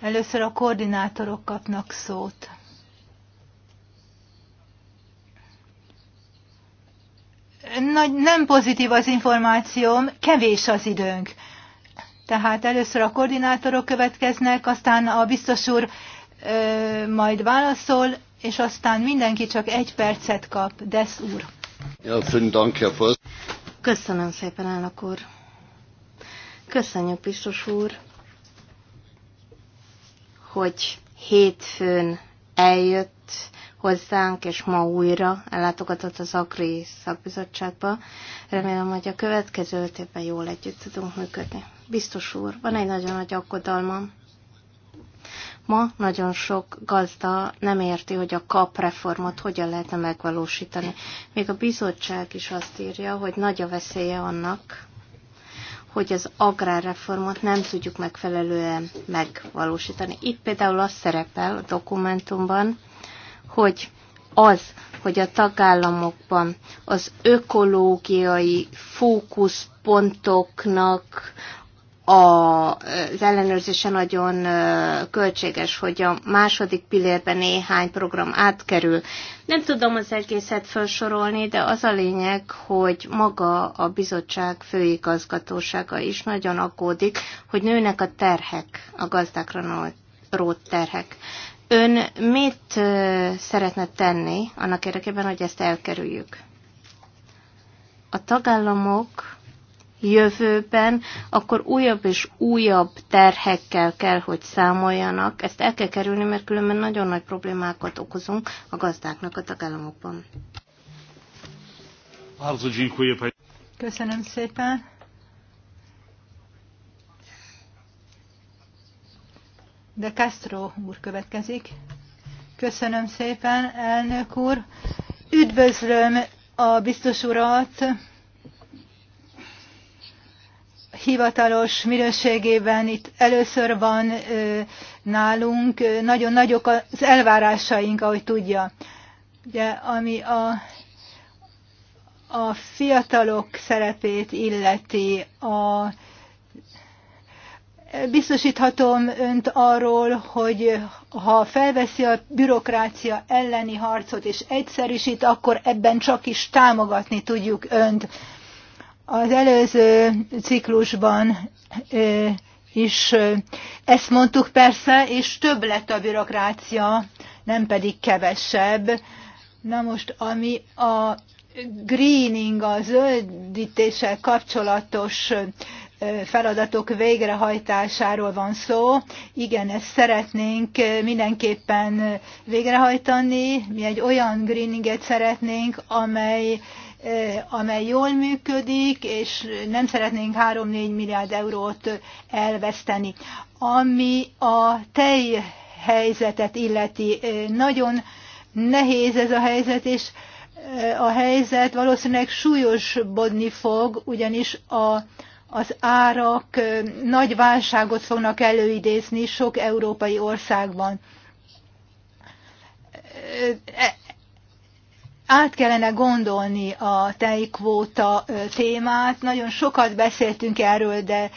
Először a koordinátorok kapnak szót. Nagy, nem pozitív az információm, kevés az időnk. Tehát először a koordinátorok következnek, aztán a biztos úr ö, majd válaszol, és aztán mindenki csak egy percet kap. Desz úr. Köszönöm szépen, elnök úr. Köszönjük, biztos úr, hogy hétfőn eljött hozzánk, és ma újra ellátogatott az Agri szakbizottságba. Remélem, hogy a következő öt évben jól együtt tudunk működni. Biztos úr, van egy nagyon nagy aggodalmam. Ma nagyon sok gazda nem érti, hogy a kap reformot hogyan lehetne megvalósítani. Még a bizottság is azt írja, hogy nagy a veszélye annak, hogy az agrárreformot nem tudjuk megfelelően megvalósítani. Itt például az szerepel a dokumentumban, hogy az, hogy a tagállamokban az ökológiai fókuszpontoknak az ellenőrzése nagyon költséges, hogy a második pillérben néhány program átkerül. Nem tudom az egészet felsorolni, de az a lényeg, hogy maga a bizottság főigazgatósága is nagyon aggódik, hogy nőnek a terhek, a gazdákra rót terhek. Ön mit szeretne tenni annak érdekében, hogy ezt elkerüljük? A tagállamok jövőben, akkor újabb és újabb terhekkel kell, hogy számoljanak. Ezt el kell kerülni, mert különben nagyon nagy problémákat okozunk a gazdáknak a tagállamokban. Köszönöm szépen. De Castro úr következik. Köszönöm szépen, elnök úr. Üdvözlöm a biztos urat hivatalos minőségében itt először van nálunk. Nagyon nagyok az elvárásaink, ahogy tudja. Ugye, ami a a fiatalok szerepét illeti, a, biztosíthatom önt arról, hogy ha felveszi a bürokrácia elleni harcot és egyszerűsít, akkor ebben csak is támogatni tudjuk önt. Az előző ciklusban is ezt mondtuk persze, és több lett a bürokrácia, nem pedig kevesebb. Na most, ami a greening, a zöldítéssel kapcsolatos feladatok végrehajtásáról van szó. Igen, ezt szeretnénk mindenképpen végrehajtani. Mi egy olyan greeninget szeretnénk, amely Eh, amely jól működik, és nem szeretnénk 3-4 milliárd eurót elveszteni. Ami a tej helyzetet illeti, eh, nagyon nehéz ez a helyzet, és eh, a helyzet valószínűleg súlyosbodni fog, ugyanis a, az árak nagy válságot fognak előidézni sok európai országban át kellene gondolni a tejkvóta témát. Nagyon sokat beszéltünk erről, de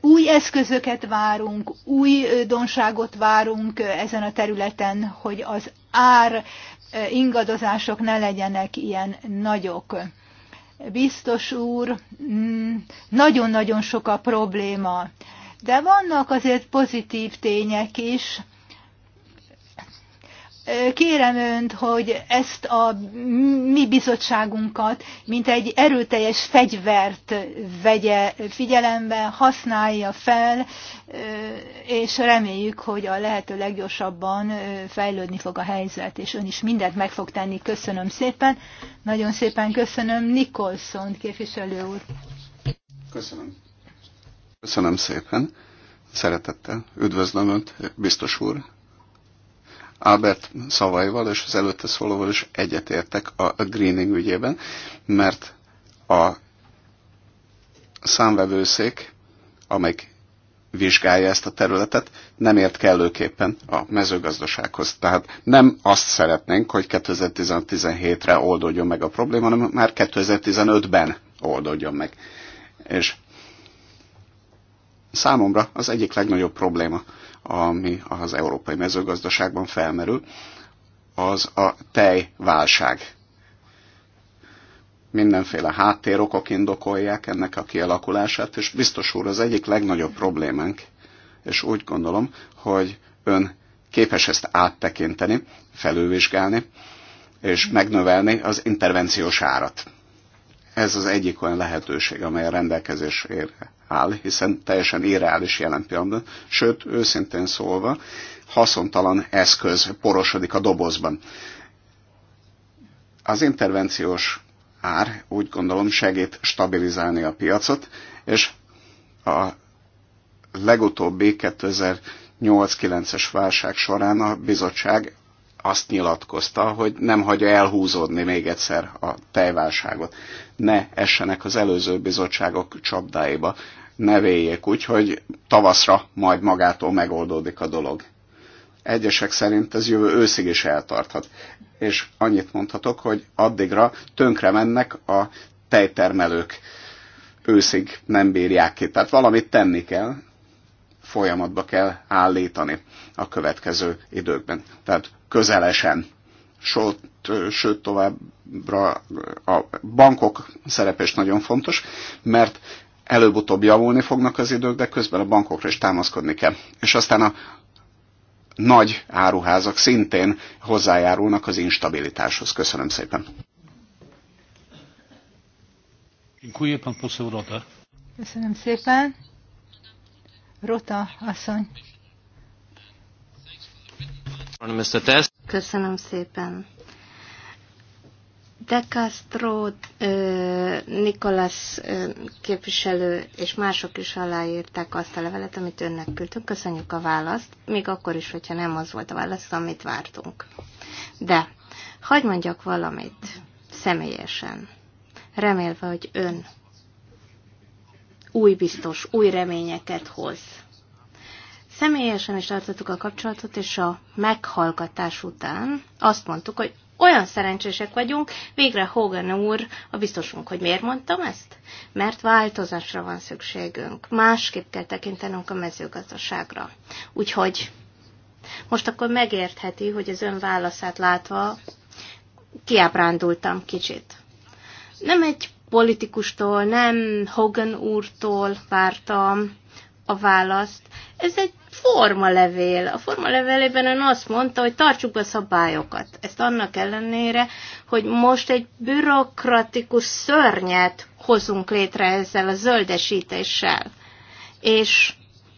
új eszközöket várunk, új donságot várunk ezen a területen, hogy az ár ingadozások ne legyenek ilyen nagyok. Biztos úr, mm, nagyon-nagyon sok a probléma, de vannak azért pozitív tények is, Kérem önt, hogy ezt a mi bizottságunkat, mint egy erőteljes fegyvert vegye figyelembe, használja fel, és reméljük, hogy a lehető leggyorsabban fejlődni fog a helyzet, és ön is mindent meg fog tenni. Köszönöm szépen. Nagyon szépen köszönöm Nikolson képviselő úr. Köszönöm. Köszönöm szépen. Szeretettel üdvözlöm Önt, biztos úr, Albert szavaival és az előtte szólóval is egyetértek a greening ügyében, mert a számvevőszék, amelyik vizsgálja ezt a területet, nem ért kellőképpen a mezőgazdasághoz. Tehát nem azt szeretnénk, hogy 2017-re oldódjon meg a probléma, hanem már 2015-ben oldódjon meg. És számomra az egyik legnagyobb probléma ami az európai mezőgazdaságban felmerül, az a tejválság. Mindenféle háttérokok indokolják ennek a kialakulását, és biztos úr az egyik legnagyobb problémánk, és úgy gondolom, hogy ön képes ezt áttekinteni, felülvizsgálni, és megnövelni az intervenciós árat. Ez az egyik olyan lehetőség, amely a rendelkezésére áll, hiszen teljesen irreális jelen pillanatban. Sőt, őszintén szólva, haszontalan eszköz porosodik a dobozban. Az intervenciós ár úgy gondolom segít stabilizálni a piacot, és a legutóbbi 2008-9-es válság során a bizottság azt nyilatkozta, hogy nem hagyja elhúzódni még egyszer a tejválságot. Ne essenek az előző bizottságok csapdáiba, ne véljék úgy, hogy tavaszra majd magától megoldódik a dolog. Egyesek szerint ez jövő őszig is eltarthat. És annyit mondhatok, hogy addigra tönkre mennek a tejtermelők. Őszig nem bírják ki. Tehát valamit tenni kell, folyamatba kell állítani a következő időkben. Tehát közelesen, sőt, sőt továbbra a bankok szerepe is nagyon fontos, mert előbb-utóbb javulni fognak az idők, de közben a bankokra is támaszkodni kell. És aztán a nagy áruházak szintén hozzájárulnak az instabilitáshoz. Köszönöm szépen. Köszönöm szépen. Rota asszony. Köszönöm szépen. De Castro, Nikolas képviselő és mások is aláírták azt a levelet, amit önnek küldtünk. Köszönjük a választ, még akkor is, hogyha nem az volt a válasz, amit vártunk. De hagyd mondjak valamit személyesen, remélve, hogy ön új biztos, új reményeket hoz. Személyesen is tartottuk a kapcsolatot, és a meghallgatás után azt mondtuk, hogy olyan szerencsések vagyunk, végre Hogan úr a biztosunk, hogy miért mondtam ezt? Mert változásra van szükségünk. Másképp kell tekintenünk a mezőgazdaságra. Úgyhogy most akkor megértheti, hogy az ön válaszát látva kiábrándultam kicsit. Nem egy politikustól, nem Hogan úrtól vártam a választ. Ez egy formalevél. A formalevelében ön azt mondta, hogy tartsuk be a szabályokat. Ezt annak ellenére, hogy most egy bürokratikus szörnyet hozunk létre ezzel a zöldesítéssel. És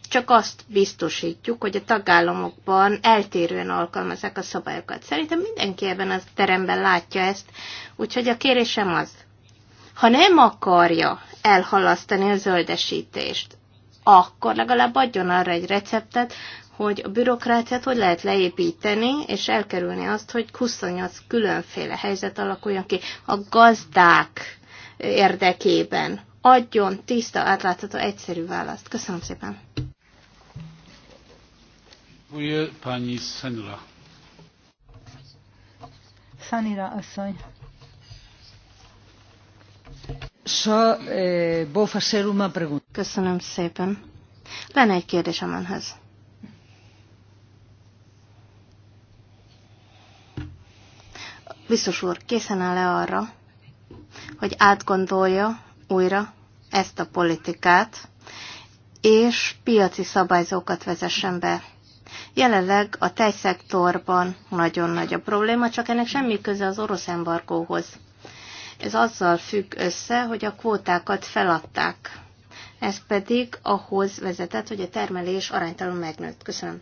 csak azt biztosítjuk, hogy a tagállamokban eltérően alkalmazzák a szabályokat. Szerintem mindenki ebben a teremben látja ezt, úgyhogy a kérésem az, ha nem akarja elhalasztani a zöldesítést, akkor legalább adjon arra egy receptet, hogy a bürokráciát hogy lehet leépíteni, és elkerülni azt, hogy 28 különféle helyzet alakuljon ki a gazdák érdekében. Adjon tiszta, átlátható, egyszerű választ. Köszönöm szépen. pányi Sanira. Sanira asszony. Eh, Köszönöm szépen. Lenne egy kérdésem önhez. Biztos úr, készen áll-e arra, hogy átgondolja újra ezt a politikát, és piaci szabályzókat vezessen be? Jelenleg a tejszektorban nagyon nagy a probléma, csak ennek semmi köze az orosz embargóhoz. Ez azzal függ össze, hogy a kvótákat feladták. Ez pedig ahhoz vezetett, hogy a termelés aránytalanul megnőtt. Köszönöm.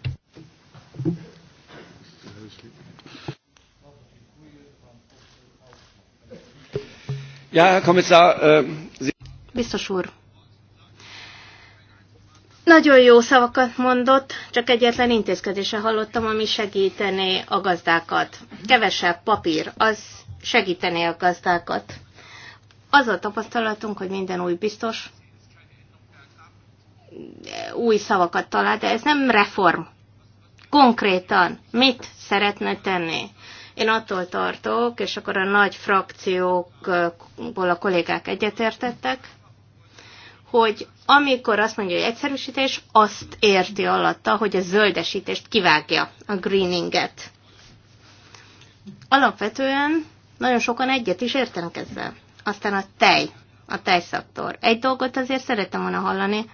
Ja, Herr Kommissar, äh, Sie Biztos úr. Nagyon jó szavakat mondott, csak egyetlen intézkedése hallottam, ami segítené a gazdákat. Kevesebb papír, az segíteni a gazdákat. Az a tapasztalatunk, hogy minden új biztos új szavakat talál, de ez nem reform. Konkrétan mit szeretne tenni? Én attól tartok, és akkor a nagy frakciókból a kollégák egyetértettek, hogy amikor azt mondja, hogy egyszerűsítés, azt érti alatta, hogy a zöldesítést kivágja, a greeninget. Alapvetően nagyon sokan egyet is értenek ezzel. Aztán a tej, a tejszaktor. Egy dolgot azért szeretem volna hallani,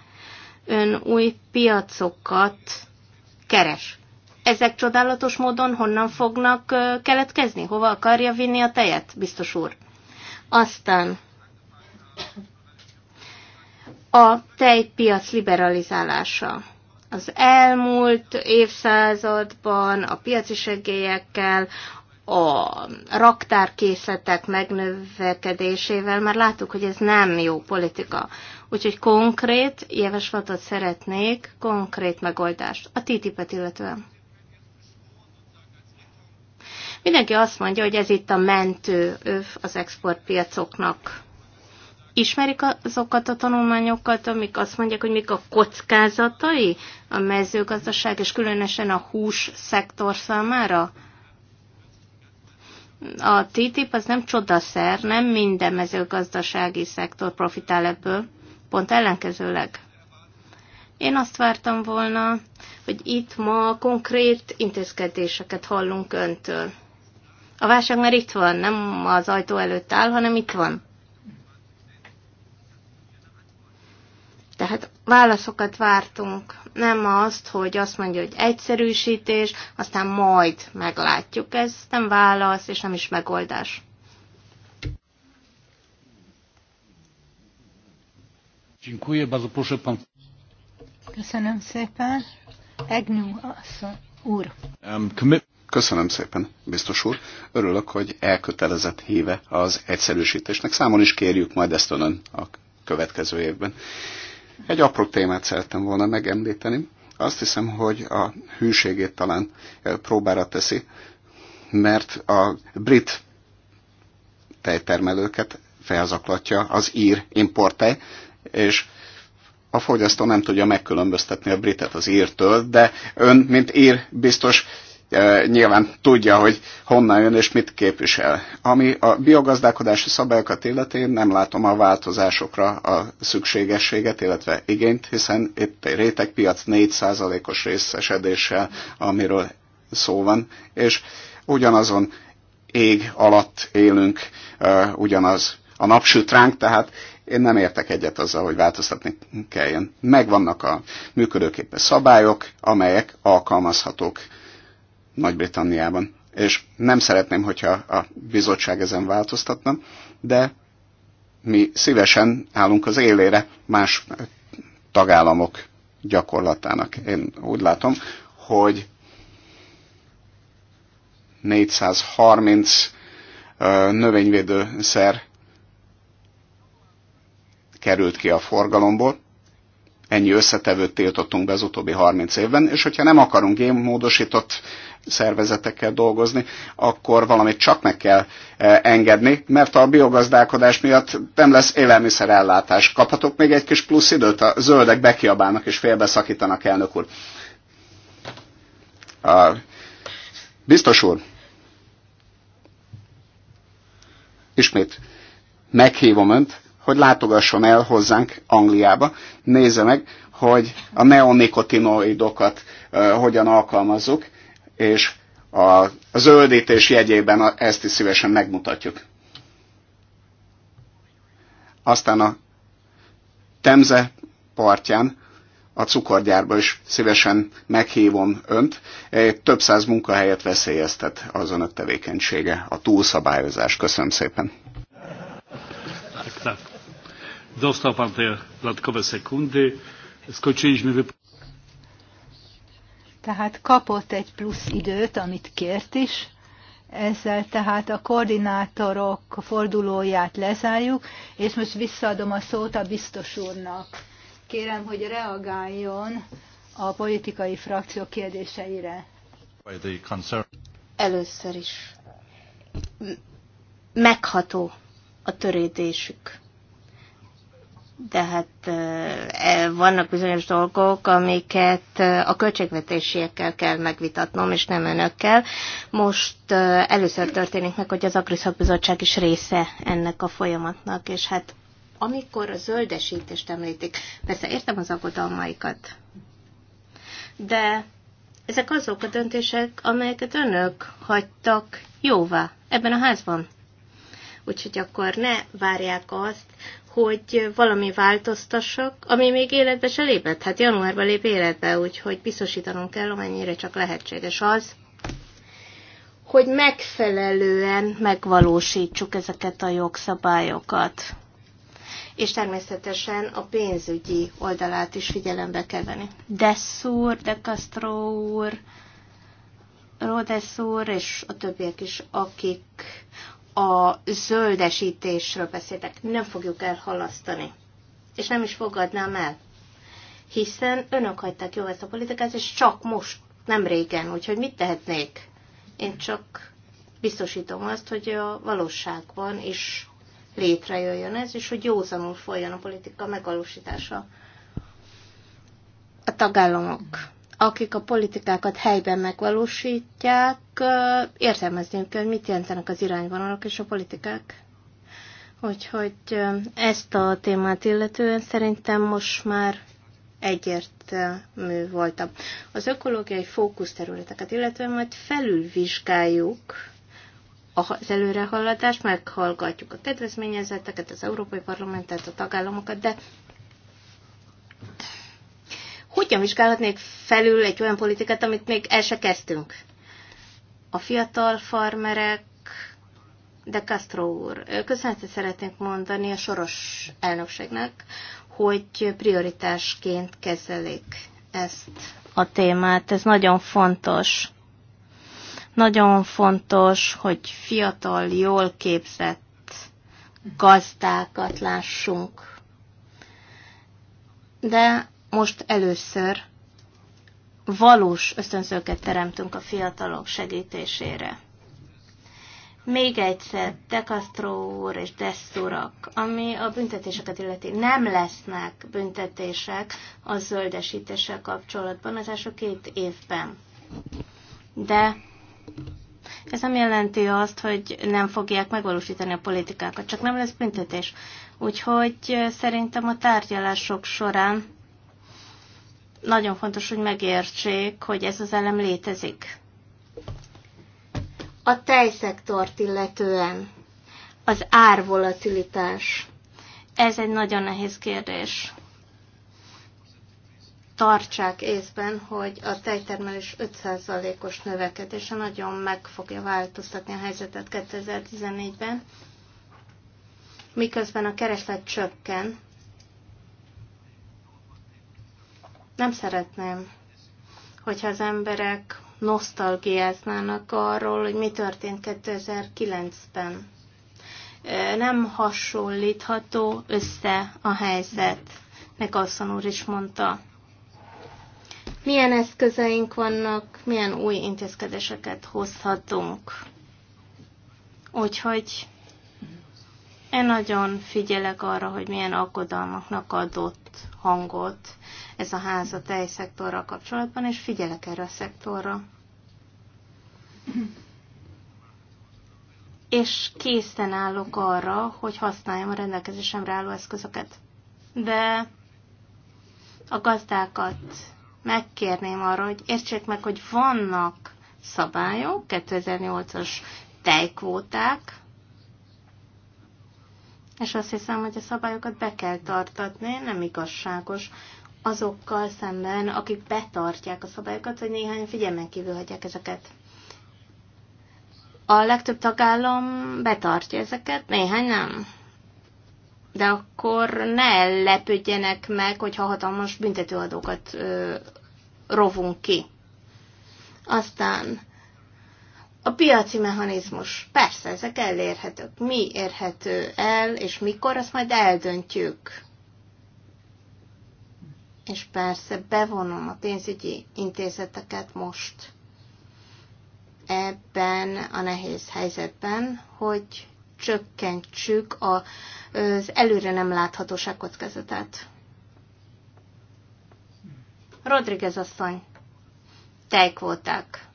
ön új piacokat keres. Ezek csodálatos módon honnan fognak keletkezni? Hova akarja vinni a tejet, biztos úr? Aztán a tejpiac liberalizálása. Az elmúlt évszázadban a piaci segélyekkel, a raktárkészletek megnövekedésével, mert láttuk, hogy ez nem jó politika. Úgyhogy konkrét javaslatot szeretnék, konkrét megoldást a TTIP-et illetően. Mindenki azt mondja, hogy ez itt a mentő öv az exportpiacoknak. Ismerik azokat a tanulmányokat, amik azt mondják, hogy mik a kockázatai a mezőgazdaság, és különösen a hús szektor számára? A TTIP az nem csodaszer, nem minden mezőgazdasági szektor profitál ebből, pont ellenkezőleg. Én azt vártam volna, hogy itt ma konkrét intézkedéseket hallunk öntől. A válság már itt van, nem az ajtó előtt áll, hanem itt van. Tehát válaszokat vártunk, nem azt, hogy azt mondja, hogy egyszerűsítés, aztán majd meglátjuk. Ez nem válasz, és nem is megoldás. Köszönöm szépen. Egnyú úr. Um, Köszönöm szépen, biztos úr. Örülök, hogy elkötelezett híve az egyszerűsítésnek. Számon is kérjük majd ezt önön a következő évben. Egy apró témát szerettem volna megemlíteni. Azt hiszem, hogy a hűségét talán próbára teszi, mert a brit tejtermelőket felzaklatja az ír importej, és a fogyasztó nem tudja megkülönböztetni a britet az írtől, de ön, mint ír, biztos nyilván tudja, hogy honnan jön és mit képvisel. Ami a biogazdálkodási szabályokat illetén nem látom a változásokra a szükségességet, illetve igényt, hiszen itt egy rétegpiac 4%-os részesedéssel, amiről szó van, és ugyanazon ég alatt élünk, ugyanaz a napsüt ránk, tehát én nem értek egyet azzal, hogy változtatni kelljen. Megvannak a működőképes szabályok, amelyek alkalmazhatók nagy-Britanniában. És nem szeretném, hogyha a bizottság ezen változtatna, de mi szívesen állunk az élére más tagállamok gyakorlatának. Én úgy látom, hogy 430 növényvédőszer került ki a forgalomból. Ennyi összetevőt tiltottunk be az utóbbi 30 évben, és hogyha nem akarunk génmódosított szervezetekkel dolgozni, akkor valamit csak meg kell eh, engedni, mert a biogazdálkodás miatt nem lesz élelmiszerellátás. Kaphatok még egy kis plusz időt? A zöldek bekiabálnak és félbeszakítanak, elnök úr. A... Biztos úr, ismét meghívom önt, hogy látogasson el hozzánk Angliába, nézze meg, hogy a neonikotinoidokat uh, hogyan alkalmazzuk, és a zöldítés jegyében ezt is szívesen megmutatjuk. Aztán a Temze partján a cukorgyárba is szívesen meghívom önt. Több száz munkahelyet veszélyeztet az önök tevékenysége, a túlszabályozás. Köszönöm szépen. Dostał pan te dodatkowe sekundy. Skończyliśmy tehát kapott egy plusz időt, amit kért is. Ezzel tehát a koordinátorok fordulóját lezárjuk, és most visszaadom a szót a biztos úrnak. Kérem, hogy reagáljon a politikai frakció kérdéseire. Először is megható a törédésük de hát eh, eh, vannak bizonyos dolgok, amiket eh, a költségvetésiekkel kell megvitatnom, és nem önökkel. Most először történik meg, hogy az Agriszak is része ennek a folyamatnak, és hát amikor a zöldesítést említik, persze értem az aggodalmaikat, de ezek azok a döntések, amelyeket önök hagytak jóvá ebben a házban úgyhogy akkor ne várják azt, hogy valami változtassak, ami még életbe se lépett. Hát januárban lép életbe, úgyhogy biztosítanunk kell, amennyire csak lehetséges az, hogy megfelelően megvalósítsuk ezeket a jogszabályokat. És természetesen a pénzügyi oldalát is figyelembe kell venni. Dessur, De Castro úr, Rodesz úr és a többiek is, akik a zöldesítésről beszéltek. Nem fogjuk elhalasztani. És nem is fogadnám el. Hiszen önök hagyták jó ezt a politikát, és csak most, nem régen. Úgyhogy mit tehetnék? Én csak biztosítom azt, hogy a valóságban is létrejöjjön ez, és hogy józanul folyjon a politika megvalósítása a tagállamok akik a politikákat helyben megvalósítják, értelmezniük kell, hogy mit jelentenek az irányvonalak és a politikák. Úgyhogy ezt a témát illetően szerintem most már egyértelmű voltam. Az ökológiai fókuszterületeket illetően majd felülvizsgáljuk az előrehaladást, meghallgatjuk a kedvezményezeteket, az Európai Parlamentet, a tagállamokat, de hogyan vizsgálhatnék felül egy olyan politikát, amit még el se kezdtünk? A fiatal farmerek, de Castro úr, köszönetet szeretnénk mondani a soros elnökségnek, hogy prioritásként kezelik ezt a témát. Ez nagyon fontos. Nagyon fontos, hogy fiatal, jól képzett gazdákat lássunk. De most először valós ösztönzőket teremtünk a fiatalok segítésére. Még egyszer, De Castro úr és Desszurak, ami a büntetéseket illeti, nem lesznek büntetések a zöldesítéssel kapcsolatban az első két évben. De ez nem jelenti azt, hogy nem fogják megvalósítani a politikákat, csak nem lesz büntetés. Úgyhogy szerintem a tárgyalások során nagyon fontos, hogy megértsék, hogy ez az elem létezik. A tejszektort illetően az árvolatilitás. Ez egy nagyon nehéz kérdés. Tartsák észben, hogy a tejtermelés 5%-os növekedése nagyon meg fogja változtatni a helyzetet 2014-ben, miközben a kereslet csökken, Nem szeretném, hogyha az emberek nosztalgiáznának arról, hogy mi történt 2009-ben. Nem hasonlítható össze a helyzet, Megalszon úr is mondta. Milyen eszközeink vannak, milyen új intézkedéseket hozhatunk. Úgyhogy én nagyon figyelek arra, hogy milyen aggodalmaknak adott hangot ez a ház a szektorral kapcsolatban, és figyelek erre a szektorra. És készen állok arra, hogy használjam a rendelkezésemre álló eszközöket. De a gazdákat megkérném arra, hogy értsék meg, hogy vannak szabályok, 2008-as tejkvóták, és azt hiszem, hogy a szabályokat be kell tartatni, nem igazságos, azokkal szemben, akik betartják a szabályokat, hogy néhány figyelmen kívül hagyják ezeket. A legtöbb tagállam betartja ezeket, néhány nem. De akkor ne lepődjenek meg, hogyha hatalmas büntetőadókat ö, rovunk ki. Aztán a piaci mechanizmus. Persze, ezek elérhetők. Mi érhető el, és mikor, azt majd eldöntjük és persze bevonom a pénzügyi intézeteket most ebben a nehéz helyzetben, hogy csökkentsük az előre nem láthatóság kockázatát. Rodriguez asszony, tejkvóták.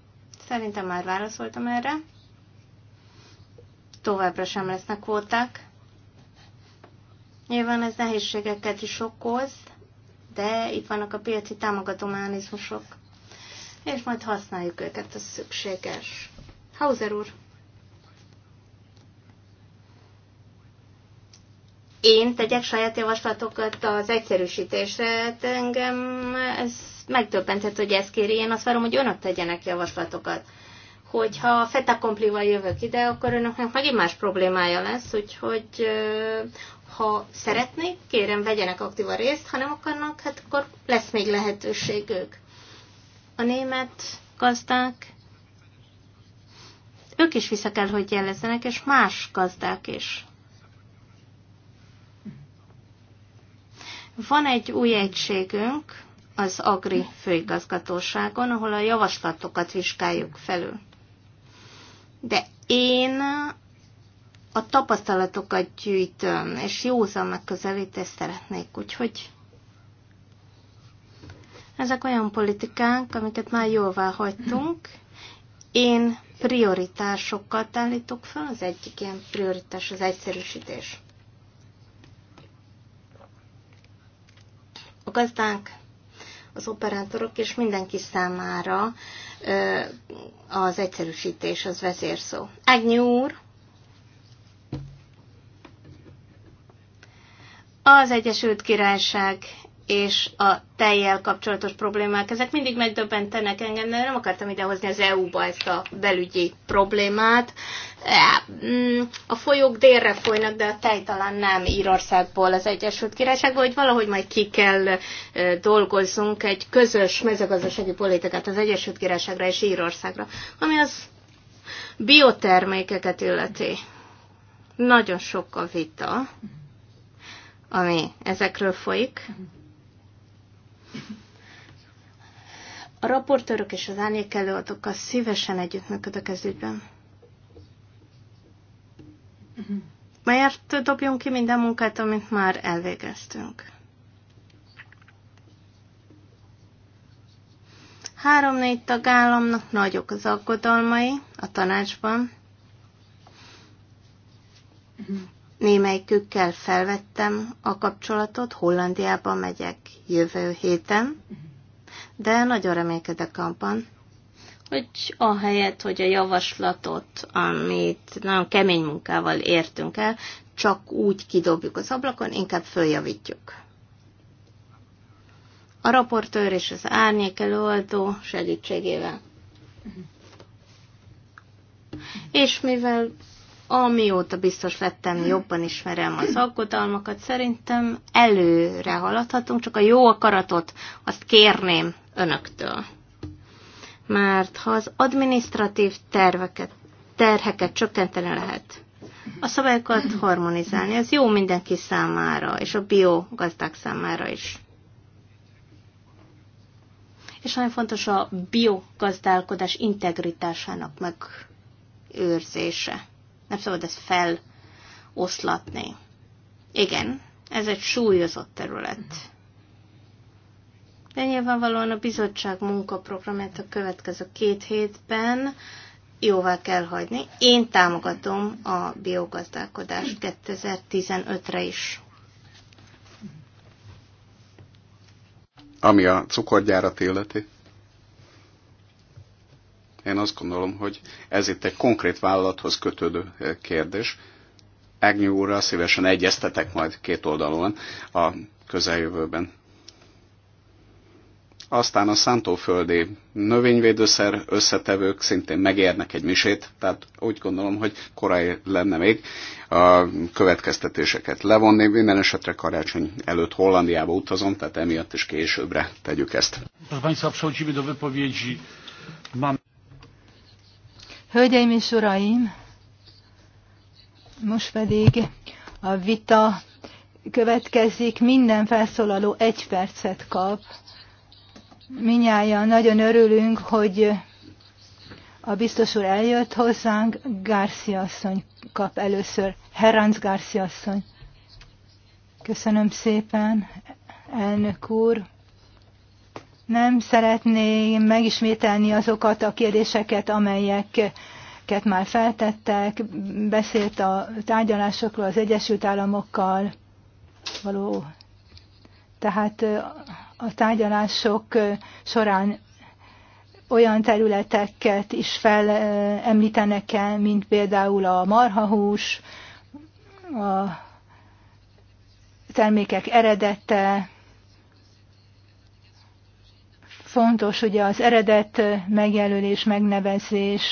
Szerintem már válaszoltam erre. Továbbra sem lesznek kvóták. Nyilván ez nehézségeket is okoz, de itt vannak a piaci támogató mechanizmusok, és majd használjuk őket, ez szükséges. Hauser úr! Én tegyek saját javaslatokat az egyszerűsítésre, engem ez megtöbbentett, hogy ezt kéri. Én azt várom, hogy önök tegyenek javaslatokat hogyha feta komplival jövök ide, akkor önöknek megint más problémája lesz, úgyhogy ha szeretnék, kérem, vegyenek aktívan részt, ha nem akarnak, hát akkor lesz még lehetőségük. A német gazdák, ők is vissza kell, hogy jelezzenek, és más gazdák is. Van egy új egységünk az Agri főigazgatóságon, ahol a javaslatokat vizsgáljuk felül. De én a tapasztalatokat gyűjtöm, és józan megközelítést szeretnék, úgyhogy ezek olyan politikánk, amiket már jóvá hagytunk. Én prioritásokat állítok fel, az egyik ilyen prioritás az egyszerűsítés. A gazdánk, az operátorok és mindenki számára az egyszerűsítés az vezérszó. Ágnyi úr, Az Egyesült Királyság és a tejjel kapcsolatos problémák, ezek mindig megdöbbentenek engem, de nem akartam idehozni az EU-ba ezt a belügyi problémát. E, mm, a folyók délre folynak, de a tej talán nem Írországból, az Egyesült Királyságból, hogy valahogy majd ki kell e, dolgozzunk egy közös mezőgazdasági politikát az Egyesült Királyságra és Írországra, ami az biotermékeket illeti. Nagyon sok a vita ami ezekről folyik. A raportőrök és az árnyékelőadókkal szívesen együttműködök ez ügyben. Miért dobjunk ki minden munkát, amit már elvégeztünk? Három-négy tagállamnak nagyok az aggodalmai a tanácsban. Némelyikükkel felvettem a kapcsolatot, Hollandiába megyek jövő héten, de nagyon remélkedek abban, hogy ahelyett, hogy a javaslatot, amit nagyon kemény munkával értünk el, csak úgy kidobjuk az ablakon, inkább följavítjuk. A raportőr és az árnyék előadó segítségével. Mhm. És mivel Amióta biztos lettem, jobban ismerem az aggodalmakat, szerintem előre haladhatunk, csak a jó akaratot azt kérném önöktől. Mert ha az administratív terveket, terheket csökkenteni lehet, a szabályokat harmonizálni, az jó mindenki számára, és a biogazdák számára is és nagyon fontos a biogazdálkodás integritásának megőrzése. Nem szabad ezt feloszlatni. Igen, ez egy súlyozott terület. De nyilvánvalóan a bizottság munkaprogramját a következő két hétben jóvá kell hagyni. Én támogatom a biogazdálkodást 2015-re is. Ami a cukorgyárat illeti, én azt gondolom, hogy ez itt egy konkrét vállalathoz kötődő eh, kérdés. Ágnyú úrral szívesen egyeztetek majd két oldalon a közeljövőben. Aztán a szántóföldi növényvédőszer összetevők szintén megérnek egy misét, tehát úgy gondolom, hogy korai lenne még a következtetéseket levonni. Minden esetre karácsony előtt Hollandiába utazom, tehát emiatt is későbbre tegyük ezt. Proszę Państwa, przechodzimy do wypowiedzi. Mam... Hölgyeim és uraim, most pedig a vita következik, minden felszólaló egy percet kap. Minnyája nagyon örülünk, hogy a biztos úr eljött hozzánk, Garcia asszony kap először, Herranz Garcia asszony. Köszönöm szépen, elnök úr. Nem szeretném megismételni azokat a kérdéseket, amelyeket már feltettek. Beszélt a tárgyalásokról az Egyesült Államokkal való. Tehát a tárgyalások során olyan területeket is felemlítenek el, mint például a marhahús, a termékek eredete, Fontos ugye az eredet megjelölés, megnevezés,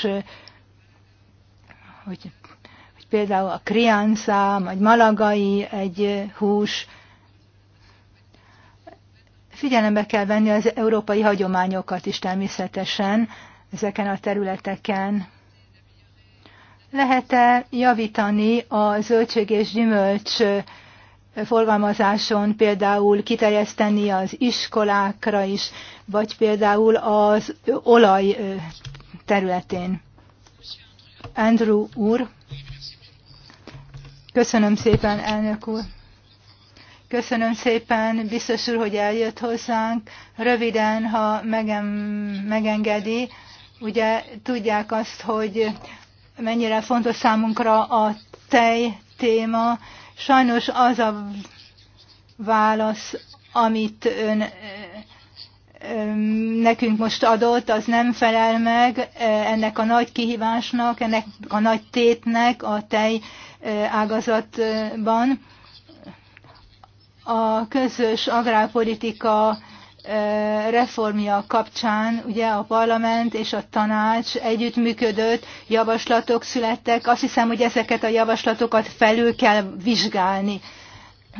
hogy, hogy például a kriánszám, vagy malagai egy hús, figyelembe kell venni az európai hagyományokat is természetesen ezeken a területeken. Lehet-e javítani a zöldség és gyümölcs forgalmazáson például kiterjeszteni az iskolákra is, vagy például az olaj területén. Andrew úr, köszönöm szépen, elnök úr. Köszönöm szépen, biztos úr, hogy eljött hozzánk. Röviden, ha megem, megengedi, ugye tudják azt, hogy mennyire fontos számunkra a tej téma, Sajnos az a válasz, amit ön nekünk most adott, az nem felel meg ennek a nagy kihívásnak, ennek a nagy tétnek a tej ágazatban. A közös agrárpolitika reformja kapcsán ugye a parlament és a tanács együttműködött, javaslatok születtek. Azt hiszem, hogy ezeket a javaslatokat felül kell vizsgálni.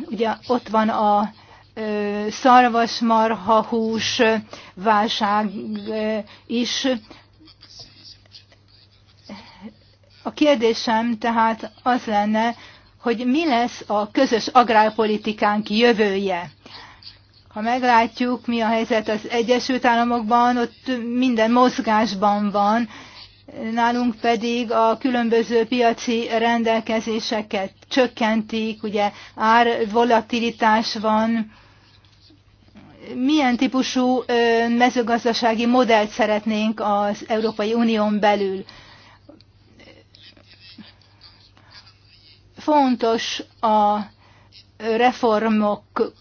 Ugye ott van a szarvasmarha hús válság is. A kérdésem tehát az lenne, hogy mi lesz a közös agrárpolitikánk jövője ha meglátjuk, mi a helyzet az Egyesült Államokban, ott minden mozgásban van, nálunk pedig a különböző piaci rendelkezéseket csökkentik, ugye ár volatilitás van. Milyen típusú mezőgazdasági modellt szeretnénk az Európai Unión belül? Fontos a reformok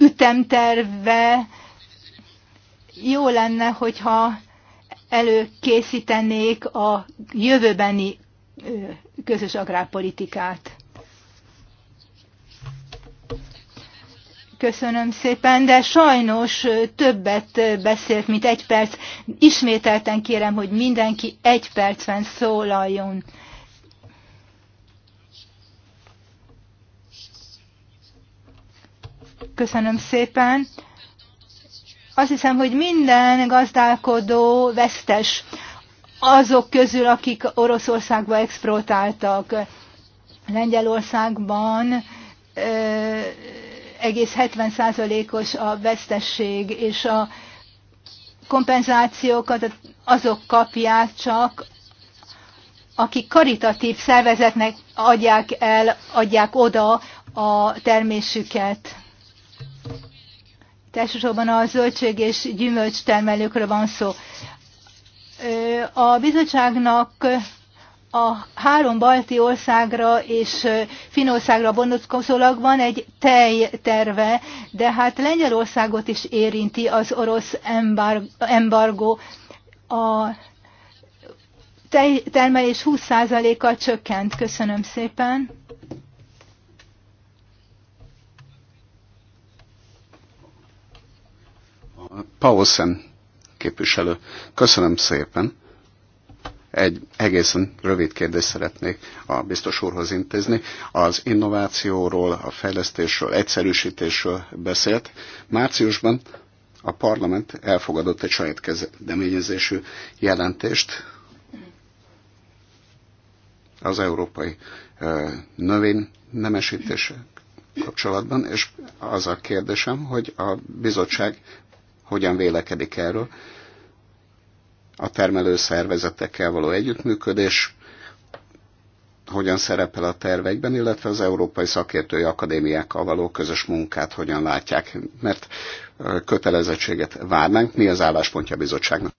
ütemterve. Jó lenne, hogyha előkészítenék a jövőbeni közös agrárpolitikát. Köszönöm szépen, de sajnos többet beszélt, mint egy perc. Ismételten kérem, hogy mindenki egy percben szólaljon Köszönöm szépen. Azt hiszem, hogy minden gazdálkodó vesztes azok közül, akik Oroszországba exportáltak. Lengyelországban egész 70%-os a vesztesség, és a kompenzációkat azok kapják csak, akik karitatív szervezetnek adják el, adják oda a termésüket elsősorban a zöldség és gyümölcs termelőkről van szó. A bizottságnak a három balti országra és Finországra vonatkozólag van egy tejterve, de hát Lengyelországot is érinti az orosz embargó. A tejtermelés 20%-kal csökkent. Köszönöm szépen. Paulsen képviselő, köszönöm szépen. Egy egészen rövid kérdést szeretnék a biztos úrhoz intézni. Az innovációról, a fejlesztésről, egyszerűsítésről beszélt. Márciusban a parlament elfogadott egy saját kezdeményezésű jelentést az európai növény nemesítése kapcsolatban, és az a kérdésem, hogy a bizottság hogyan vélekedik erről. A termelő szervezetekkel való együttműködés hogyan szerepel a tervekben, illetve az Európai Szakértői Akadémiákkal való közös munkát hogyan látják, mert kötelezettséget várnánk. Mi az álláspontja a bizottságnak?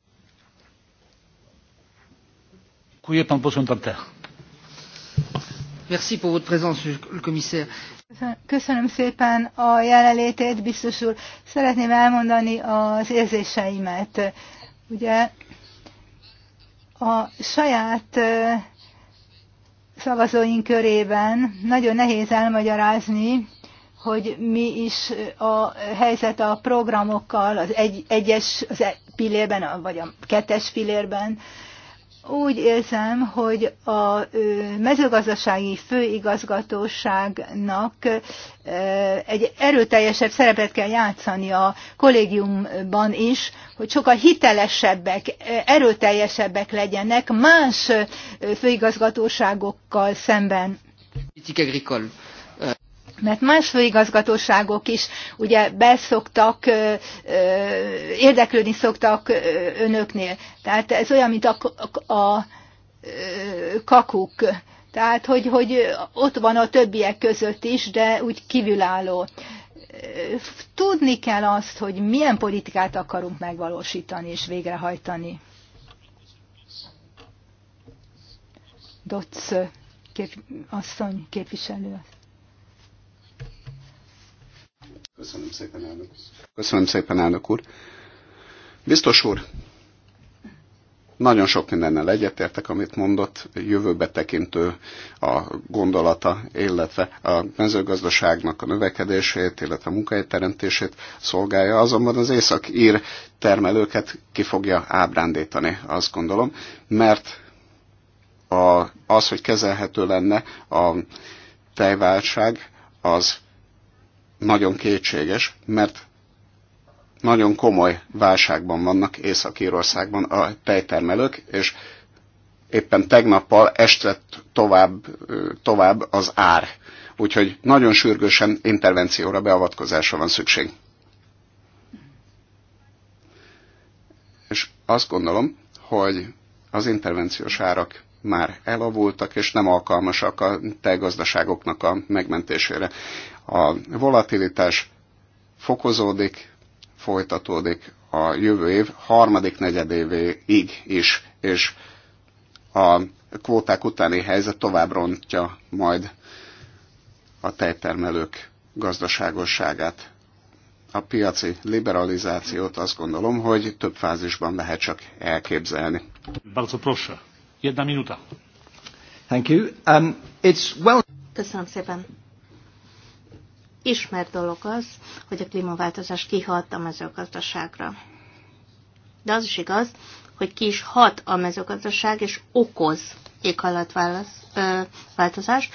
Köszönöm szépen a jelenlétét, biztos úr. Szeretném elmondani az érzéseimet. Ugye a saját szavazóink körében nagyon nehéz elmagyarázni, hogy mi is a helyzet a programokkal, az egy, egyes az e- pillérben, vagy a kettes pillérben, úgy érzem, hogy a mezőgazdasági főigazgatóságnak egy erőteljesebb szerepet kell játszani a kollégiumban is, hogy sokkal hitelesebbek, erőteljesebbek legyenek más főigazgatóságokkal szemben. Politique agricole mert más főigazgatóságok is ugye beszoktak, érdeklődni szoktak önöknél. Tehát ez olyan, mint a, a kakuk. Tehát, hogy, hogy ott van a többiek között is, de úgy kívülálló. Tudni kell azt, hogy milyen politikát akarunk megvalósítani és végrehajtani. Docs kép, asszony képviselő. Köszönöm szépen, elnök. Köszönöm szépen, elnök úr. Biztos úr, nagyon sok mindennel egyetértek, amit mondott, jövőbe tekintő a gondolata, illetve a mezőgazdaságnak a növekedését, illetve a munkahelyteremtését szolgálja, azonban az észak-ír termelőket ki fogja ábrándítani, azt gondolom, mert a, az, hogy kezelhető lenne a tejválság, az nagyon kétséges, mert nagyon komoly válságban vannak Észak-Írországban a tejtermelők, és éppen tegnappal estett tovább, tovább az ár. Úgyhogy nagyon sürgősen intervencióra, beavatkozásra van szükség. És azt gondolom, hogy az intervenciós árak már elavultak, és nem alkalmasak a tejgazdaságoknak a megmentésére. A volatilitás fokozódik, folytatódik a jövő év harmadik negyedévéig is, és a kvóták utáni helyzet tovább rontja majd a tejtermelők gazdaságosságát. A piaci liberalizációt azt gondolom, hogy több fázisban lehet csak elképzelni. Bardzo proszę. Jedna minuta. Thank you. Um, it's well... Köszönöm szépen. Ismert dolog az, hogy a klímaváltozás kihat a mezőgazdaságra. De az is igaz, hogy ki is hat a mezőgazdaság, és okoz éghajlatváltozást.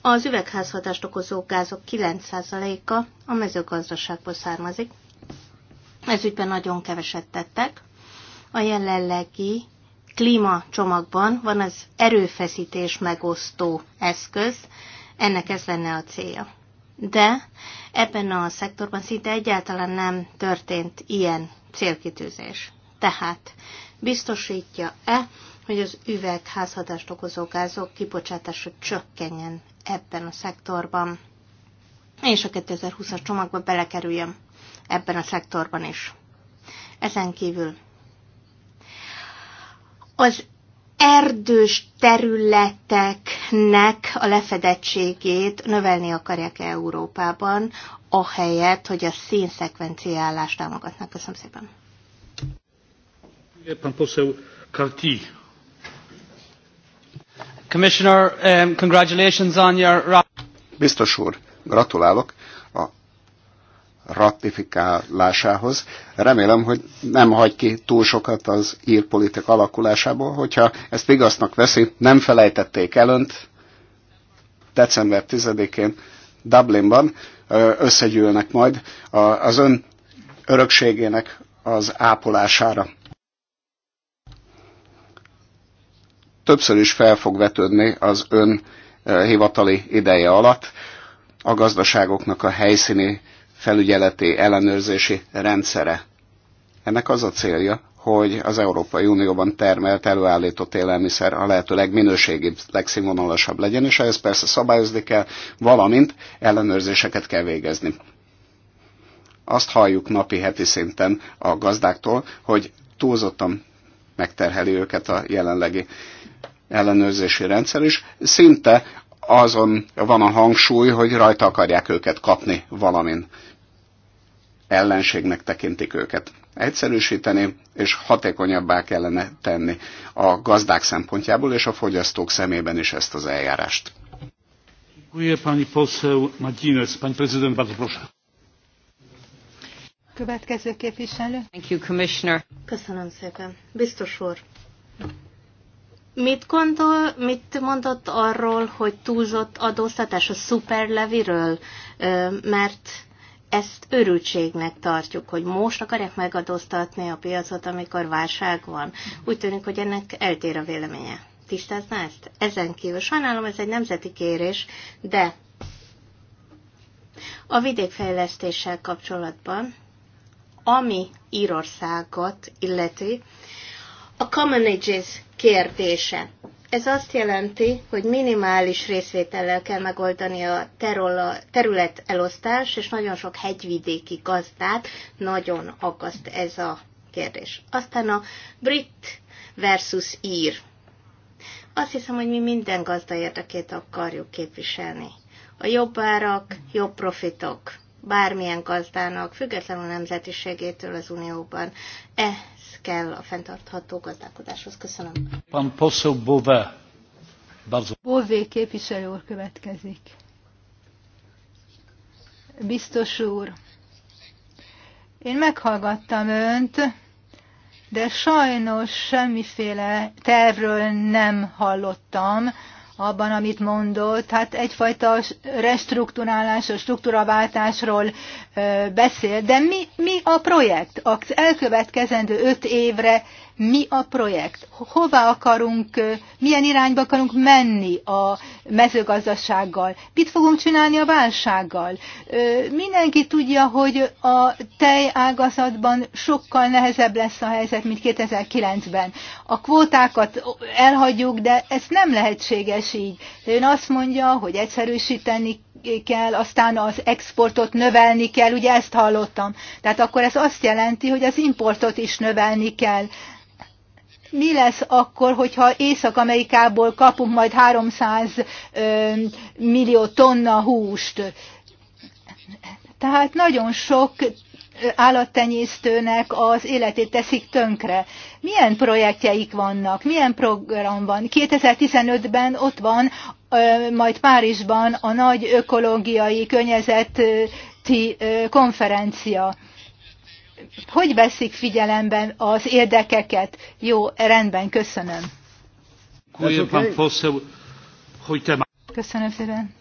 Az üvegházhatást okozó gázok 9%-a a mezőgazdaságból származik. Ez ügyben nagyon keveset tettek. A jelenlegi klímacsomagban van az erőfeszítés megosztó eszköz, ennek ez lenne a célja. De ebben a szektorban szinte egyáltalán nem történt ilyen célkitűzés. Tehát biztosítja-e, hogy az házhatást okozó gázok kibocsátása csökkenjen ebben a szektorban, és a 2020-as csomagba belekerüljön ebben a szektorban is. Ezen kívül az erdős területeknek a lefedettségét növelni akarják Európában, ahelyett, hogy a színszekvenciálást támogatnak. Köszönöm szépen. Pan Commissioner, um, congratulations on your... Biztos úr, gratulálok ratifikálásához. Remélem, hogy nem hagy ki túl sokat az írpolitik alakulásából, hogyha ezt igaznak veszi, nem felejtették elönt december 10-én Dublinban, összegyűlnek majd az ön örökségének az ápolására. Többször is fel fog vetődni az ön hivatali ideje alatt a gazdaságoknak a helyszíni felügyeleti, ellenőrzési rendszere. Ennek az a célja, hogy az Európai Unióban termelt, előállított élelmiszer a lehető legminőségibb, legszínvonalasabb legyen, és ehhez persze szabályozni kell, valamint ellenőrzéseket kell végezni. Azt halljuk napi heti szinten a gazdáktól, hogy túlzottan megterheli őket a jelenlegi ellenőrzési rendszer is. Szinte azon van a hangsúly, hogy rajta akarják őket kapni valamin ellenségnek tekintik őket. Egyszerűsíteni és hatékonyabbá kellene tenni a gazdák szempontjából és a fogyasztók szemében is ezt az eljárást. Következő képviselő. Thank you, Commissioner. Köszönöm szépen. Biztos úr. Mit, gondol, mit mondott arról, hogy túlzott adóztatás a szuperleviről? Mert ezt örültségnek tartjuk, hogy most akarják megadóztatni a piacot, amikor válság van. Úgy tűnik, hogy ennek eltér a véleménye. Tisztázná ezt? Ezen kívül sajnálom, ez egy nemzeti kérés, de a vidékfejlesztéssel kapcsolatban, ami Írországot illeti, a common ages kérdése. Ez azt jelenti, hogy minimális részvétellel kell megoldani a terület elosztás, és nagyon sok hegyvidéki gazdát nagyon akaszt ez a kérdés. Aztán a brit versus ír. Azt hiszem, hogy mi minden gazda érdekét akarjuk képviselni. A jobb árak, jobb profitok, bármilyen gazdának, függetlenül a nemzetiségétől az Unióban. E kell a fenntartható gazdálkodáshoz. Köszönöm. Pan poseł Bové. Bardzo. Bové képviselő úr következik. Biztos úr, én meghallgattam önt, de sajnos semmiféle tervről nem hallottam abban, amit mondott. Hát egyfajta a struktúraváltásról beszél, de mi, mi a projekt? Az elkövetkezendő öt évre mi a projekt, hova akarunk, milyen irányba akarunk menni a mezőgazdasággal, mit fogunk csinálni a válsággal. Mindenki tudja, hogy a tej ágazatban sokkal nehezebb lesz a helyzet, mint 2009-ben. A kvótákat elhagyjuk, de ez nem lehetséges így. Ön azt mondja, hogy egyszerűsíteni kell, aztán az exportot növelni kell, ugye ezt hallottam. Tehát akkor ez azt jelenti, hogy az importot is növelni kell mi lesz akkor, hogyha Észak-Amerikából kapunk majd 300 millió tonna húst? Tehát nagyon sok állattenyésztőnek az életét teszik tönkre. Milyen projektjeik vannak, milyen program van? 2015-ben ott van majd Párizsban a nagy ökológiai környezeti konferencia hogy veszik figyelemben az érdekeket? Jó, rendben, köszönöm. Köszönöm szépen.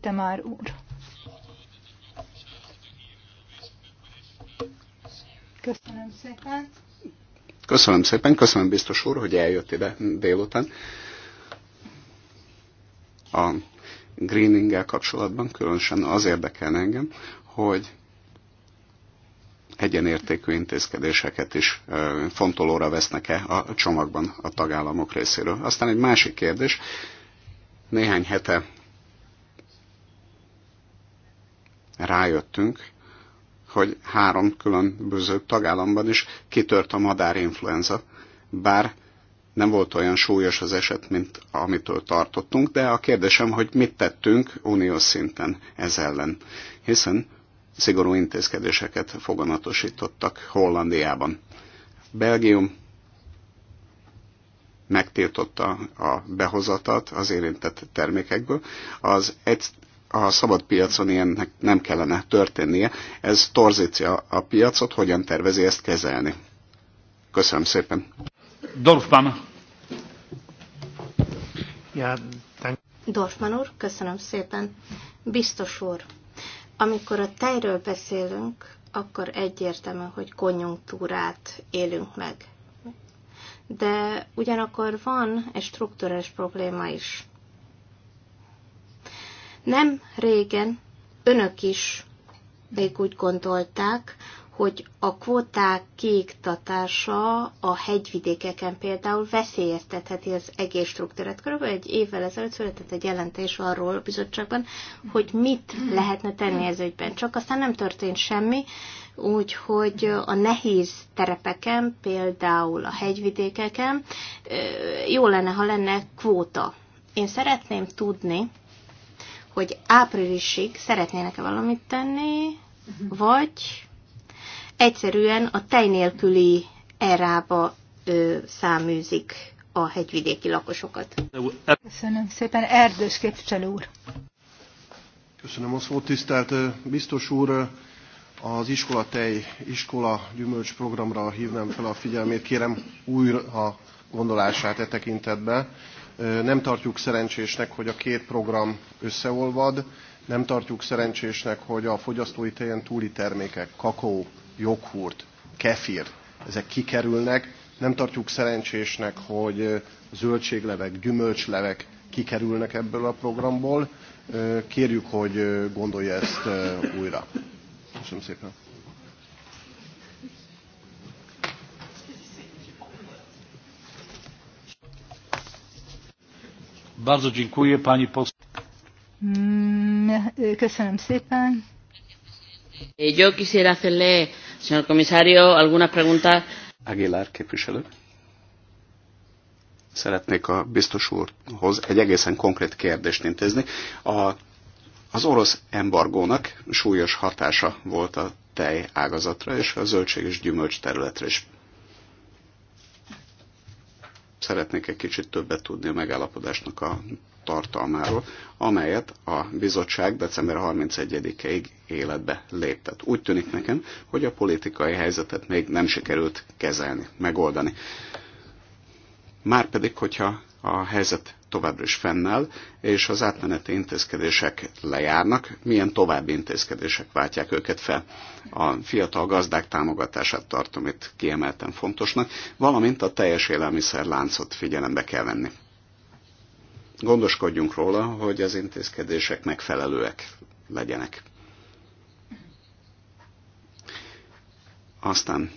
Te már úr. Köszönöm szépen. Köszönöm szépen, köszönöm biztos úr, hogy eljött ide délután. A greeninggel kapcsolatban különösen az érdekel engem, hogy egyenértékű intézkedéseket is fontolóra vesznek-e a csomagban a tagállamok részéről. Aztán egy másik kérdés. Néhány hete rájöttünk, hogy három különböző tagállamban is kitört a madárinfluenza, bár nem volt olyan súlyos az eset, mint amitől tartottunk, de a kérdésem, hogy mit tettünk uniós szinten ez ellen. Hiszen szigorú intézkedéseket foganatosítottak Hollandiában. Belgium megtiltotta a behozatat az érintett termékekből. Az egy, a szabad piacon ilyennek nem kellene történnie. Ez torzítja a piacot, hogyan tervezi ezt kezelni. Köszönöm szépen. Dorfman. Ja, Dorfman úr, köszönöm szépen. Biztos úr, amikor a tejről beszélünk, akkor egyértelmű, hogy konjunktúrát élünk meg. De ugyanakkor van egy strukturális probléma is. Nem régen önök is még úgy gondolták, hogy a kvóták kiiktatása a hegyvidékeken például veszélyeztetheti az egész struktúrát. Körülbelül egy évvel ezelőtt született egy jelentés arról a bizottságban, hogy mit lehetne tenni ez ügyben. Csak aztán nem történt semmi, úgyhogy a nehéz terepeken, például a hegyvidékeken jó lenne, ha lenne kvóta. Én szeretném tudni, hogy áprilisig szeretnének-e valamit tenni, vagy egyszerűen a tej nélküli erába ö, száműzik a hegyvidéki lakosokat. Köszönöm szépen. Erdős képviselő úr. Köszönöm a szót, tisztelt biztos úr. Az tej, iskola gyümölcs programra hívnám fel a figyelmét. Kérem újra a gondolását e tekintetbe. Nem tartjuk szerencsésnek, hogy a két program összeolvad, nem tartjuk szerencsésnek, hogy a fogyasztói tejen túli termékek, kakó, joghurt, kefir, ezek kikerülnek. Nem tartjuk szerencsésnek, hogy zöldséglevek, gyümölcslevek kikerülnek ebből a programból. Kérjük, hogy gondolja ezt újra. Köszönöm szépen. Bardzo dziękuję pani poseł. Mm, köszönöm szépen. Eh, yo quisiera hacerle Señor comisario, algunas preguntas. Aguilar képviselő. Szeretnék a biztos úrhoz egy egészen konkrét kérdést intézni. A, az orosz embargónak súlyos hatása volt a tej ágazatra és a zöldség és gyümölcs területre is szeretnék egy kicsit többet tudni a megállapodásnak a tartalmáról, amelyet a bizottság december 31-ig életbe léptet. Úgy tűnik nekem, hogy a politikai helyzetet még nem sikerült kezelni, megoldani. Márpedig, hogyha a helyzet továbbra is fennáll, és az átmeneti intézkedések lejárnak. Milyen további intézkedések váltják őket fel? A fiatal gazdák támogatását tartom itt kiemelten fontosnak, valamint a teljes élelmiszerláncot figyelembe kell venni. Gondoskodjunk róla, hogy az intézkedések megfelelőek legyenek. Aztán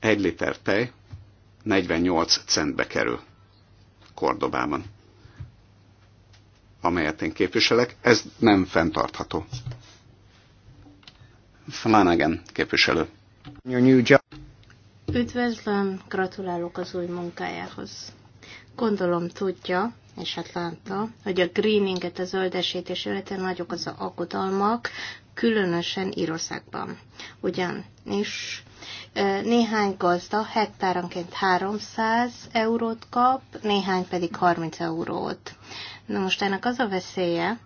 egy liter tej 48 centbe kerül Kordobában, amelyet én képviselek. Ez nem fenntartható. Flanagan képviselő. Üdvözlöm, gratulálok az új munkájához. Gondolom tudja, és hát látta, hogy a greeninget, a zöldesítés illetve nagyok az a aggodalmak, különösen Írországban. Ugyanis néhány gazda hektáronként 300 eurót kap, néhány pedig 30 eurót. Na most ennek az a veszélye,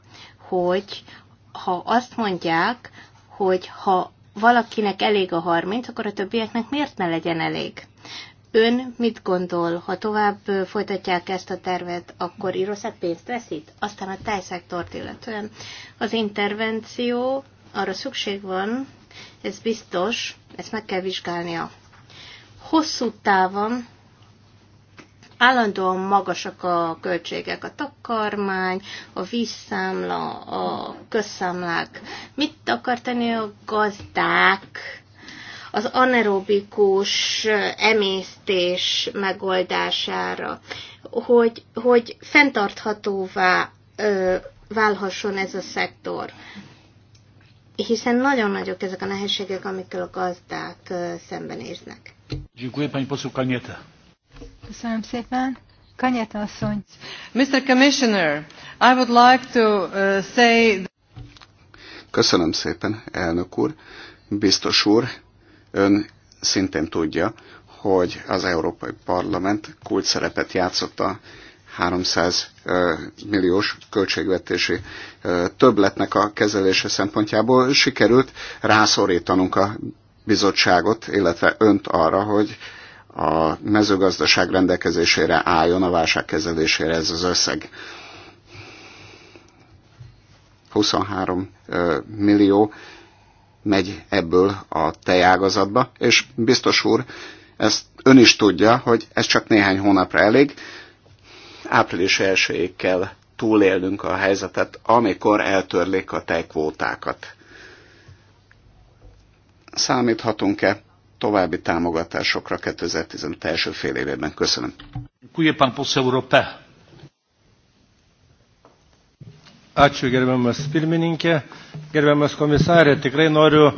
hogy ha azt mondják, hogy ha valakinek elég a 30, akkor a többieknek miért ne legyen elég? Ön mit gondol, ha tovább folytatják ezt a tervet, akkor Írország pénzt veszít? Aztán a tejszektort illetően az intervenció arra szükség van, ez biztos, ezt meg kell vizsgálnia. Hosszú távon állandóan magasak a költségek, a takarmány, a vízszámla, a közszámlák. Mit akar tenni a gazdák? az anaerobikus emésztés megoldására, hogy, hogy fenntarthatóvá válhasson ez a szektor hiszen nagyon nagyok ezek a nehézségek, amikkel a gazdák szembenéznek. Köszönöm szépen. Kanyeta asszony. Mr. Commissioner, I would like to say... Köszönöm szépen, elnök úr. Biztos úr, ön szintén tudja, hogy az Európai Parlament kulcs szerepet játszott a 300 milliós költségvetési többletnek a kezelése szempontjából sikerült rászorítanunk a bizottságot, illetve önt arra, hogy a mezőgazdaság rendelkezésére álljon a válság kezelésére ez az összeg. 23 millió megy ebből a tejágazatba, és biztos úr, ezt ön is tudja, hogy ez csak néhány hónapra elég, április 1 kell túlélnünk a helyzetet, amikor eltörlik a tejkvótákat. Számíthatunk-e további támogatásokra 2015 első fél évében? Köszönöm. Ačiū gerbiamas pirmininkė, gerbiamas komisarė, tikrai noriu.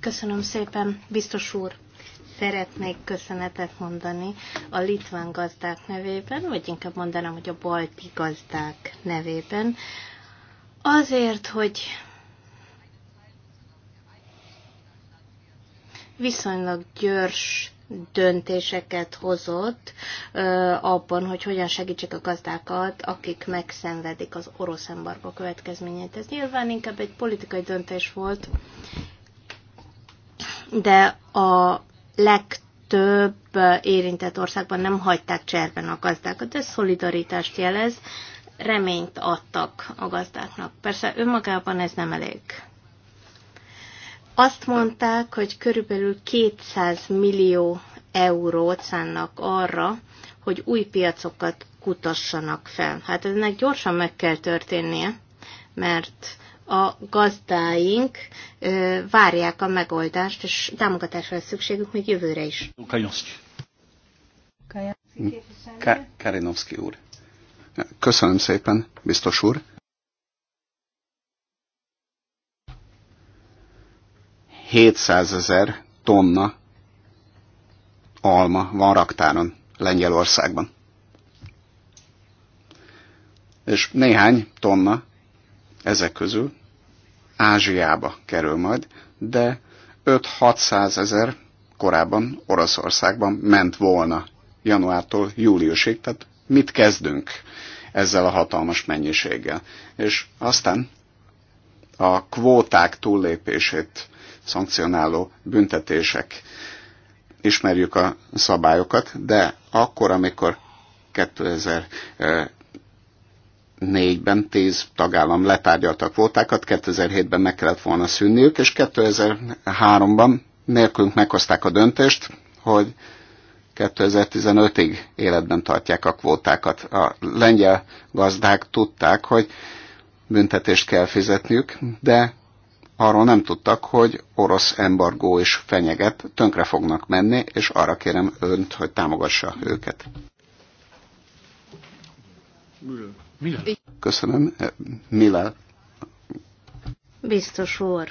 Köszönöm szépen, biztos úr szeretnék köszönetet mondani a litván gazdák nevében, vagy inkább mondanám, hogy a balti gazdák nevében, azért, hogy viszonylag gyors döntéseket hozott abban, hogy hogyan segítsék a gazdákat, akik megszenvedik az orosz embargo következményeit. Ez nyilván inkább egy politikai döntés volt, de a legtöbb érintett országban nem hagyták cserben a gazdákat. de szolidaritást jelez, reményt adtak a gazdáknak. Persze önmagában ez nem elég. Azt mondták, hogy körülbelül 200 millió eurót szánnak arra, hogy új piacokat kutassanak fel. Hát ennek gyorsan meg kell történnie, mert a gazdáink várják a megoldást, és támogatásra lesz szükségük még jövőre is. Kajanszki. Karinovszki úr. Köszönöm szépen, biztos úr. ezer tonna alma van raktáron Lengyelországban. És néhány tonna ezek közül Ázsiába kerül majd, de 5-600 ezer korábban Oroszországban ment volna januártól júliusig, tehát mit kezdünk ezzel a hatalmas mennyiséggel. És aztán a kvóták túllépését szankcionáló büntetések, ismerjük a szabályokat, de akkor, amikor 2000 2004-ben 10 tagállam letárgyalta a kvótákat, 2007-ben meg kellett volna szűnniük, és 2003-ban nélkülünk meghozták a döntést, hogy 2015-ig életben tartják a kvótákat. A lengyel gazdák tudták, hogy büntetést kell fizetniük, de arról nem tudtak, hogy orosz embargó is fenyeget, tönkre fognak menni, és arra kérem önt, hogy támogassa őket. Müller. Köszönöm. Mila. Biztos úr.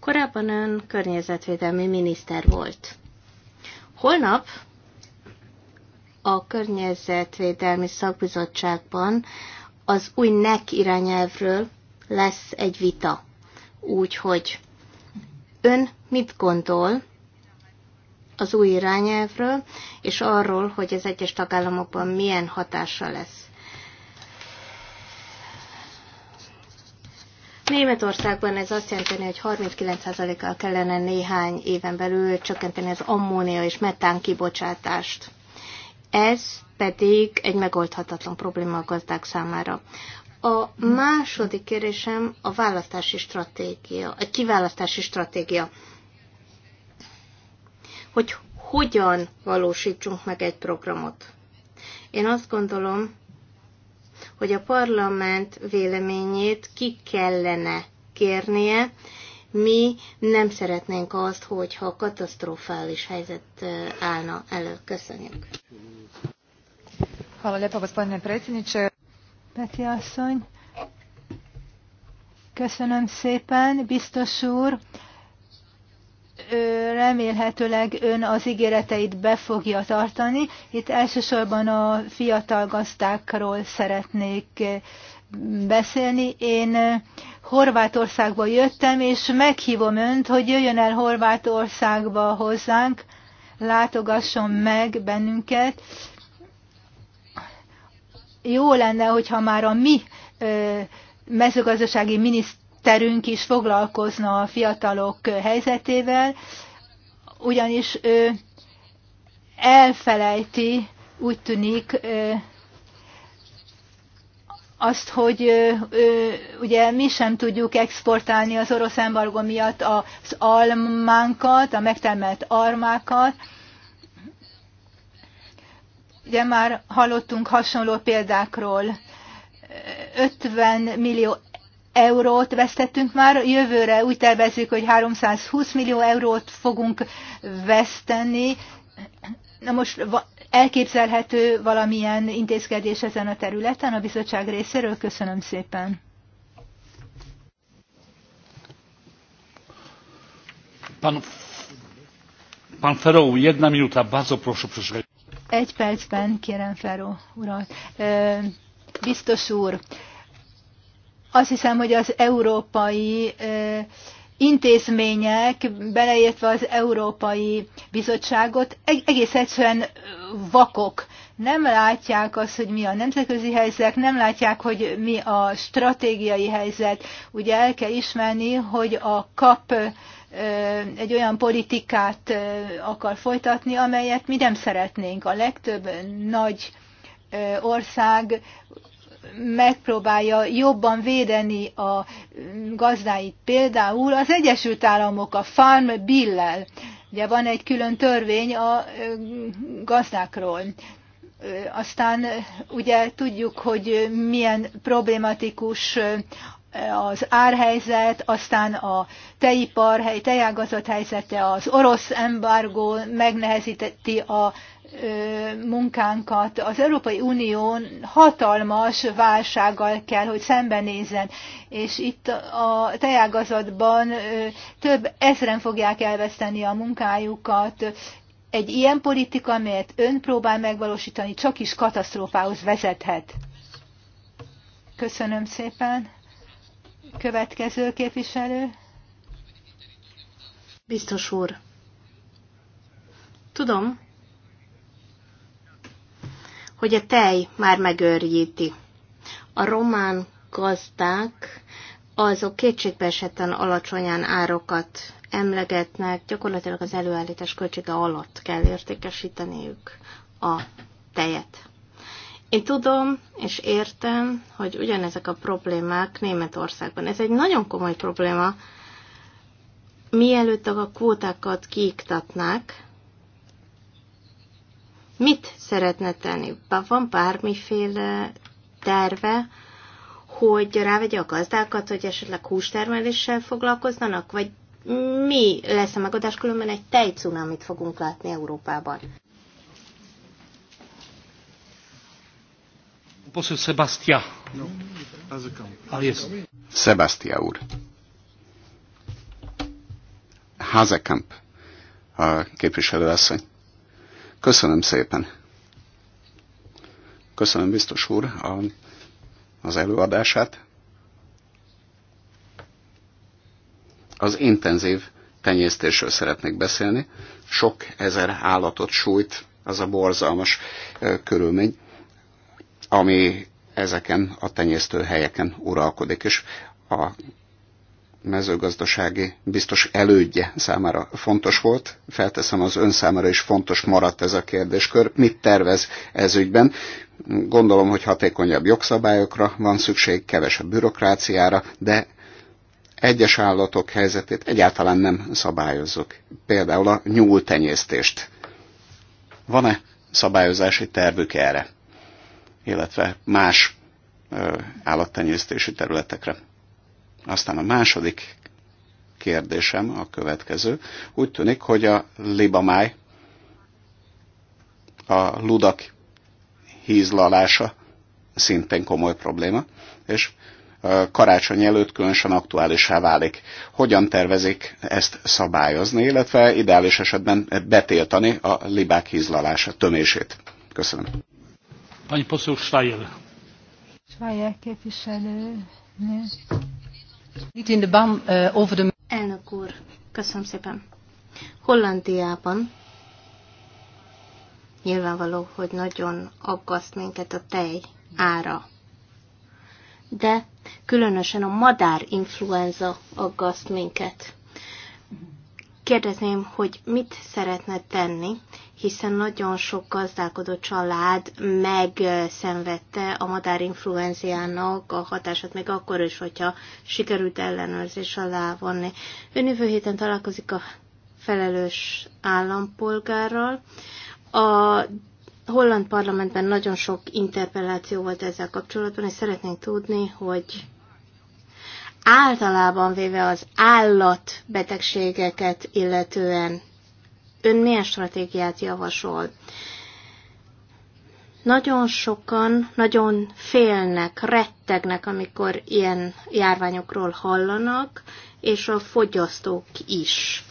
Korábban ön környezetvédelmi miniszter volt. Holnap a Környezetvédelmi Szakbizottságban az új NEC irányelvről lesz egy vita. Úgyhogy ön mit gondol, az új irányelvről, és arról, hogy az egyes tagállamokban milyen hatása lesz. Németországban ez azt jelenti, hogy 39%-kal kellene néhány éven belül csökkenteni az ammónia és metán kibocsátást. Ez pedig egy megoldhatatlan probléma a gazdák számára. A második kérésem a választási stratégia, a kiválasztási stratégia hogy hogyan valósítsunk meg egy programot. Én azt gondolom, hogy a parlament véleményét ki kellene kérnie, mi nem szeretnénk azt, hogyha katasztrofális helyzet állna elő. Köszönjük. Hvala lepo, gospodine predsjedniče. Peti asszony, köszönöm szépen, biztos úr remélhetőleg ön az ígéreteit be fogja tartani. Itt elsősorban a fiatal gazdákról szeretnék beszélni. Én Horvátországba jöttem, és meghívom önt, hogy jöjjön el Horvátországba hozzánk, látogasson meg bennünket. Jó lenne, hogyha már a mi mezőgazdasági miniszter terünk is foglalkozna a fiatalok helyzetével, ugyanis ő elfelejti, úgy tűnik, azt, hogy ugye mi sem tudjuk exportálni az orosz embargo miatt az almánkat, a megtermelt armákat. Ugye már hallottunk hasonló példákról. 50 millió eurót vesztettünk már, jövőre úgy tervezzük, hogy 320 millió eurót fogunk veszteni. Na most elképzelhető valamilyen intézkedés ezen a területen a bizottság részéről? Köszönöm szépen. Pan, pan Feró, jedna minuta, bardzo proszę, proszę. Egy percben kérem Feró urat. Biztos úr, azt hiszem, hogy az európai intézmények, beleértve az Európai Bizottságot, egész egyszerűen vakok. Nem látják azt, hogy mi a nemzetközi helyzet, nem látják, hogy mi a stratégiai helyzet. Ugye el kell ismerni, hogy a kap egy olyan politikát akar folytatni, amelyet mi nem szeretnénk. A legtöbb nagy ország megpróbálja jobban védeni a gazdáit. Például az Egyesült Államok a Farm Bill-lel. Ugye van egy külön törvény a gazdákról. Aztán ugye tudjuk, hogy milyen problematikus az árhelyzet, aztán a tejipar, tejágazat helyzete, az orosz embargó megnehezíti a munkánkat. Az Európai Unión hatalmas válsággal kell, hogy szembenézzen, és itt a tejágazatban több ezren fogják elveszteni a munkájukat. Egy ilyen politika, amelyet ön próbál megvalósítani, csak is katasztrófához vezethet. Köszönöm szépen. Következő képviselő. Biztos úr. Tudom, hogy a tej már megőrjíti. A román gazdák azok kétségbeesetten alacsonyan árokat emlegetnek, gyakorlatilag az előállítás költsége alatt kell értékesíteniük a tejet. Én tudom és értem, hogy ugyanezek a problémák Németországban. Ez egy nagyon komoly probléma. Mielőtt a kvótákat kiiktatnák, Mit szeretne tenni? Van bármiféle terve, hogy rávegye a gazdákat, hogy esetleg hústermeléssel foglalkozzanak, vagy mi lesz a megoldás, különben egy tejcunamit fogunk látni Európában. Poszol Sebastia. Sebastia úr. Házekamp, a képviselő asszony. Köszönöm szépen. Köszönöm biztos úr a, az előadását. Az intenzív tenyésztésről szeretnék beszélni. Sok ezer állatot sújt az a borzalmas ö, körülmény, ami ezeken a tenyésztő helyeken uralkodik, és a mezőgazdasági biztos elődje számára fontos volt. Felteszem, az ön számára is fontos maradt ez a kérdéskör. Mit tervez ez ügyben? Gondolom, hogy hatékonyabb jogszabályokra van szükség, kevesebb bürokráciára, de egyes állatok helyzetét egyáltalán nem szabályozzuk. Például a nyúltenyésztést. Van-e szabályozási tervük erre? Illetve más állattenyésztési területekre? Aztán a második kérdésem a következő. Úgy tűnik, hogy a libamáj, a ludak hízlalása szintén komoly probléma, és karácsony előtt különösen aktuálisá válik. Hogyan tervezik ezt szabályozni, illetve ideális esetben betiltani a libák hízlalása tömését? Köszönöm. Pani poseł Schreier. Schreier képviselő. Nézd. Itt in the BAM uh, over Elnök úr, köszönöm szépen. Hollandiában nyilvánvaló, hogy nagyon aggaszt minket a tej ára. De különösen a madárinfluenza aggaszt minket. Kérdezném, hogy mit szeretne tenni, hiszen nagyon sok gazdálkodó család megszenvedte a madárinfluenziának a hatását, még akkor is, hogyha sikerült ellenőrzés alá vonni. Ön jövő héten találkozik a felelős állampolgárral. A holland parlamentben nagyon sok interpelláció volt ezzel kapcsolatban, és szeretnénk tudni, hogy általában véve az állatbetegségeket illetően ön milyen stratégiát javasol? Nagyon sokan nagyon félnek, rettegnek, amikor ilyen járványokról hallanak, és a fogyasztók is.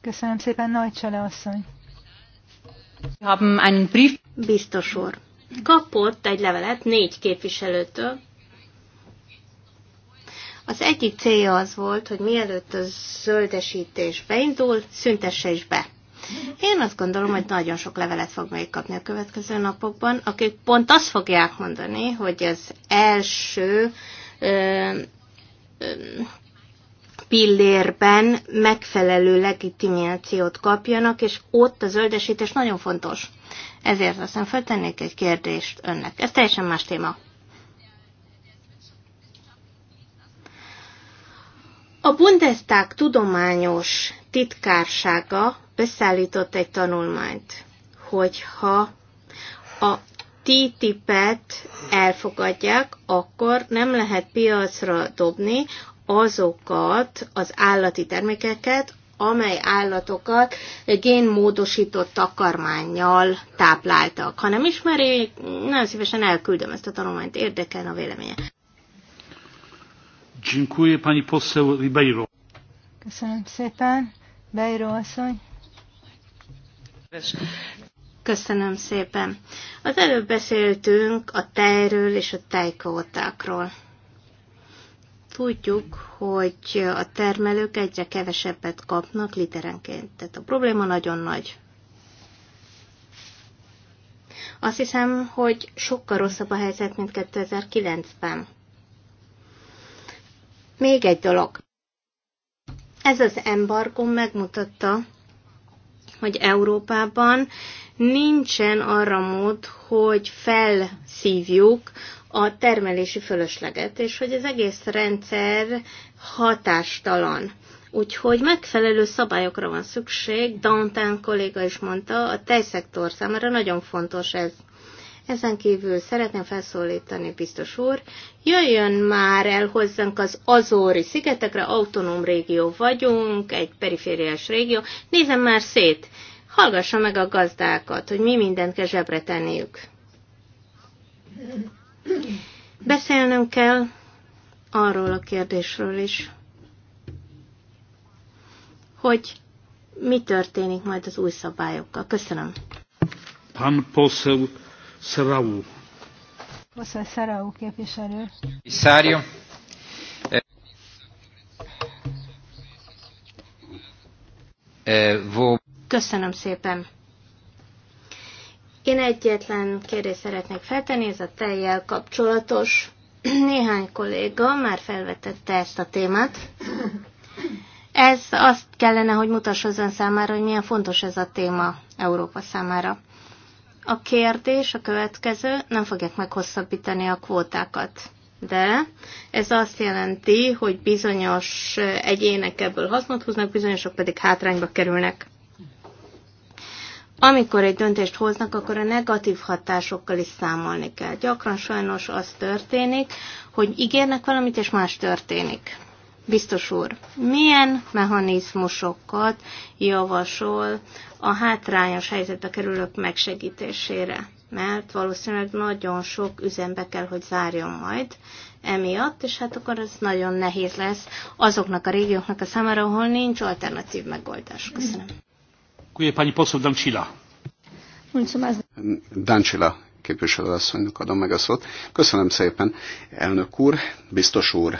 Köszönöm szépen, Neuchel asszony. Biztos úr. Kapott egy levelet négy képviselőtől. Az egyik célja az volt, hogy mielőtt a zöldesítés beindul, szüntesse is be. Én azt gondolom, hogy nagyon sok levelet fog még kapni a következő napokban, akik pont azt fogják mondani, hogy az első ö, ö, pillérben megfelelő legitimációt kapjanak, és ott a zöldesítés nagyon fontos. Ezért aztán föltennék egy kérdést önnek. Ez teljesen más téma. A Bundestag tudományos titkársága összeállított egy tanulmányt, hogyha a TTIP-et elfogadják, akkor nem lehet piacra dobni azokat az állati termékeket, amely állatokat génmódosított takarmányjal tápláltak. Ha nem ismeri, nagyon szívesen elküldöm ezt a tanulmányt, érdekel a véleménye. Dziękuję pani poseł Ribeiro. Köszönöm szépen. Beiró asszony. Köszönöm szépen. Az előbb beszéltünk a tejről és a tejkótákról tudjuk, hogy a termelők egyre kevesebbet kapnak literenként. Tehát a probléma nagyon nagy. Azt hiszem, hogy sokkal rosszabb a helyzet, mint 2009-ben. Még egy dolog. Ez az embargó megmutatta, hogy Európában nincsen arra mód, hogy felszívjuk a termelési fölösleget, és hogy az egész rendszer hatástalan. Úgyhogy megfelelő szabályokra van szükség, Dantán kolléga is mondta, a tejszektor számára nagyon fontos ez. Ezen kívül szeretném felszólítani, biztos úr, jöjjön már el hozzánk az Azóri szigetekre, autonóm régió vagyunk, egy perifériás régió, nézem már szét, hallgassa meg a gazdákat, hogy mi mindent kell zsebre tenniük. Beszélnünk kell arról a kérdésről is, hogy mi történik majd az új szabályokkal. Köszönöm. Pan poseł Szerau. Poseł Szerau képviselő. Szárjó. E, e, Vou Köszönöm szépen. Én egyetlen kérdést szeretnék feltenni, ez a tejjel kapcsolatos. (clears throat) Néhány kolléga már felvetette ezt a témát. Ez azt kellene, hogy mutassa számára, hogy milyen fontos ez a téma Európa számára. A kérdés a következő, nem fogják meghosszabbítani a kvótákat. De ez azt jelenti, hogy bizonyos egyének ebből hasznot húznak, bizonyosok pedig hátrányba kerülnek amikor egy döntést hoznak, akkor a negatív hatásokkal is számolni kell. Gyakran sajnos az történik, hogy ígérnek valamit, és más történik. Biztos úr, milyen mechanizmusokat javasol a hátrányos helyzetbe kerülők megsegítésére? Mert valószínűleg nagyon sok üzembe kell, hogy zárjon majd emiatt, és hát akkor ez nagyon nehéz lesz azoknak a régióknak a számára, ahol nincs alternatív megoldás. Köszönöm. Dziękuję pani poseł Dancila. Dancila képviselőasszonynak adom meg a szót. Köszönöm szépen, elnök úr, biztos úr.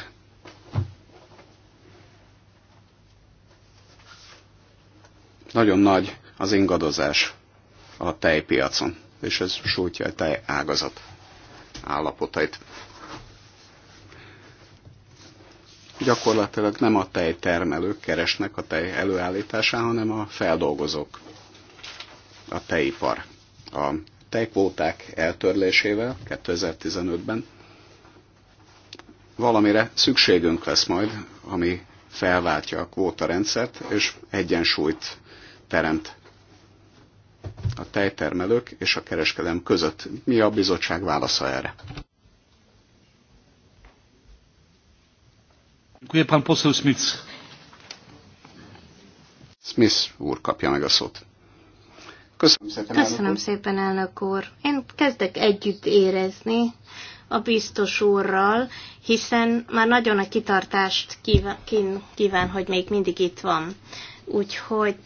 Nagyon nagy az ingadozás a tejpiacon, és ez sújtja a tej ágazat állapotait. gyakorlatilag nem a tejtermelők keresnek a tej előállításán, hanem a feldolgozók, a tejipar. A tejkvóták eltörlésével 2015-ben valamire szükségünk lesz majd, ami felváltja a kvótarendszert, és egyensúlyt teremt a tejtermelők és a kereskedelem között. Mi a bizottság válasza erre? Dziękuję pan poseł Smith. Smith úr kapja meg a szót. Köszönöm szépen, Köszönöm elnök szépen, elnök úr. Én kezdek együtt érezni a biztos úrral, hiszen már nagyon a kitartást kíván, kíván, hogy még mindig itt van. Úgyhogy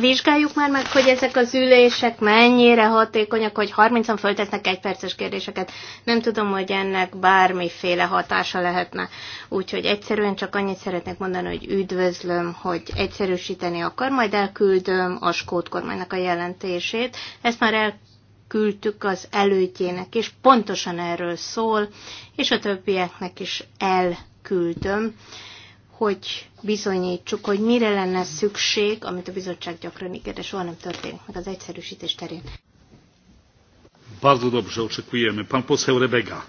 vizsgáljuk már meg, hogy ezek az ülések mennyire hatékonyak, hogy 30-an föltesznek egy perces kérdéseket. Nem tudom, hogy ennek bármiféle hatása lehetne. Úgyhogy egyszerűen csak annyit szeretnék mondani, hogy üdvözlöm, hogy egyszerűsíteni akar, majd elküldöm a Skót kormánynak a jelentését. Ezt már el küldtük az előtjének és pontosan erről szól, és a többieknek is elküldöm hogy bizonyítsuk, hogy mire lenne szükség, amit a bizottság gyakran ígér, de soha nem történik meg az egyszerűsítés terén. Bardzo dobrze oczekujemy. Pan poseł Rebega.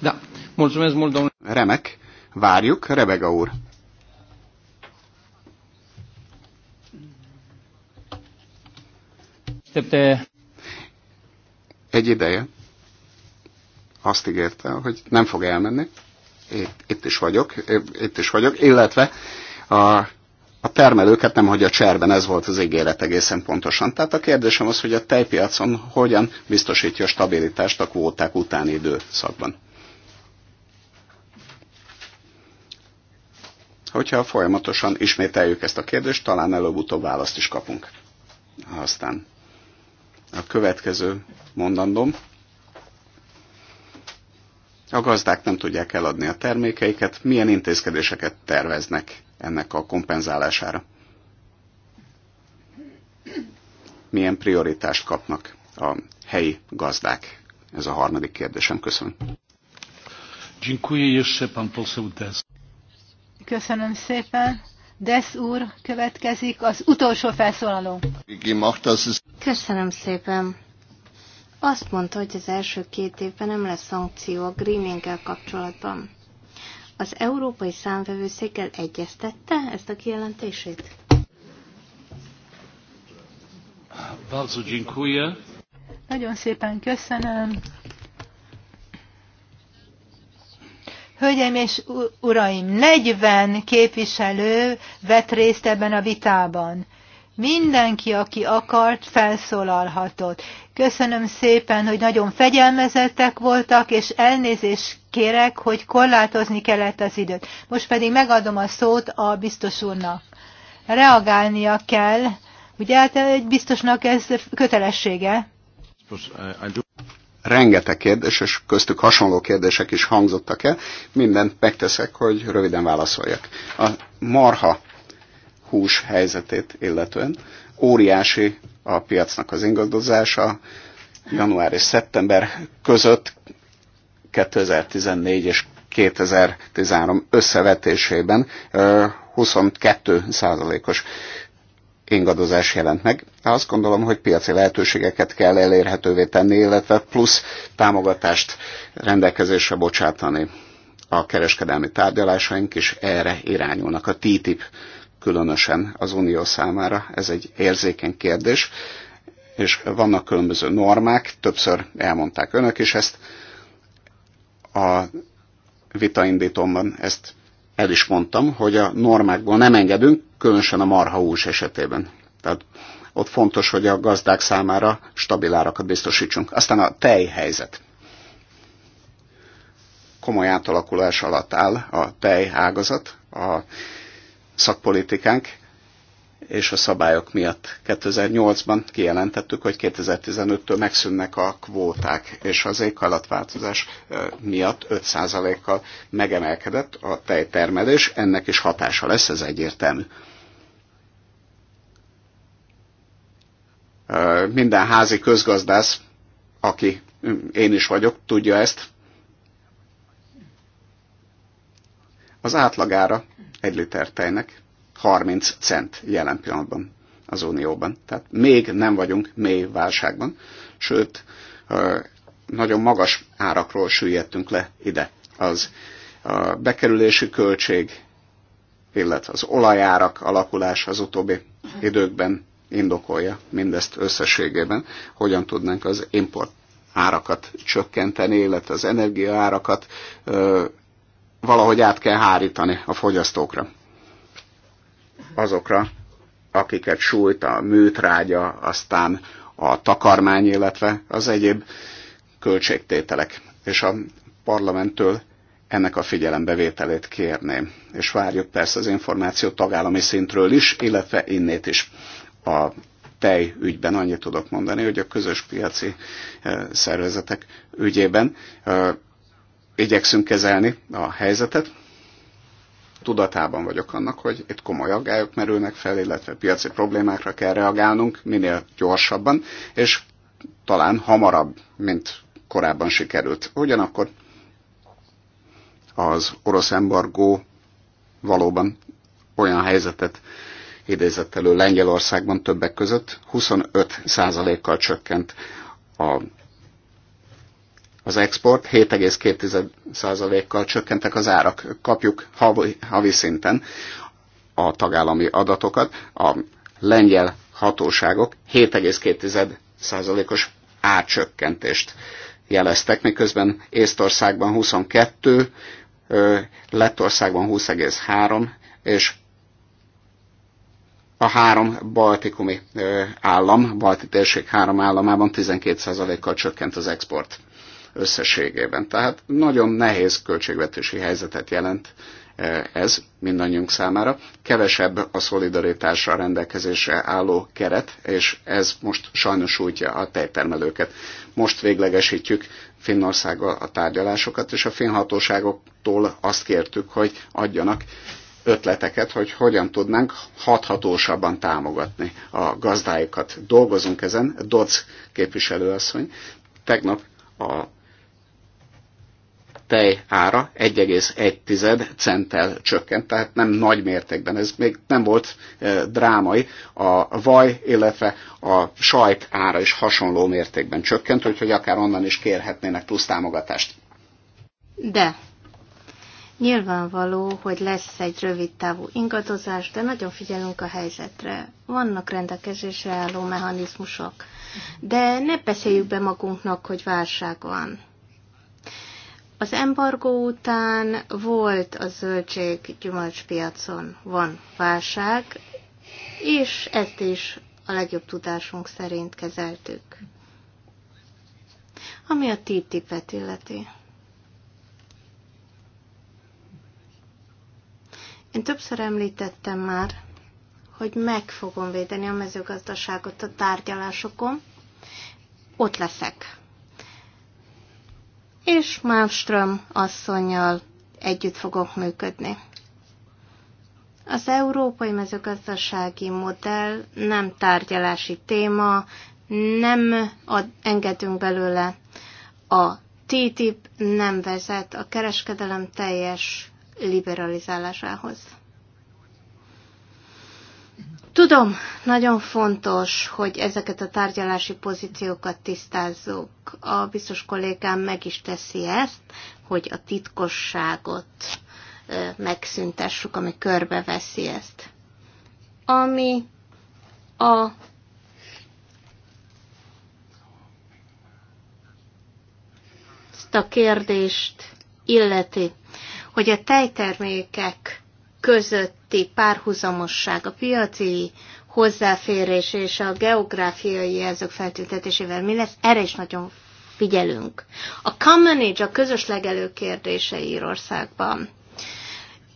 Da. Mulțumesc mult, domnule. Remek. Várjuk, Rebega úr. Egy ideje. Azt ígérte, hogy nem fog elmenni itt, itt is vagyok, itt is vagyok, illetve a a termelőket nem hagyja cserben, ez volt az ígéret egészen pontosan. Tehát a kérdésem az, hogy a tejpiacon hogyan biztosítja a stabilitást a kvóták utáni időszakban. Hogyha folyamatosan ismételjük ezt a kérdést, talán előbb-utóbb választ is kapunk. Aztán a következő mondandom a gazdák nem tudják eladni a termékeiket, milyen intézkedéseket terveznek ennek a kompenzálására? Milyen prioritást kapnak a helyi gazdák? Ez a harmadik kérdésem. Köszönöm. Köszönöm szépen. Desz úr következik, az utolsó felszólaló. Köszönöm szépen azt mondta, hogy az első két évben nem lesz szankció a greeninggel kapcsolatban. Az Európai Számvevőszékkel egyeztette ezt a kijelentését? Bardzo dziękuję. Nagyon szépen köszönöm. Hölgyeim és uraim, 40 képviselő vett részt ebben a vitában. Mindenki, aki akart, felszólalhatott. Köszönöm szépen, hogy nagyon fegyelmezettek voltak, és elnézést kérek, hogy korlátozni kellett az időt. Most pedig megadom a szót a biztos úrnak. Reagálnia kell, ugye hát egy biztosnak ez kötelessége. Rengeteg kérdés, és köztük hasonló kérdések is hangzottak el. Mindent megteszek, hogy röviden válaszoljak. A marha hús helyzetét illetően Óriási a piacnak az ingadozása. Január és szeptember között 2014 és 2013 összevetésében 22 százalékos ingadozás jelent meg. Azt gondolom, hogy piaci lehetőségeket kell elérhetővé tenni, illetve plusz támogatást rendelkezésre bocsátani. A kereskedelmi tárgyalásaink is erre irányulnak. A TTIP különösen az Unió számára ez egy érzékeny kérdés, és vannak különböző normák, többször elmondták önök is ezt. A vitaindítomban ezt el is mondtam, hogy a normákból nem engedünk, különösen a hús esetében. Tehát ott fontos, hogy a gazdák számára stabil árakat biztosítsunk. Aztán a tejhelyzet. Komoly átalakulás alatt áll a ágazat A szakpolitikánk és a szabályok miatt. 2008-ban kijelentettük, hogy 2015-től megszűnnek a kvóták, és az éghajlatváltozás miatt 5%-kal megemelkedett a tejtermelés, ennek is hatása lesz, ez egyértelmű. Minden házi közgazdász, aki én is vagyok, tudja ezt. Az átlagára egy liter tejnek 30 cent jelen pillanatban az Unióban. Tehát még nem vagyunk mély válságban, sőt, nagyon magas árakról süllyedtünk le ide. Az a bekerülési költség, illetve az olajárak alakulás az utóbbi időkben indokolja mindezt összességében, hogyan tudnánk az import árakat csökkenteni, illetve az energiaárakat valahogy át kell hárítani a fogyasztókra. Azokra, akiket sújt a műtrágya, aztán a takarmány, illetve az egyéb költségtételek. És a parlamenttől ennek a figyelembevételét kérném. És várjuk persze az információt tagállami szintről is, illetve innét is. A tej ügyben annyit tudok mondani, hogy a közös piaci eh, szervezetek ügyében eh, igyekszünk kezelni a helyzetet. Tudatában vagyok annak, hogy itt komoly aggályok merülnek fel, illetve piaci problémákra kell reagálnunk minél gyorsabban, és talán hamarabb, mint korábban sikerült. Ugyanakkor az orosz embargó valóban olyan helyzetet idézett elő Lengyelországban többek között, 25%-kal csökkent a az export, 7,2%-kal csökkentek az árak. Kapjuk havi, havi szinten a tagállami adatokat. A lengyel hatóságok 7,2%-os árcsökkentést jeleztek, miközben Észtországban 22, Lettországban 20,3, és a három baltikumi állam, balti térség három államában 12%-kal csökkent az export összességében. Tehát nagyon nehéz költségvetési helyzetet jelent e, ez mindannyiunk számára. Kevesebb a szolidaritásra rendelkezésre álló keret, és ez most sajnos sújtja a tejtermelőket. Most véglegesítjük Finnországgal a tárgyalásokat, és a finn hatóságoktól azt kértük, hogy adjanak ötleteket, hogy hogyan tudnánk hathatósabban támogatni a gazdáikat. Dolgozunk ezen, Dodz képviselőasszony tegnap a tej ára 1,1 centtel csökkent, tehát nem nagy mértékben, ez még nem volt e, drámai. A vaj, illetve a sajt ára is hasonló mértékben csökkent, úgyhogy akár onnan is kérhetnének plusz támogatást. De Nyilvánvaló, hogy lesz egy rövid távú ingadozás, de nagyon figyelünk a helyzetre. Vannak rendelkezésre álló mechanizmusok. De ne beszéljük be magunknak, hogy válság van. Az embargó után volt a zöldség gyümölcspiacon, van válság, és ezt is a legjobb tudásunk szerint kezeltük. Ami a TTIP-et illeti. Én többször említettem már, hogy meg fogom védeni a mezőgazdaságot a tárgyalásokon. Ott leszek és Malmström asszonyjal együtt fogok működni. Az európai mezőgazdasági modell nem tárgyalási téma, nem ad, engedünk belőle. A TTIP nem vezet a kereskedelem teljes liberalizálásához. Tudom, nagyon fontos, hogy ezeket a tárgyalási pozíciókat tisztázzuk. A biztos kollégám meg is teszi ezt, hogy a titkosságot megszüntessük, ami körbeveszi ezt. Ami a ezt a kérdést illeti, hogy a tejtermékek közötti párhuzamosság a piaci hozzáférés és a geográfiai jelzők feltüntetésével mi lesz, erre is nagyon figyelünk. A age, a közös legelő kérdése Írországban.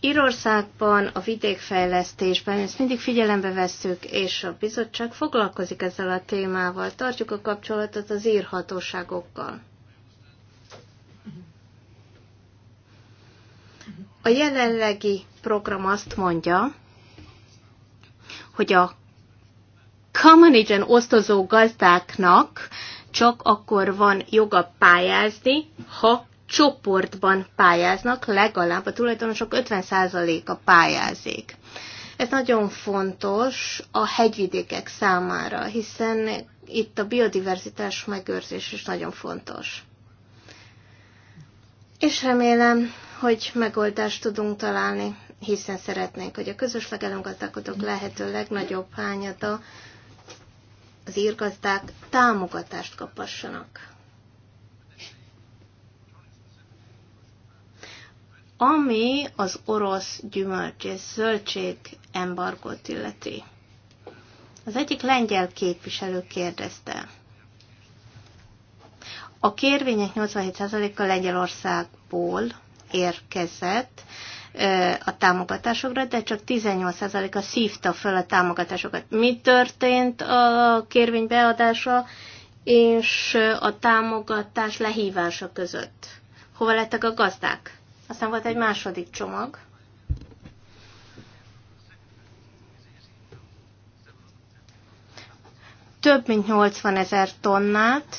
Írországban, a vidékfejlesztésben ezt mindig figyelembe vesszük, és a bizottság foglalkozik ezzel a témával. Tartjuk a kapcsolatot az írhatóságokkal. A jelenlegi program azt mondja, hogy a common osztozó gazdáknak csak akkor van joga pályázni, ha csoportban pályáznak, legalább a tulajdonosok 50%-a pályázik. Ez nagyon fontos a hegyvidékek számára, hiszen itt a biodiverzitás megőrzés is nagyon fontos. És remélem, hogy megoldást tudunk találni, hiszen szeretnénk, hogy a közös legelőgazdálkodók lehető legnagyobb hányada az írgazdák támogatást kapassanak. Ami az orosz gyümölcs és zöldség embargót illeti. Az egyik lengyel képviselő kérdezte. A kérvények 87%-a Lengyelországból érkezett a támogatásokra, de csak 18%-a szívta föl a támogatásokat. Mi történt a kérvény beadása és a támogatás lehívása között? Hova lettek a gazdák? Aztán volt egy második csomag. Több mint 80 ezer tonnát,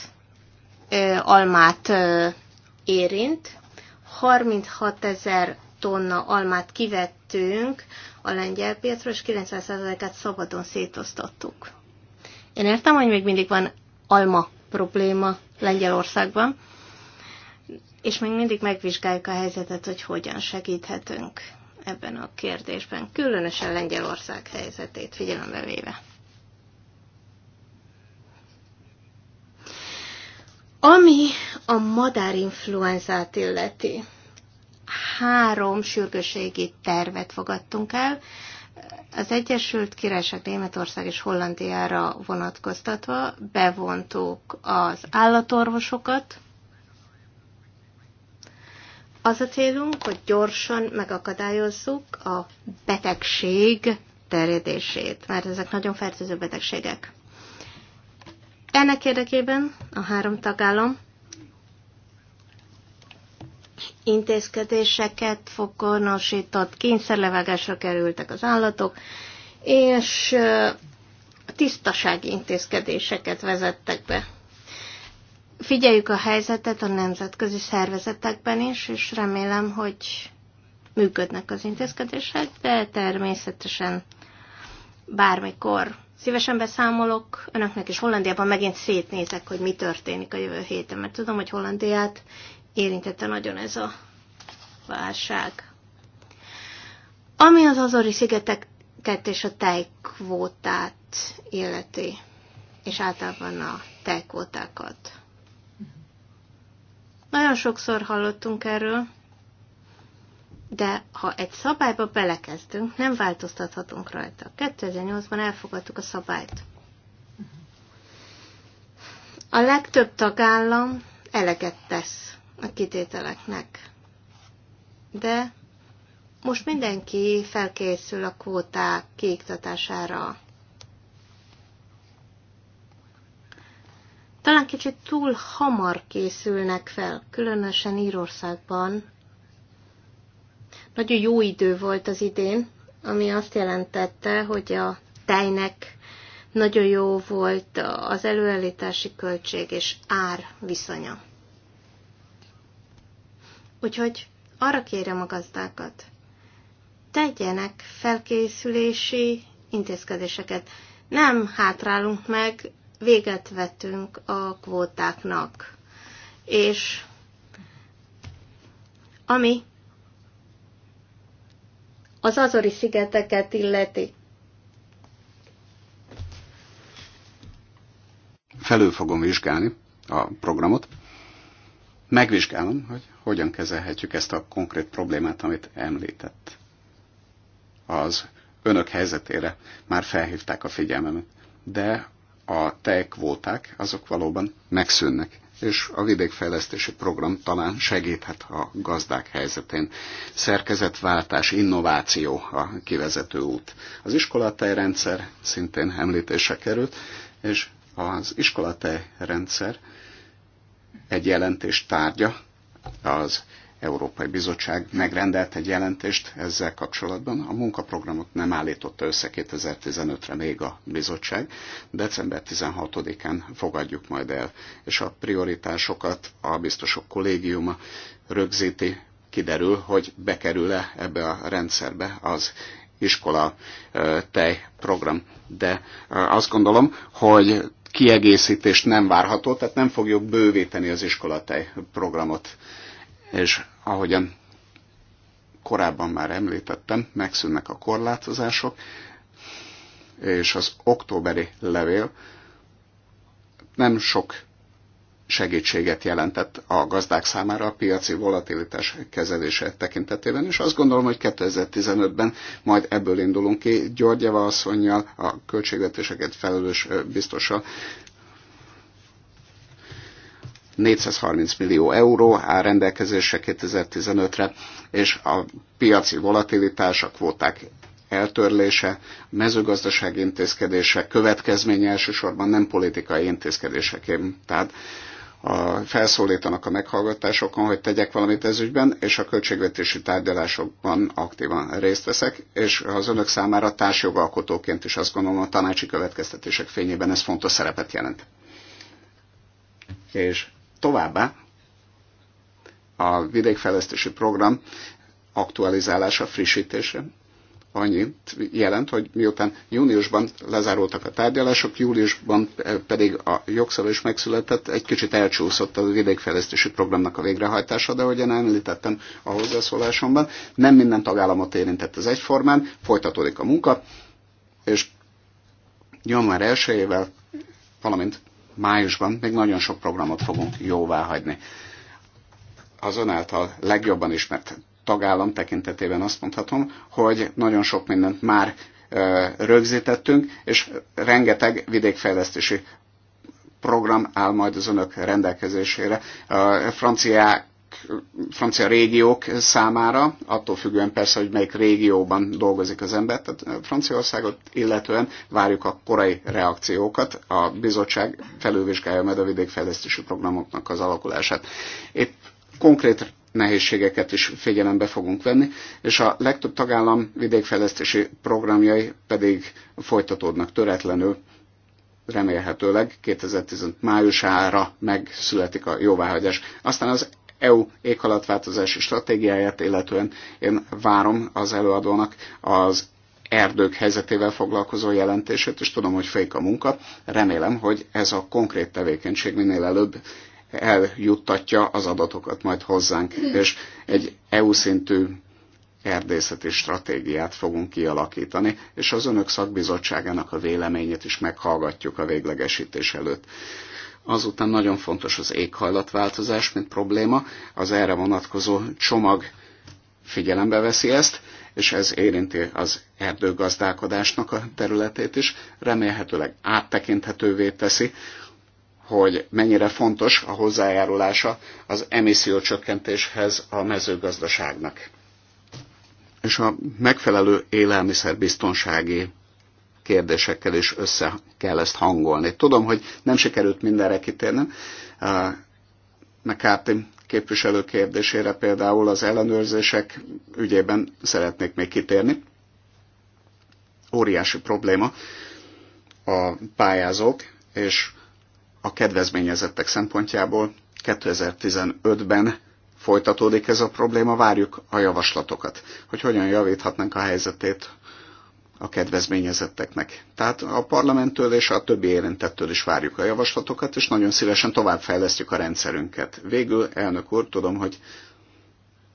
ö, almát ö, érint, 36 ezer tonna almát kivettünk a lengyel piacról, és 90%-át szabadon szétosztottuk. Én értem, hogy még mindig van alma probléma Lengyelországban, és még mindig megvizsgáljuk a helyzetet, hogy hogyan segíthetünk ebben a kérdésben, különösen Lengyelország helyzetét figyelembe véve. Ami a madárinfluenzát illeti, három sürgőségi tervet fogadtunk el, az Egyesült Királyság Németország és Hollandiára vonatkoztatva bevontuk az állatorvosokat. Az a célunk, hogy gyorsan megakadályozzuk a betegség terjedését, mert ezek nagyon fertőző betegségek. Ennek érdekében a három tagállam intézkedéseket fogonosított, kényszerlevágásra kerültek az állatok, és tisztasági intézkedéseket vezettek be. Figyeljük a helyzetet a nemzetközi szervezetekben is, és remélem, hogy működnek az intézkedések, de természetesen bármikor Szívesen beszámolok önöknek, és Hollandiában megint szétnézek, hogy mi történik a jövő héten, mert tudom, hogy Hollandiát érintette nagyon ez a válság. Ami az azori szigeteket és a tejkvótát illeti, és általában a tejkvótákat. Mhm. Nagyon sokszor hallottunk erről, de ha egy szabályba belekezdünk, nem változtathatunk rajta. 2008-ban elfogadtuk a szabályt. A legtöbb tagállam eleget tesz a kitételeknek. De most mindenki felkészül a kvóták kiiktatására. Talán kicsit túl hamar készülnek fel, különösen Írországban, nagyon jó idő volt az idén, ami azt jelentette, hogy a tejnek nagyon jó volt az előállítási költség és ár viszonya. Úgyhogy arra kérem a gazdákat, tegyenek felkészülési intézkedéseket. Nem hátrálunk meg, véget vetünk a kvótáknak. És ami az Azori szigeteket illeti. Felül fogom vizsgálni a programot. Megvizsgálom, hogy hogyan kezelhetjük ezt a konkrét problémát, amit említett. Az önök helyzetére már felhívták a figyelmemet, de a tejkvóták azok valóban megszűnnek és a vidékfejlesztési program talán segíthet a gazdák helyzetén. Szerkezetváltás, innováció a kivezető út. Az rendszer szintén említése került, és az rendszer egy jelentés tárgya az Európai Bizottság megrendelt egy jelentést ezzel kapcsolatban. A munkaprogramot nem állította össze 2015-re még a bizottság. December 16-án fogadjuk majd el, és a prioritásokat a biztosok kollégiuma rögzíti, kiderül, hogy bekerül-e ebbe a rendszerbe az iskola tej program. De azt gondolom, hogy kiegészítést nem várható, tehát nem fogjuk bővíteni az iskolatej programot és ahogyan korábban már említettem, megszűnnek a korlátozások, és az októberi levél nem sok segítséget jelentett a gazdák számára a piaci volatilitás kezelése tekintetében, és azt gondolom, hogy 2015-ben majd ebből indulunk ki. Györgyeva asszonynal, a költségvetéseket felelős biztossal 430 millió euró áll rendelkezésre 2015-re, és a piaci volatilitás, a kvóták eltörlése, mezőgazdasági intézkedések következménye elsősorban nem politikai intézkedéseként. Tehát a, felszólítanak a meghallgatásokon, hogy tegyek valamit ez ügyben, és a költségvetési tárgyalásokban aktívan részt veszek, és az önök számára társjogalkotóként is azt gondolom a tanácsi következtetések fényében ez fontos szerepet jelent. És Továbbá a vidékfejlesztési program aktualizálása, frissítése annyit jelent, hogy miután júniusban lezárultak a tárgyalások, júliusban eh, pedig a jogszabály is megszületett, egy kicsit elcsúszott a vidékfejlesztési programnak a végrehajtása, de ahogyan említettem a hozzászólásomban, nem minden tagállamot érintett az egyformán, folytatódik a munka, és január 1 valamint májusban még nagyon sok programot fogunk jóvá hagyni. Azonáltal legjobban ismert tagállam tekintetében azt mondhatom, hogy nagyon sok mindent már rögzítettünk, és rengeteg vidékfejlesztési program áll majd az önök rendelkezésére. Franciák, francia régiók számára, attól függően persze, hogy melyik régióban dolgozik az ember, tehát eh, Franciaországot illetően várjuk a korai reakciókat, a bizottság felülvizsgálja a Vidékfejlesztési programoknak az alakulását. Épp konkrét nehézségeket is figyelembe fogunk venni, és a legtöbb tagállam vidékfejlesztési programjai pedig folytatódnak töretlenül, remélhetőleg 2015 májusára megszületik a jóváhagyás. Aztán az EU éghalatváltozási stratégiáját, illetően én várom az előadónak az erdők helyzetével foglalkozó jelentését, és tudom, hogy fék a munka. Remélem, hogy ez a konkrét tevékenység minél előbb eljuttatja az adatokat majd hozzánk, és egy EU szintű erdészeti stratégiát fogunk kialakítani, és az önök szakbizottságának a véleményét is meghallgatjuk a véglegesítés előtt. Azután nagyon fontos az éghajlatváltozás, mint probléma. Az erre vonatkozó csomag figyelembe veszi ezt, és ez érinti az erdőgazdálkodásnak a területét is. Remélhetőleg áttekinthetővé teszi, hogy mennyire fontos a hozzájárulása az emissziócsökkentéshez a mezőgazdaságnak. És a megfelelő élelmiszerbiztonsági kérdésekkel is össze kell ezt hangolni. Tudom, hogy nem sikerült mindenre kitérnem. McCarthy képviselő kérdésére például az ellenőrzések ügyében szeretnék még kitérni. Óriási probléma a pályázók és a kedvezményezettek szempontjából 2015-ben folytatódik ez a probléma, várjuk a javaslatokat, hogy hogyan javíthatnánk a helyzetét a kedvezményezetteknek. Tehát a parlamenttől és a többi érintettől is várjuk a javaslatokat, és nagyon szívesen továbbfejlesztjük a rendszerünket. Végül, elnök úr, tudom, hogy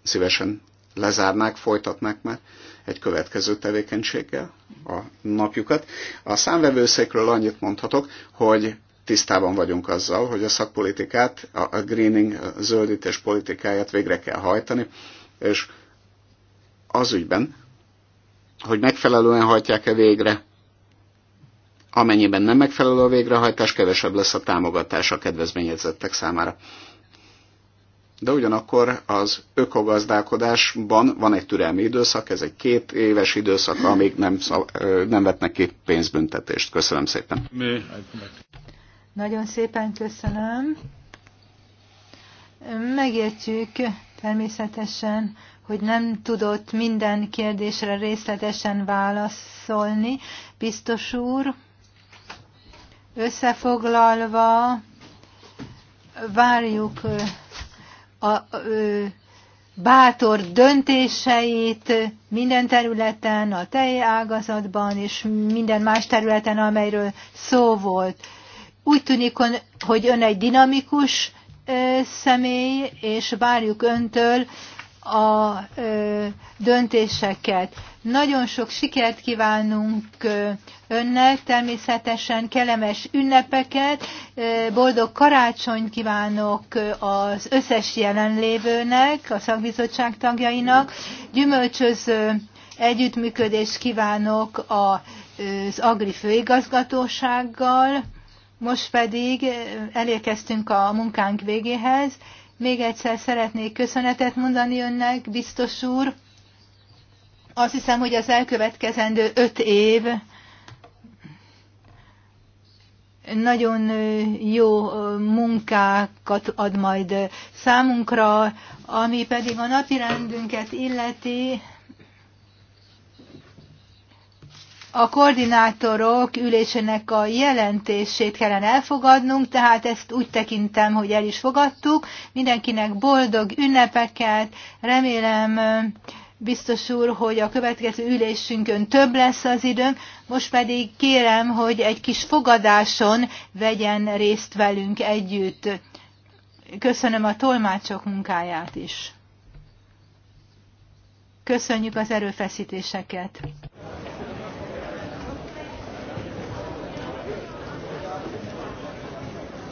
szívesen lezárnák, folytatnák már egy következő tevékenységgel a napjukat. A számvevőszékről annyit mondhatok, hogy tisztában vagyunk azzal, hogy a szakpolitikát, a greening, a zöldítés politikáját végre kell hajtani, és az ügyben, hogy megfelelően hajtják-e végre. Amennyiben nem megfelelő a végrehajtás, kevesebb lesz a támogatás a kedvezményezettek számára. De ugyanakkor az ökogazdálkodásban van egy türelmi időszak, ez egy két éves időszak, amíg nem, nem vetnek ki pénzbüntetést. Köszönöm szépen. Nagyon szépen köszönöm. Megértjük természetesen, hogy nem tudott minden kérdésre részletesen válaszolni. Biztos úr, összefoglalva várjuk a, a, bátor döntéseit minden területen, a tejágazatban és minden más területen, amelyről szó volt. Úgy tűnik, hogy ön egy dinamikus személy, és várjuk öntől a döntéseket. Nagyon sok sikert kívánunk önnek, természetesen kellemes ünnepeket, boldog karácsonyt kívánok az összes jelenlévőnek, a szakbizottság tagjainak, gyümölcsöző együttműködést kívánok az Agri főigazgatósággal, most pedig elérkeztünk a munkánk végéhez, még egyszer szeretnék köszönetet mondani önnek, biztos úr. Azt hiszem, hogy az elkövetkezendő öt év nagyon jó munkákat ad majd számunkra, ami pedig a napirendünket illeti. a koordinátorok ülésének a jelentését kellene elfogadnunk, tehát ezt úgy tekintem, hogy el is fogadtuk. Mindenkinek boldog ünnepeket, remélem biztos úr, hogy a következő ülésünkön több lesz az időnk, most pedig kérem, hogy egy kis fogadáson vegyen részt velünk együtt. Köszönöm a tolmácsok munkáját is. Köszönjük az erőfeszítéseket.